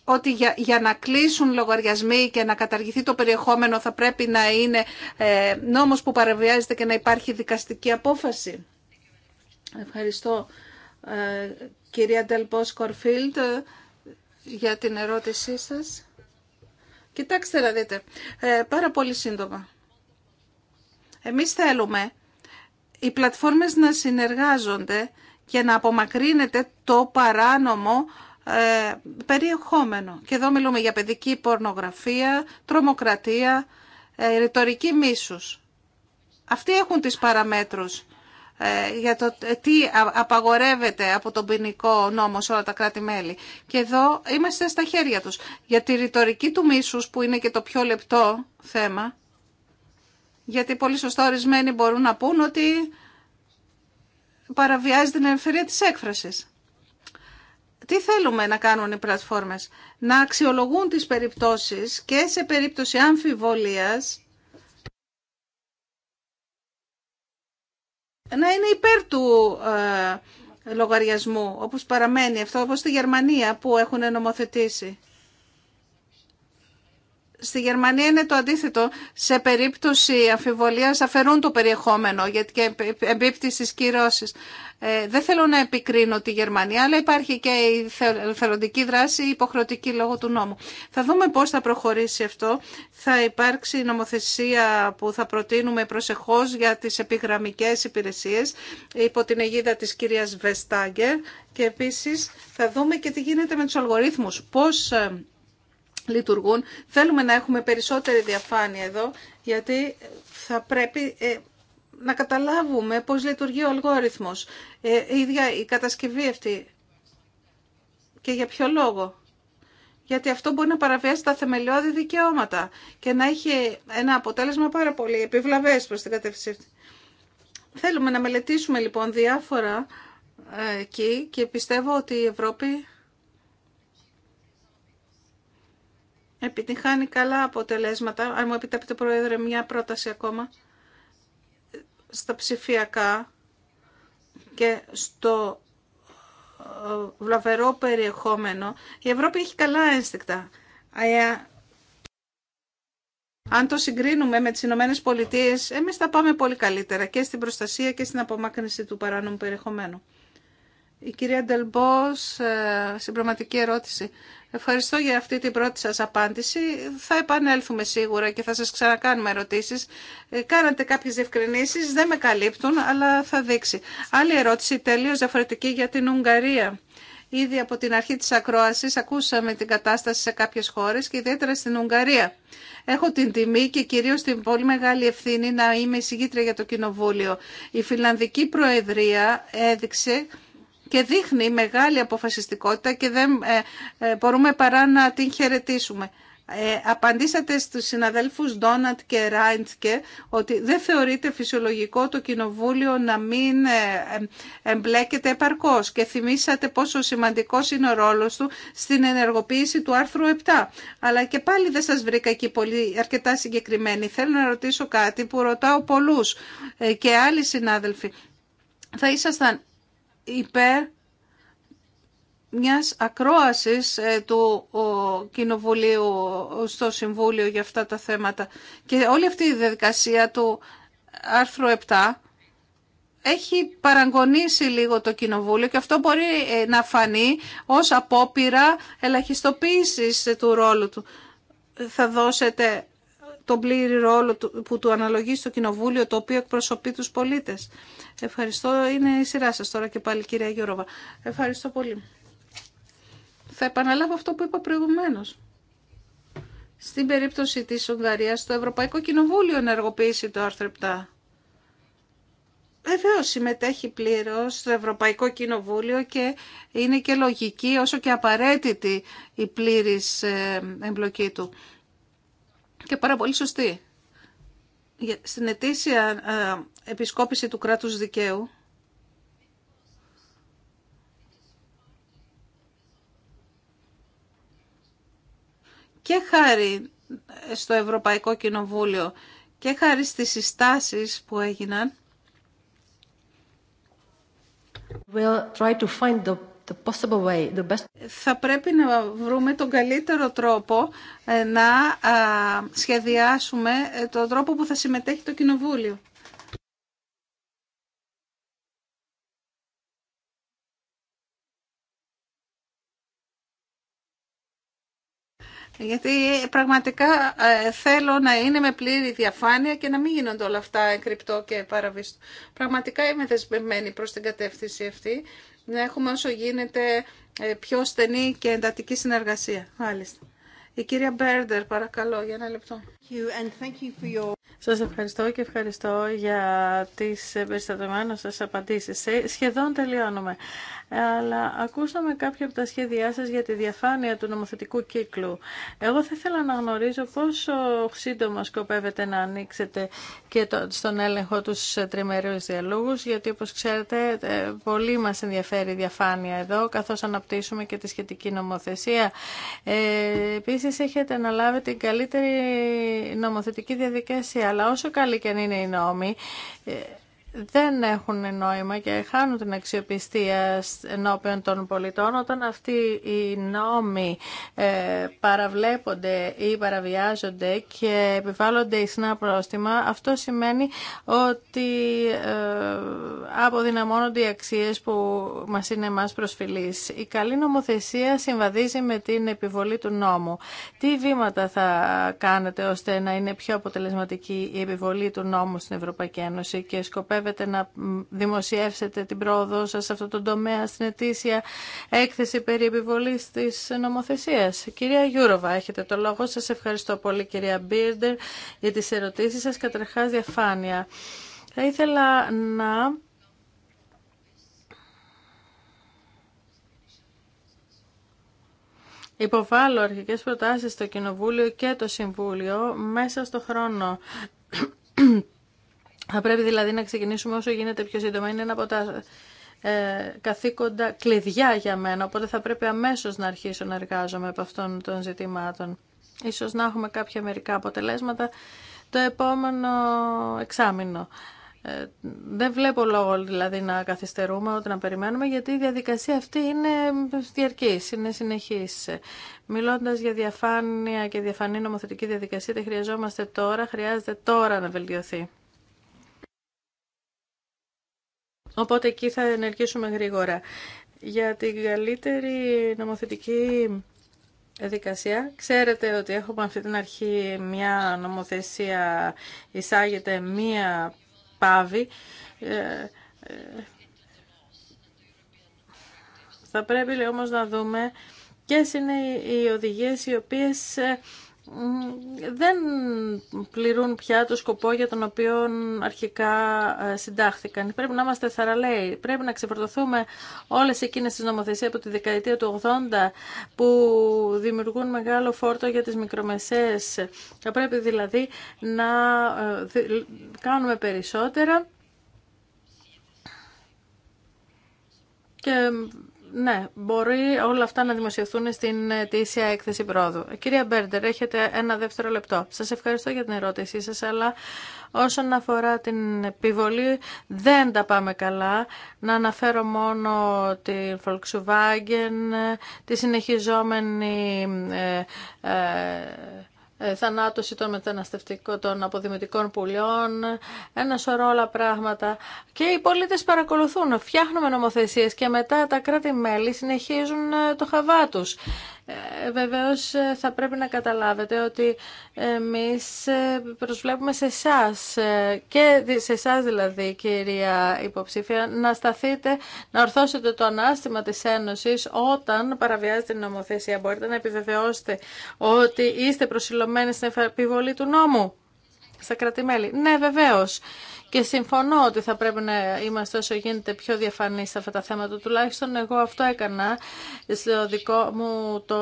ότι για, να κλείσουν λογαριασμοί και να καταργηθεί το περιεχόμενο θα πρέπει να είναι ε, νόμος που παραβιάζεται και να υπάρχει δικαστική απόφαση. Ευχαριστώ ε, κυρία Ντελπός ε, για την ερώτησή σας. Κοιτάξτε να δείτε, ε, πάρα πολύ σύντομα. Εμείς θέλουμε οι πλατφόρμες να συνεργάζονται και να απομακρύνεται το παράνομο ε, περιεχόμενο. Και εδώ μιλούμε για παιδική πορνογραφία, τρομοκρατία, ρητορική μίσους. Αυτοί έχουν τις παραμέτρους ε, για το τι απαγορεύεται από τον ποινικό νόμο σε όλα τα κράτη-μέλη. Και εδώ είμαστε στα χέρια τους. Για τη ρητορική του μίσους που είναι και το πιο λεπτό θέμα, γιατί πολύ σωστά μπορούν να πούν ότι παραβιάζει την ελευθερία της έκφρασης. Τι θέλουμε να κάνουν οι πλατφόρμες. Να αξιολογούν τις περιπτώσεις και σε περίπτωση αμφιβολίας να είναι υπέρ του ε, λογαριασμού, όπως παραμένει αυτό, όπως στη Γερμανία που έχουν νομοθετήσει. Στη Γερμανία είναι το αντίθετο. Σε περίπτωση αμφιβολίας αφαιρούν το περιεχόμενο γιατί και εμπίπτει στις κυρώσεις. Ε, δεν θέλω να επικρίνω τη Γερμανία, αλλά υπάρχει και η θελοντική δράση υποχρεωτική λόγω του νόμου. Θα δούμε πώς θα προχωρήσει αυτό. Θα υπάρξει νομοθεσία που θα προτείνουμε προσεχώς για τις επιγραμμικές υπηρεσίες υπό την αιγίδα της κυρίας Βεστάγκερ και επίσης θα δούμε και τι γίνεται με τους αλγορίθμους. Ε, λειτουργούν. Θέλουμε να έχουμε περισσότερη διαφάνεια εδώ, γιατί θα πρέπει ε, να καταλάβουμε πώς λειτουργεί ο αλγόριθμος, ε, η ίδια η κατασκευή αυτή και για ποιο λόγο. Γιατί αυτό μπορεί να παραβιάσει τα θεμελιώδη δικαιώματα και να έχει ένα αποτέλεσμα πάρα πολύ επιβλαβές προς την κατεύθυνση αυτή. Θέλουμε να μελετήσουμε λοιπόν διάφορα ε, εκεί και πιστεύω ότι η Ευρώπη επιτυχάνει καλά αποτελέσματα. Αν μου επιτρέπετε, Πρόεδρε, μια πρόταση ακόμα στα ψηφιακά και στο ε, βλαβερό περιεχόμενο. Η Ευρώπη έχει καλά ένστικτα. Αν το συγκρίνουμε με τις Ηνωμένε Πολιτείε, εμείς θα πάμε πολύ καλύτερα και στην προστασία και στην απομάκρυνση του παράνομου περιεχομένου. Η κυρία Ντελμπός, ε, συμπροματική ερώτηση. Ευχαριστώ για αυτή την πρώτη σας απάντηση. Θα επανέλθουμε σίγουρα και θα σας ξανακάνουμε ερωτήσεις. Ε, κάνατε κάποιες διευκρινήσεις, δεν με καλύπτουν, αλλά θα δείξει. Άλλη ερώτηση τελείως διαφορετική για την Ουγγαρία. Ήδη από την αρχή της ακρόασης ακούσαμε την κατάσταση σε κάποιες χώρες και ιδιαίτερα στην Ουγγαρία. Έχω την τιμή και κυρίως την πολύ μεγάλη ευθύνη να είμαι εισηγήτρια για το Κοινοβούλιο. Η Φιλανδική Προεδρία έδειξε και δείχνει μεγάλη αποφασιστικότητα και δεν ε, ε, μπορούμε παρά να την χαιρετήσουμε. Ε, απαντήσατε στους συναδέλφους Ντόνατ και Ράιντσκε ότι δεν θεωρείται φυσιολογικό το Κοινοβούλιο να μην εμπλέκεται επαρκώς και θυμήσατε πόσο σημαντικός είναι ο ρόλος του στην ενεργοποίηση του άρθρου 7. Αλλά και πάλι δεν σας βρήκα εκεί πολύ αρκετά συγκεκριμένη. Θέλω να ρωτήσω κάτι που ρωτάω πολλούς και άλλοι συνάδελφοι. Θα ήσασταν υπέρ μιας ακρόασης ε, του Κοινοβουλίου στο Συμβούλιο για αυτά τα θέματα. Και όλη αυτή η διαδικασία του άρθρου 7 έχει παραγκονίσει λίγο το Κοινοβούλιο και αυτό μπορεί ε, να φανεί ως απόπειρα ελαχιστοποίησης ε, του ρόλου του. Θα δώσετε τον πλήρη ρόλο που του αναλογεί στο Κοινοβούλιο, το οποίο εκπροσωπεί τους πολίτες. Ευχαριστώ. Είναι η σειρά σα τώρα και πάλι κυρία Γιώργα. Ευχαριστώ πολύ. Θα επαναλάβω αυτό που είπα προηγουμένω. Στην περίπτωση τη Ουγγαρίας, το Ευρωπαϊκό Κοινοβούλιο ενεργοποιήσει το άρθρο 7. Βεβαίω συμμετέχει πλήρως στο Ευρωπαϊκό Κοινοβούλιο και είναι και λογική όσο και απαραίτητη η πλήρης ε, εμπλοκή του. Και πάρα πολύ σωστή στην ετήσια ε, επισκόπηση του κράτους δικαίου και χάρη ε, στο Ευρωπαϊκό Κοινοβούλιο και χάρη στις συστάσεις που έγιναν We'll try to find θα πρέπει να βρούμε τον καλύτερο τρόπο ε, να σχεδιάσουμε ε, τον τρόπο που θα συμμετέχει το Κοινοβούλιο. Γιατί πραγματικά ε, θέλω να είναι με πλήρη διαφάνεια και να μην γίνονται όλα αυτά κρυπτό και παραβίστο. Πραγματικά είμαι δεσμευμένη προς την κατεύθυνση αυτή, να έχουμε όσο γίνεται ε, πιο στενή και εντατική συνεργασία. Μάλιστα. Η κυρία Μπέρντερ, παρακαλώ, για ένα λεπτό. Σας ευχαριστώ και ευχαριστώ για τις περιστατωμένες σας απαντήσεις. Σχεδόν τελειώνουμε. Αλλά ακούσαμε κάποια από τα σχέδιά σας για τη διαφάνεια του νομοθετικού κύκλου. Εγώ θα ήθελα να γνωρίζω πόσο σύντομα σκοπεύετε να ανοίξετε και στον έλεγχο τους τριμερίους διαλόγους, γιατί όπως ξέρετε ε, πολύ μας ενδιαφέρει η διαφάνεια εδώ, καθώς αναπτύσσουμε και τη σχετική νομοθεσία. Ε, επίσης έχετε αναλάβει την καλύτερη νομοθετική διαδικασία αλλά όσο καλή και αν είναι η νόμη, ε, δεν έχουν νόημα και χάνουν την αξιοπιστία ενώπιον των πολιτών όταν αυτοί οι νόμοι ε, παραβλέπονται ή παραβιάζονται και επιβάλλονται ισνά πρόστιμα. Αυτό σημαίνει ότι ε, αποδυναμώνονται οι αξίες που μας είναι εμάς προσφυλής. Η καλή νομοθεσία συμβαδίζει με την επιβολή του νόμου. Τι βήματα θα κάνετε ώστε να είναι πιο αποτελεσματική η επιβολή του νόμου στην Ευρωπαϊκή Ένωση και σκοπεύετε σκοπεύετε να δημοσιεύσετε την πρόοδο σας σε αυτό το τομέα στην ετήσια έκθεση περί επιβολής της νομοθεσίας. Κυρία Γιούροβα, έχετε το λόγο. Σας ευχαριστώ πολύ κυρία Μπίρντερ για τις ερωτήσεις σας. Καταρχάς διαφάνεια. Θα ήθελα να... Υποβάλλω αρχικές προτάσεις στο Κοινοβούλιο και το Συμβούλιο μέσα στο χρόνο θα πρέπει δηλαδή να ξεκινήσουμε όσο γίνεται πιο σύντομα. Είναι ένα από τα ε, καθήκοντα κλειδιά για μένα, οπότε θα πρέπει αμέσως να αρχίσω να εργάζομαι από αυτών των ζητημάτων. Ίσως να έχουμε κάποια μερικά αποτελέσματα το επόμενο εξάμεινο. Ε, δεν βλέπω λόγο δηλαδή να καθυστερούμε ούτε να περιμένουμε γιατί η διαδικασία αυτή είναι διαρκής, είναι συνεχής. Μιλώντας για διαφάνεια και διαφανή νομοθετική διαδικασία, δεν χρειαζόμαστε τώρα, χρειάζεται τώρα να βελτιωθεί. Οπότε εκεί θα ενεργήσουμε γρήγορα. Για την καλύτερη νομοθετική δικασία. Ξέρετε ότι έχουμε αυτή την αρχή μια νομοθεσία, εισάγεται μία πάβη. Ε, ε, θα πρέπει όμως να δούμε ποιες είναι οι οδηγίες οι οποίες ε, δεν πληρούν πια το σκοπό για τον οποίο αρχικά ε, συντάχθηκαν. Πρέπει να είμαστε θαραλέοι. Πρέπει να ξεφορτωθούμε όλες εκείνες τις νομοθεσίες από τη δεκαετία του 80 που δημιουργούν μεγάλο φόρτο για τις μικρομεσαίες. Θα πρέπει δηλαδή να ε, κάνουμε περισσότερα και ναι, μπορεί όλα αυτά να δημοσιευθούν στην ετήσια έκθεση πρόοδου. Κυρία Μπέρντερ, έχετε ένα δεύτερο λεπτό. Σας ευχαριστώ για την ερώτησή σας, αλλά όσον αφορά την επιβολή δεν τα πάμε καλά. Να αναφέρω μόνο τη Volkswagen, τη συνεχιζόμενη... Ε, ε, ε, θανάτωση των μεταναστευτικών, των αποδημητικών πουλιών, ένα σωρό όλα πράγματα. Και οι πολίτες παρακολουθούν, φτιάχνουμε νομοθεσίες και μετά τα κράτη-μέλη συνεχίζουν ε, το χαβά τους. Ε, βεβαίως ε, θα πρέπει να καταλάβετε ότι εμείς ε, προσβλέπουμε σε εσά και σε εσά δηλαδή κυρία υποψήφια να σταθείτε, να ορθώσετε το ανάστημα της Ένωσης όταν παραβιάζετε την νομοθεσία. Μπορείτε να επιβεβαιώσετε ότι είστε προσιλωμένοι στην επιβολή του νόμου στα κρατημέλη. Ναι βεβαίως. Και συμφωνώ ότι θα πρέπει να είμαστε όσο γίνεται πιο διαφανείς σε αυτά τα θέματα. Τουλάχιστον εγώ αυτό έκανα στο δικό μου το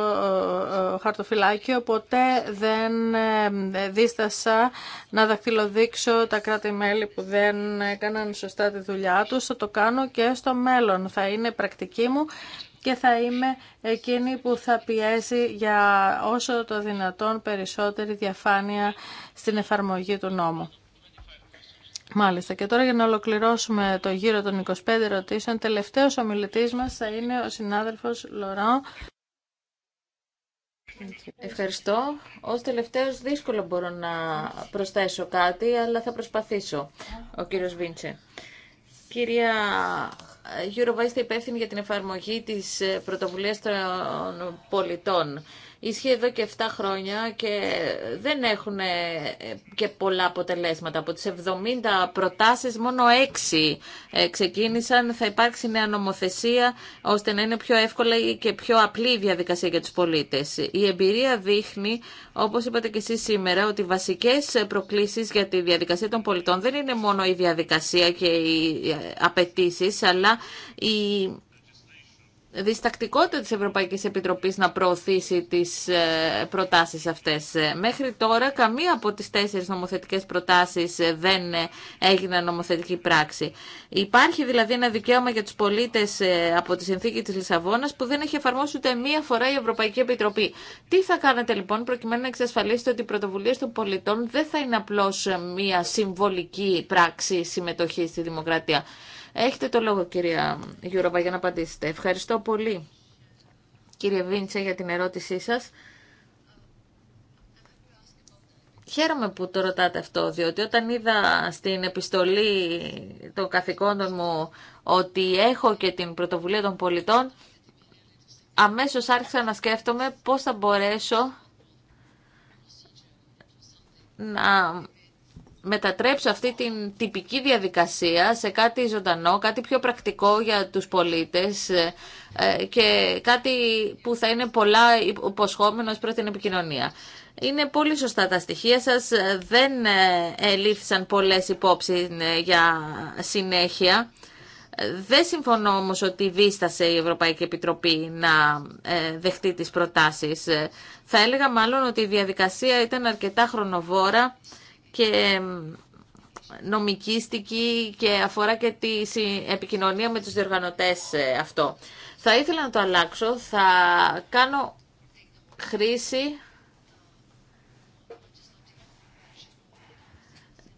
ε, ε, χαρτοφυλάκιο. Ποτέ δεν ε, δίστασα να δακτυλοδείξω τα κράτη-μέλη που δεν έκαναν σωστά τη δουλειά τους. Θα το κάνω και στο μέλλον. Θα είναι πρακτική μου και θα είμαι εκείνη που θα πιέζει για όσο το δυνατόν περισσότερη διαφάνεια στην εφαρμογή του νόμου. Μάλιστα. Και τώρα για να ολοκληρώσουμε το γύρο των 25 ερωτήσεων, Τελευταίο ομιλητή μα θα είναι ο συνάδελφος Λοράν. Ευχαριστώ. Ω τελευταίο δύσκολο μπορώ να προσθέσω κάτι, αλλά θα προσπαθήσω. Ο κύριο Βίντσε. Κυρία Γιούροβα, είστε υπεύθυνη για την εφαρμογή της πρωτοβουλίας των πολιτών ισχύει εδώ και 7 χρόνια και δεν έχουν ε, και πολλά αποτελέσματα. Από τις 70 προτάσεις μόνο 6 ε, ξεκίνησαν. Θα υπάρξει νέα νομοθεσία ώστε να είναι πιο εύκολα και πιο απλή η διαδικασία για τους πολίτες. Η εμπειρία δείχνει, όπως είπατε και εσείς σήμερα, ότι οι βασικές προκλήσεις για τη διαδικασία των πολιτών δεν είναι μόνο η διαδικασία και οι ε, απαιτήσει, αλλά η διστακτικότητα της Ευρωπαϊκής Επιτροπής να προωθήσει τις ε, προτάσεις αυτές. Ε, μέχρι τώρα καμία από τις τέσσερις νομοθετικές προτάσεις ε, δεν έγινε νομοθετική πράξη. Υπάρχει δηλαδή ένα δικαίωμα για τους πολίτες από τη συνθήκη της Λισαβόνας που δεν έχει εφαρμόσει ούτε μία φορά η Ευρωπαϊκή Επιτροπή. Τι θα κάνετε λοιπόν προκειμένου να εξασφαλίσετε ότι οι πρωτοβουλίες των πολιτών δεν θα είναι απλώς μία συμβολική πράξη συμμετοχή στη δημοκρατία. Έχετε το λόγο κυρία Γιούροβα για να απαντήσετε. Ευχαριστώ πολύ κύριε Βίντσε για την ερώτησή σας. Χαίρομαι που το ρωτάτε αυτό, διότι όταν είδα στην επιστολή των καθηκόντων μου ότι έχω και την πρωτοβουλία των πολιτών, αμέσως άρχισα να σκέφτομαι πώς θα μπορέσω να μετατρέψει αυτή την τυπική διαδικασία σε κάτι ζωντανό, κάτι πιο πρακτικό για τους πολίτες ε, ε, και κάτι που θα είναι πολλά υποσχόμενος προς την επικοινωνία. Είναι πολύ σωστά τα στοιχεία σας, δεν ε, ελήφθησαν πολλές υπόψεις για συνέχεια. Δεν συμφωνώ όμως ότι δίστασε η Ευρωπαϊκή Επιτροπή να δεχτεί τις προτάσεις. Θα έλεγα μάλλον ότι η διαδικασία ήταν αρκετά χρονοβόρα και νομικίστικη και αφορά και τη επικοινωνία με τους διοργανωτές ε, αυτό. Θα ήθελα να το αλλάξω. Θα κάνω χρήση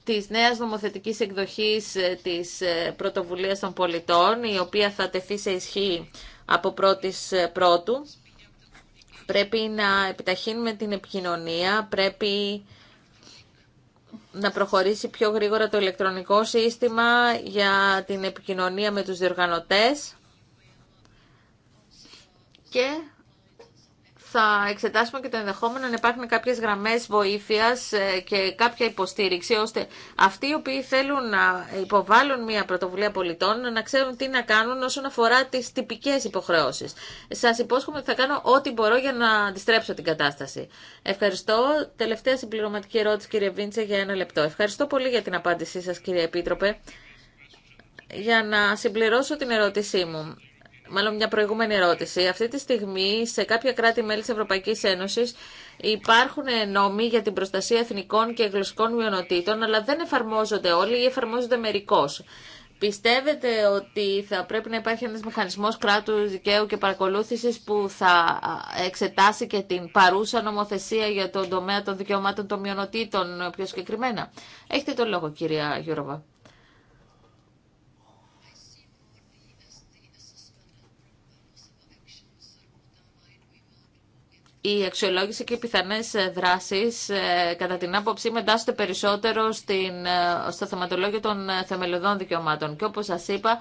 της νέας νομοθετικής εκδοχής ε, της ε, πρωτοβουλίας των πολιτών, η οποία θα τεθεί σε ισχύ από πρώτης πρώτου. Πρέπει να επιταχύνουμε την επικοινωνία, πρέπει να προχωρήσει πιο γρήγορα το ηλεκτρονικό σύστημα για την επικοινωνία με τους διοργανωτές και θα εξετάσουμε και το ενδεχόμενο να υπάρχουν κάποιες γραμμές βοήθειας ε, και κάποια υποστήριξη, ώστε αυτοί οι οποίοι θέλουν να υποβάλουν μια πρωτοβουλία πολιτών να ξέρουν τι να κάνουν όσον αφορά τις τυπικές υποχρεώσεις. Σας υπόσχομαι ότι θα κάνω ό,τι μπορώ για να αντιστρέψω την κατάσταση. Ευχαριστώ. Τελευταία συμπληρωματική ερώτηση, κύριε Βίντσε, για ένα λεπτό. Ευχαριστώ πολύ για την απάντησή σας, κύριε Επίτροπε για να συμπληρώσω την ερώτησή μου μάλλον μια προηγούμενη ερώτηση. Αυτή τη στιγμή σε κάποια κράτη-μέλη της Ευρωπαϊκής Ένωσης υπάρχουν νόμοι για την προστασία εθνικών και γλωσσικών μειονοτήτων, αλλά δεν εφαρμόζονται όλοι ή εφαρμόζονται μερικώς. Πιστεύετε ότι θα πρέπει να υπάρχει ένας μηχανισμός κράτους δικαίου και παρακολούθησης που θα εξετάσει και την παρούσα νομοθεσία για τον τομέα των δικαιωμάτων των μειονοτήτων πιο συγκεκριμένα. Έχετε το λόγο κυρία Γιούροβα. η αξιολόγηση και οι πιθανές ε, δράσεις ε, κατά την άποψή εντάσσονται περισσότερο στην, ε, στο θεματολόγιο των θεμελιωδών δικαιωμάτων. Και όπως σα είπα,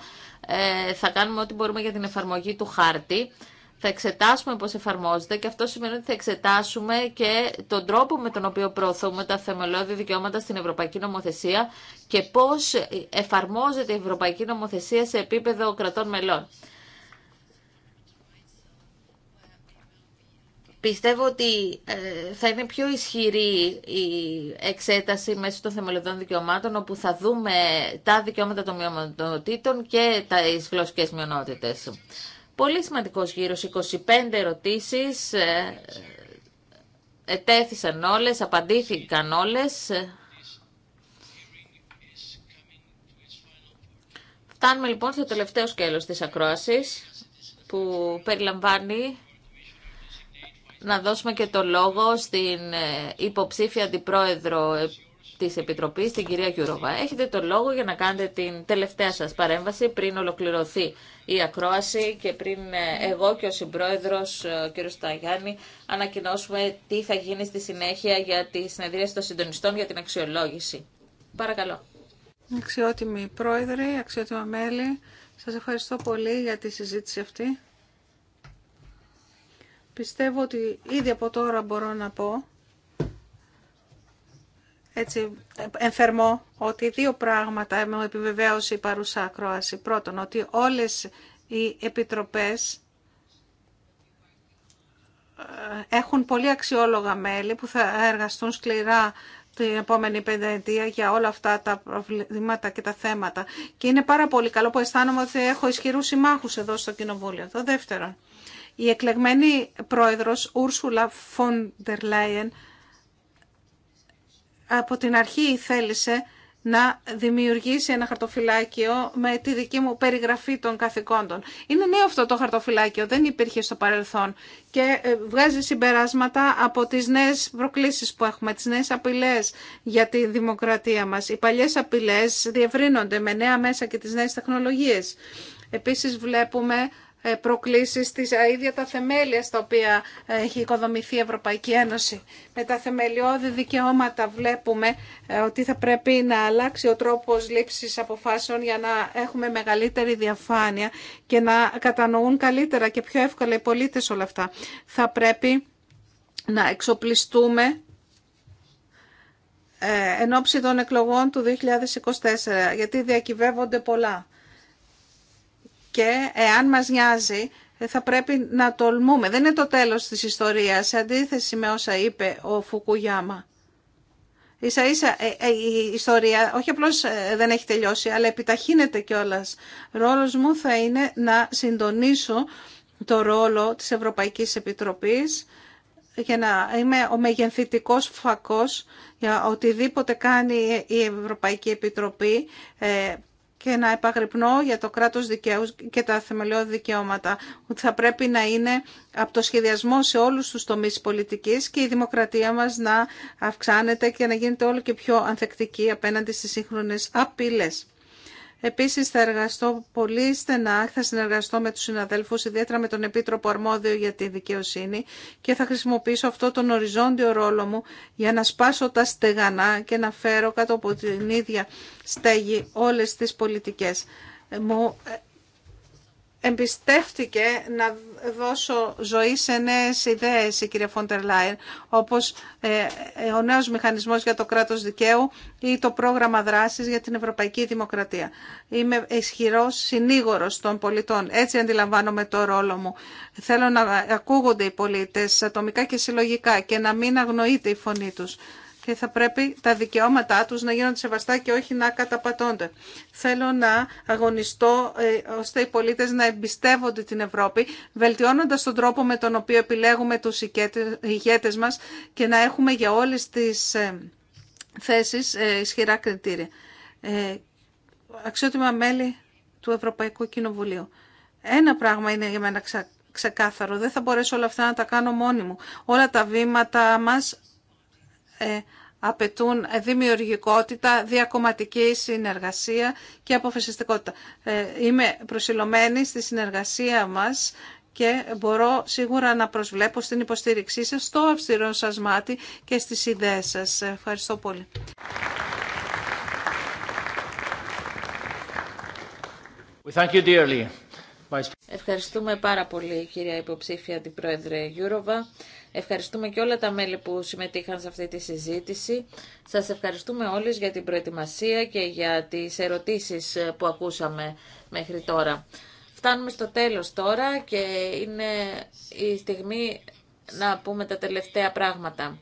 θα κάνουμε ό,τι μπορούμε για την εφαρμογή του χάρτη. Θα εξετάσουμε πώς εφαρμόζεται και αυτό σημαίνει ότι θα εξετάσουμε και τον τρόπο με τον οποίο προωθούμε τα θεμελιώδη δικαιώματα στην Ευρωπαϊκή Νομοθεσία και πώς εφαρμόζεται η Ευρωπαϊκή Νομοθεσία σε επίπεδο κρατών μελών. Πιστεύω ότι ε, θα είναι πιο ισχυρή η εξέταση μέσω των θεμελιωδών δικαιωμάτων, όπου θα δούμε τα δικαιώματα των μειονοτήτων και τις γλωσσικές μειονότητες. Πολύ σημαντικός γύρος, 25 ερωτήσεις, ε, ετέθησαν όλες, απαντήθηκαν όλες. Φτάνουμε λοιπόν στο τελευταίο σκέλος της ακρόασης, που περιλαμβάνει να δώσουμε και το λόγο στην ε, υποψήφια αντιπρόεδρο ε, της Επιτροπής, την κυρία Γιούροβα. Έχετε το λόγο για να κάνετε την τελευταία σας παρέμβαση πριν ολοκληρωθεί η ακρόαση και πριν ε, εγώ και ο συμπρόεδρος, ο κύριος Σταγιάννη, ανακοινώσουμε τι θα γίνει στη συνέχεια για τη συνεδρίαση των συντονιστών για την αξιολόγηση. Παρακαλώ. Αξιότιμη πρόεδροι, αξιότιμα μέλη, σας ευχαριστώ πολύ για τη συζήτηση αυτή. Πιστεύω ότι ήδη από τώρα μπορώ να πω έτσι ενθερμώ ότι δύο πράγματα με επιβεβαίωσε η παρούσα ακρόαση. Πρώτον, ότι όλες οι επιτροπές ε, έχουν πολύ αξιόλογα μέλη που θα εργαστούν σκληρά την επόμενη πενταετία για όλα αυτά τα προβλήματα και τα θέματα. Και είναι πάρα πολύ καλό που αισθάνομαι ότι έχω ισχυρούς συμμάχους εδώ στο Κοινοβούλιο. Το δεύτερον, η εκλεγμένη πρόεδρος Ούρσουλα Φόντερ Λάιεν από την αρχή θέλησε να δημιουργήσει ένα χαρτοφυλάκιο με τη δική μου περιγραφή των καθηκόντων. Είναι νέο αυτό το χαρτοφυλάκιο, δεν υπήρχε στο παρελθόν και ε, βγάζει συμπεράσματα από τις νέες προκλήσεις που έχουμε, τις νέες απειλές για τη δημοκρατία μας. Οι παλιές απειλές διευρύνονται με νέα μέσα και τις νέες τεχνολογίες. Επίσης βλέπουμε ε, προκλήσεις, στις ε, ίδια τα θεμέλια στα οποία ε, έχει οικοδομηθεί η Ευρωπαϊκή Ένωση. Με τα θεμελιώδη δικαιώματα βλέπουμε ότι θα πρέπει να αλλάξει ο τρόπος λήψης αποφάσεων για να έχουμε μεγαλύτερη διαφάνεια και να κατανοούν καλύτερα και πιο εύκολα οι πολίτες όλα αυτά. Θα πρέπει να εξοπλιστούμε εν ώψη των εκλογών του 2024, γιατί διακυβεύονται πολλά και εάν μας νοιάζει θα πρέπει να τολμούμε. Δεν είναι το τέλος της ιστορίας, σε αντίθεση με όσα είπε ο Φουκουγιάμα. Ίσα ίσα ε, ε, η ιστορία όχι απλώς ε, δεν έχει τελειώσει, αλλά επιταχύνεται κιόλας. Ρόλος μου θα είναι να συντονίσω το ρόλο της Ευρωπαϊκής Επιτροπής για να είμαι ο μεγενθητικός φακός για οτιδήποτε κάνει η Ευρωπαϊκή Επιτροπή και να επαγρυπνώ για το κράτος δικαίου και τα θεμελιώδη δικαιώματα. Ότι θα πρέπει να είναι από το σχεδιασμό σε όλους τους τομείς πολιτικής και η δημοκρατία μας να αυξάνεται και να γίνεται όλο και πιο ανθεκτική απέναντι στις σύγχρονες απειλές. Επίσης θα εργαστώ πολύ στενά, θα συνεργαστώ με τους συναδέλφους, ιδιαίτερα με τον Επίτροπο Αρμόδιο για τη Δικαιοσύνη και θα χρησιμοποιήσω αυτό τον οριζόντιο ρόλο μου για να σπάσω τα στεγανά και να φέρω κάτω από την ίδια στέγη όλες τις πολιτικές. Μου εμπιστεύτηκε να δώσω ζωή σε νέες ιδέες η κυρία Φόντερ Λάιν, όπως ε, ε, ο νέος μηχανισμός για το κράτος δικαίου ή το πρόγραμμα δράσης για την Ευρωπαϊκή Δημοκρατία. Είμαι ισχυρό, συνήγορος των πολιτών. Έτσι αντιλαμβάνομαι το ρόλο μου. Θέλω να ακούγονται οι πολίτες ατομικά και συλλογικά και να μην αγνοείται η φωνή τους και θα πρέπει τα δικαιώματά τους να γίνονται σεβαστά και όχι να καταπατώνται. Θέλω να αγωνιστώ ε, ώστε οι πολίτες να εμπιστεύονται την Ευρώπη, βελτιώνοντας τον τρόπο με τον οποίο επιλέγουμε τους ηγέτες μας και να έχουμε για όλες τις ε, θέσεις ε, ισχυρά κριτήρια. Αξιότιμα μέλη του Ευρωπαϊκού Κοινοβουλίου. Ένα πράγμα είναι για μένα ξεκάθαρο. Δεν θα μπορέσω όλα αυτά να τα κάνω μόνη μου. Όλα τα βήματα μας ε, απαιτούν δημιουργικότητα, διακομματική συνεργασία και αποφασιστικότητα. Ε, είμαι προσιλωμένη στη συνεργασία μας και μπορώ σίγουρα να προσβλέπω στην υποστήριξή σας, στο αυστηρό σας μάτι και στις ιδέες σας. Ευχαριστώ πολύ. Ευχαριστούμε πάρα πολύ κυρία υποψήφια την Πρόεδρε Γιούροβα. Ευχαριστούμε και όλα τα μέλη που συμμετείχαν σε αυτή τη συζήτηση. Σας ευχαριστούμε όλες για την προετοιμασία και για τις ερωτήσεις που ακούσαμε μέχρι τώρα. Φτάνουμε στο τέλος τώρα και είναι η στιγμή να πούμε τα τελευταία πράγματα.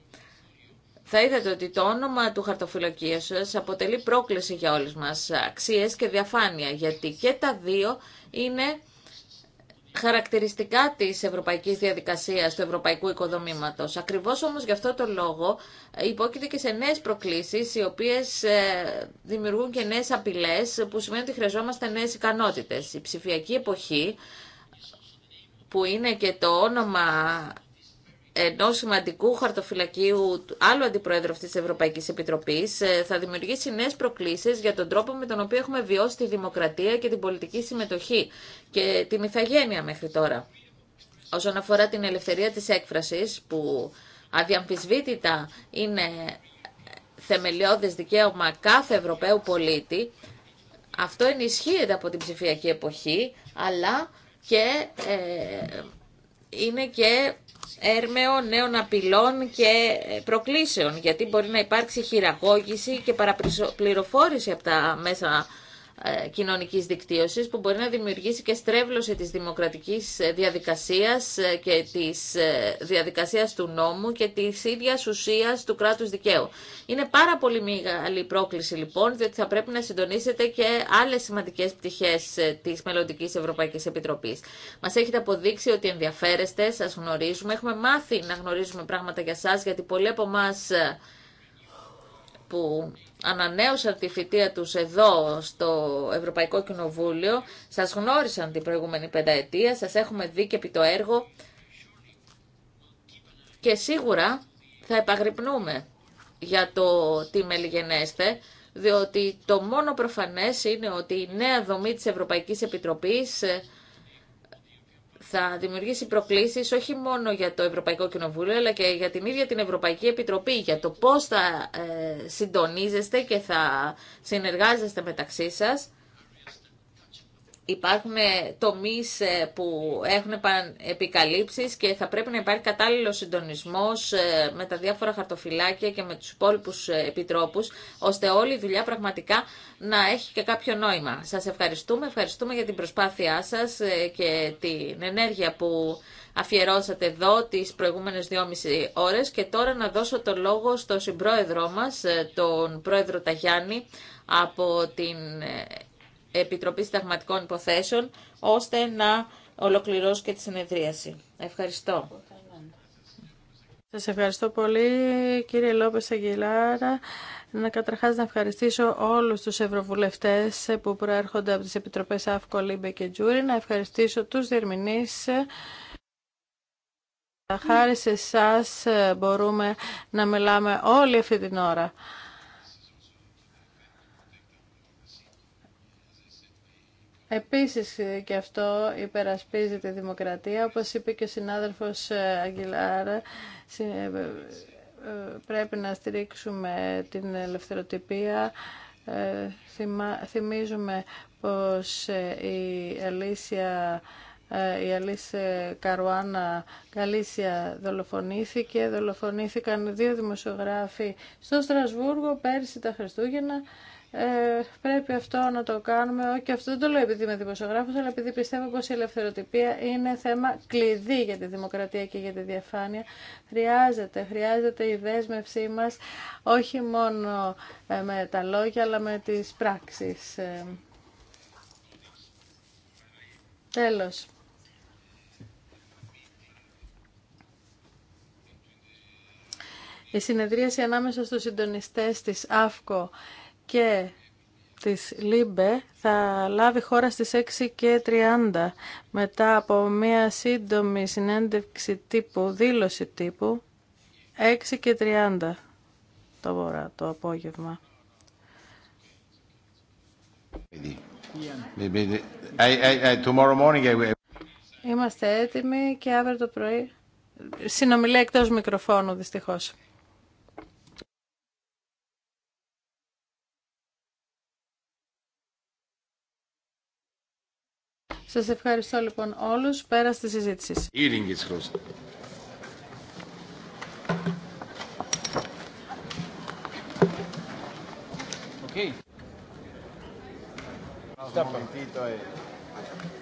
Θα είδατε ότι το όνομα του χαρτοφυλακίου σα αποτελεί πρόκληση για όλες μας, αξίες και διαφάνεια, γιατί και τα δύο είναι χαρακτηριστικά της ευρωπαϊκής διαδικασίας του ευρωπαϊκού οικοδομήματος. Ακριβώς όμως γι' αυτό το λόγο ε, υπόκειται και σε νέε προκλήσεις οι οποίες ε, δημιουργούν και νέε απειλέ που σημαίνει ότι χρειαζόμαστε νέε ικανότητες. Η ψηφιακή εποχή που είναι και το όνομα ενό σημαντικού χαρτοφυλακίου άλλου αντιπροέδρου αυτή τη Ευρωπαϊκή Επιτροπή ε, θα δημιουργήσει νέε προκλήσει για τον τρόπο με τον οποίο έχουμε βιώσει τη δημοκρατία και την πολιτική συμμετοχή και την ηθαγένεια μέχρι τώρα. Όσον αφορά την ελευθερία της έκφρασης που αδιαμφισβήτητα είναι θεμελιώδες δικαίωμα κάθε Ευρωπαίου πολίτη, αυτό ενισχύεται από την ψηφιακή εποχή, αλλά και ε, είναι και έρμεο νέων απειλών και προκλήσεων, γιατί μπορεί να υπάρξει χειραγώγηση και παραπληροφόρηση από τα μέσα ε, κοινωνική δικτύωση που μπορεί να δημιουργήσει και στρέβλωση τη δημοκρατικής ε, διαδικασίας ε, και τη διαδικασία του νόμου και της ίδιας ουσίας του κράτους δικαίου. Είναι πάρα πολύ μεγάλη πρόκληση λοιπόν, διότι θα πρέπει να συντονίσετε και άλλε σημαντικέ πτυχές της μελλοντική Ευρωπαϊκής Επιτροπής. Μα έχετε αποδείξει ότι ενδιαφέρεστε, σα γνωρίζουμε, έχουμε μάθει να γνωρίζουμε πράγματα για εσά, γιατί πολλοί από εμά που ανανέωσαν τη φοιτεία τους εδώ στο Ευρωπαϊκό Κοινοβούλιο. Σας γνώρισαν την προηγούμενη πενταετία, σας έχουμε δει και επί το έργο και σίγουρα θα επαγρυπνούμε για το τι μελιγενέστε, διότι το μόνο προφανές είναι ότι η νέα δομή της Ευρωπαϊκής Επιτροπής θα δημιουργήσει προκλήσεις όχι μόνο για το Ευρωπαϊκό Κοινοβούλιο αλλά και για την ίδια την Ευρωπαϊκή Επιτροπή για το πώς θα ε, συντονίζεστε και θα συνεργάζεστε μεταξύ σας Υπάρχουν τομείς ε, που έχουν επικαλύψεις και θα πρέπει να υπάρχει κατάλληλο συντονισμός ε, με τα διάφορα χαρτοφυλάκια και με τους υπόλοιπους ε, επιτρόπους, ώστε όλη η δουλειά πραγματικά να έχει και κάποιο νόημα. Σας ευχαριστούμε, ευχαριστούμε για την προσπάθειά σας και την ενέργεια που αφιερώσατε εδώ τις προηγούμενες δυόμιση ώρες και τώρα να δώσω το λόγο στον συμπρόεδρό μας, τον πρόεδρο Ταγιάννη, από την Επιτροπή Συνταγματικών Υποθέσεων, ώστε να ολοκληρώσω και τη συνεδρίαση. Ευχαριστώ. Σας ευχαριστώ πολύ κύριε Λόπες Αγγελάρα. Να καταρχάς να ευχαριστήσω όλους τους ευρωβουλευτές που προέρχονται από τις Επιτροπές ΑΦΚΟ, ΛΥΜΠΕ και Τζούρι. Να ευχαριστήσω τους διερμηνείς. Χάρη σε εσάς μπορούμε να μιλάμε όλη αυτή την ώρα. Επίσης ε, και αυτό υπερασπίζει τη δημοκρατία, όπως είπε και ο συνάδελφος ε, Αγγιλάρα, ε, πρέπει να στηρίξουμε την ελευθεροτυπία. θυμίζουμε πως η Αλήσια η Καρουάνα Γαλήσια δολοφονήθηκε. Δολοφονήθηκαν δύο δημοσιογράφοι στο Στρασβούργο πέρσι τα Χριστούγεννα. Ε, πρέπει αυτό να το κάνουμε Όχι αυτό δεν το λέω επειδή είμαι δημοσιογράφο, αλλά επειδή πιστεύω πω η ελευθεροτυπία είναι θέμα κλειδί για τη δημοκρατία και για τη διαφάνεια χρειάζεται, χρειάζεται η δέσμευσή μας όχι μόνο ε, με τα λόγια αλλά με τις πράξεις ε, Τέλος Η συνεδρίαση ανάμεσα στους συντονιστές της ΑΦΚΟ και της ΛΥΜΠΕ θα λάβει χώρα στις 6 και 30 μετά από μια σύντομη συνέντευξη τύπου, δήλωση τύπου 6 και 30 το βορρά το απόγευμα. Είμαστε έτοιμοι και αύριο το πρωί συνομιλία εκτός μικροφώνου δυστυχώς. Σας ευχαριστώ λοιπόν όλους. Πέρα στη συζήτηση. Okay.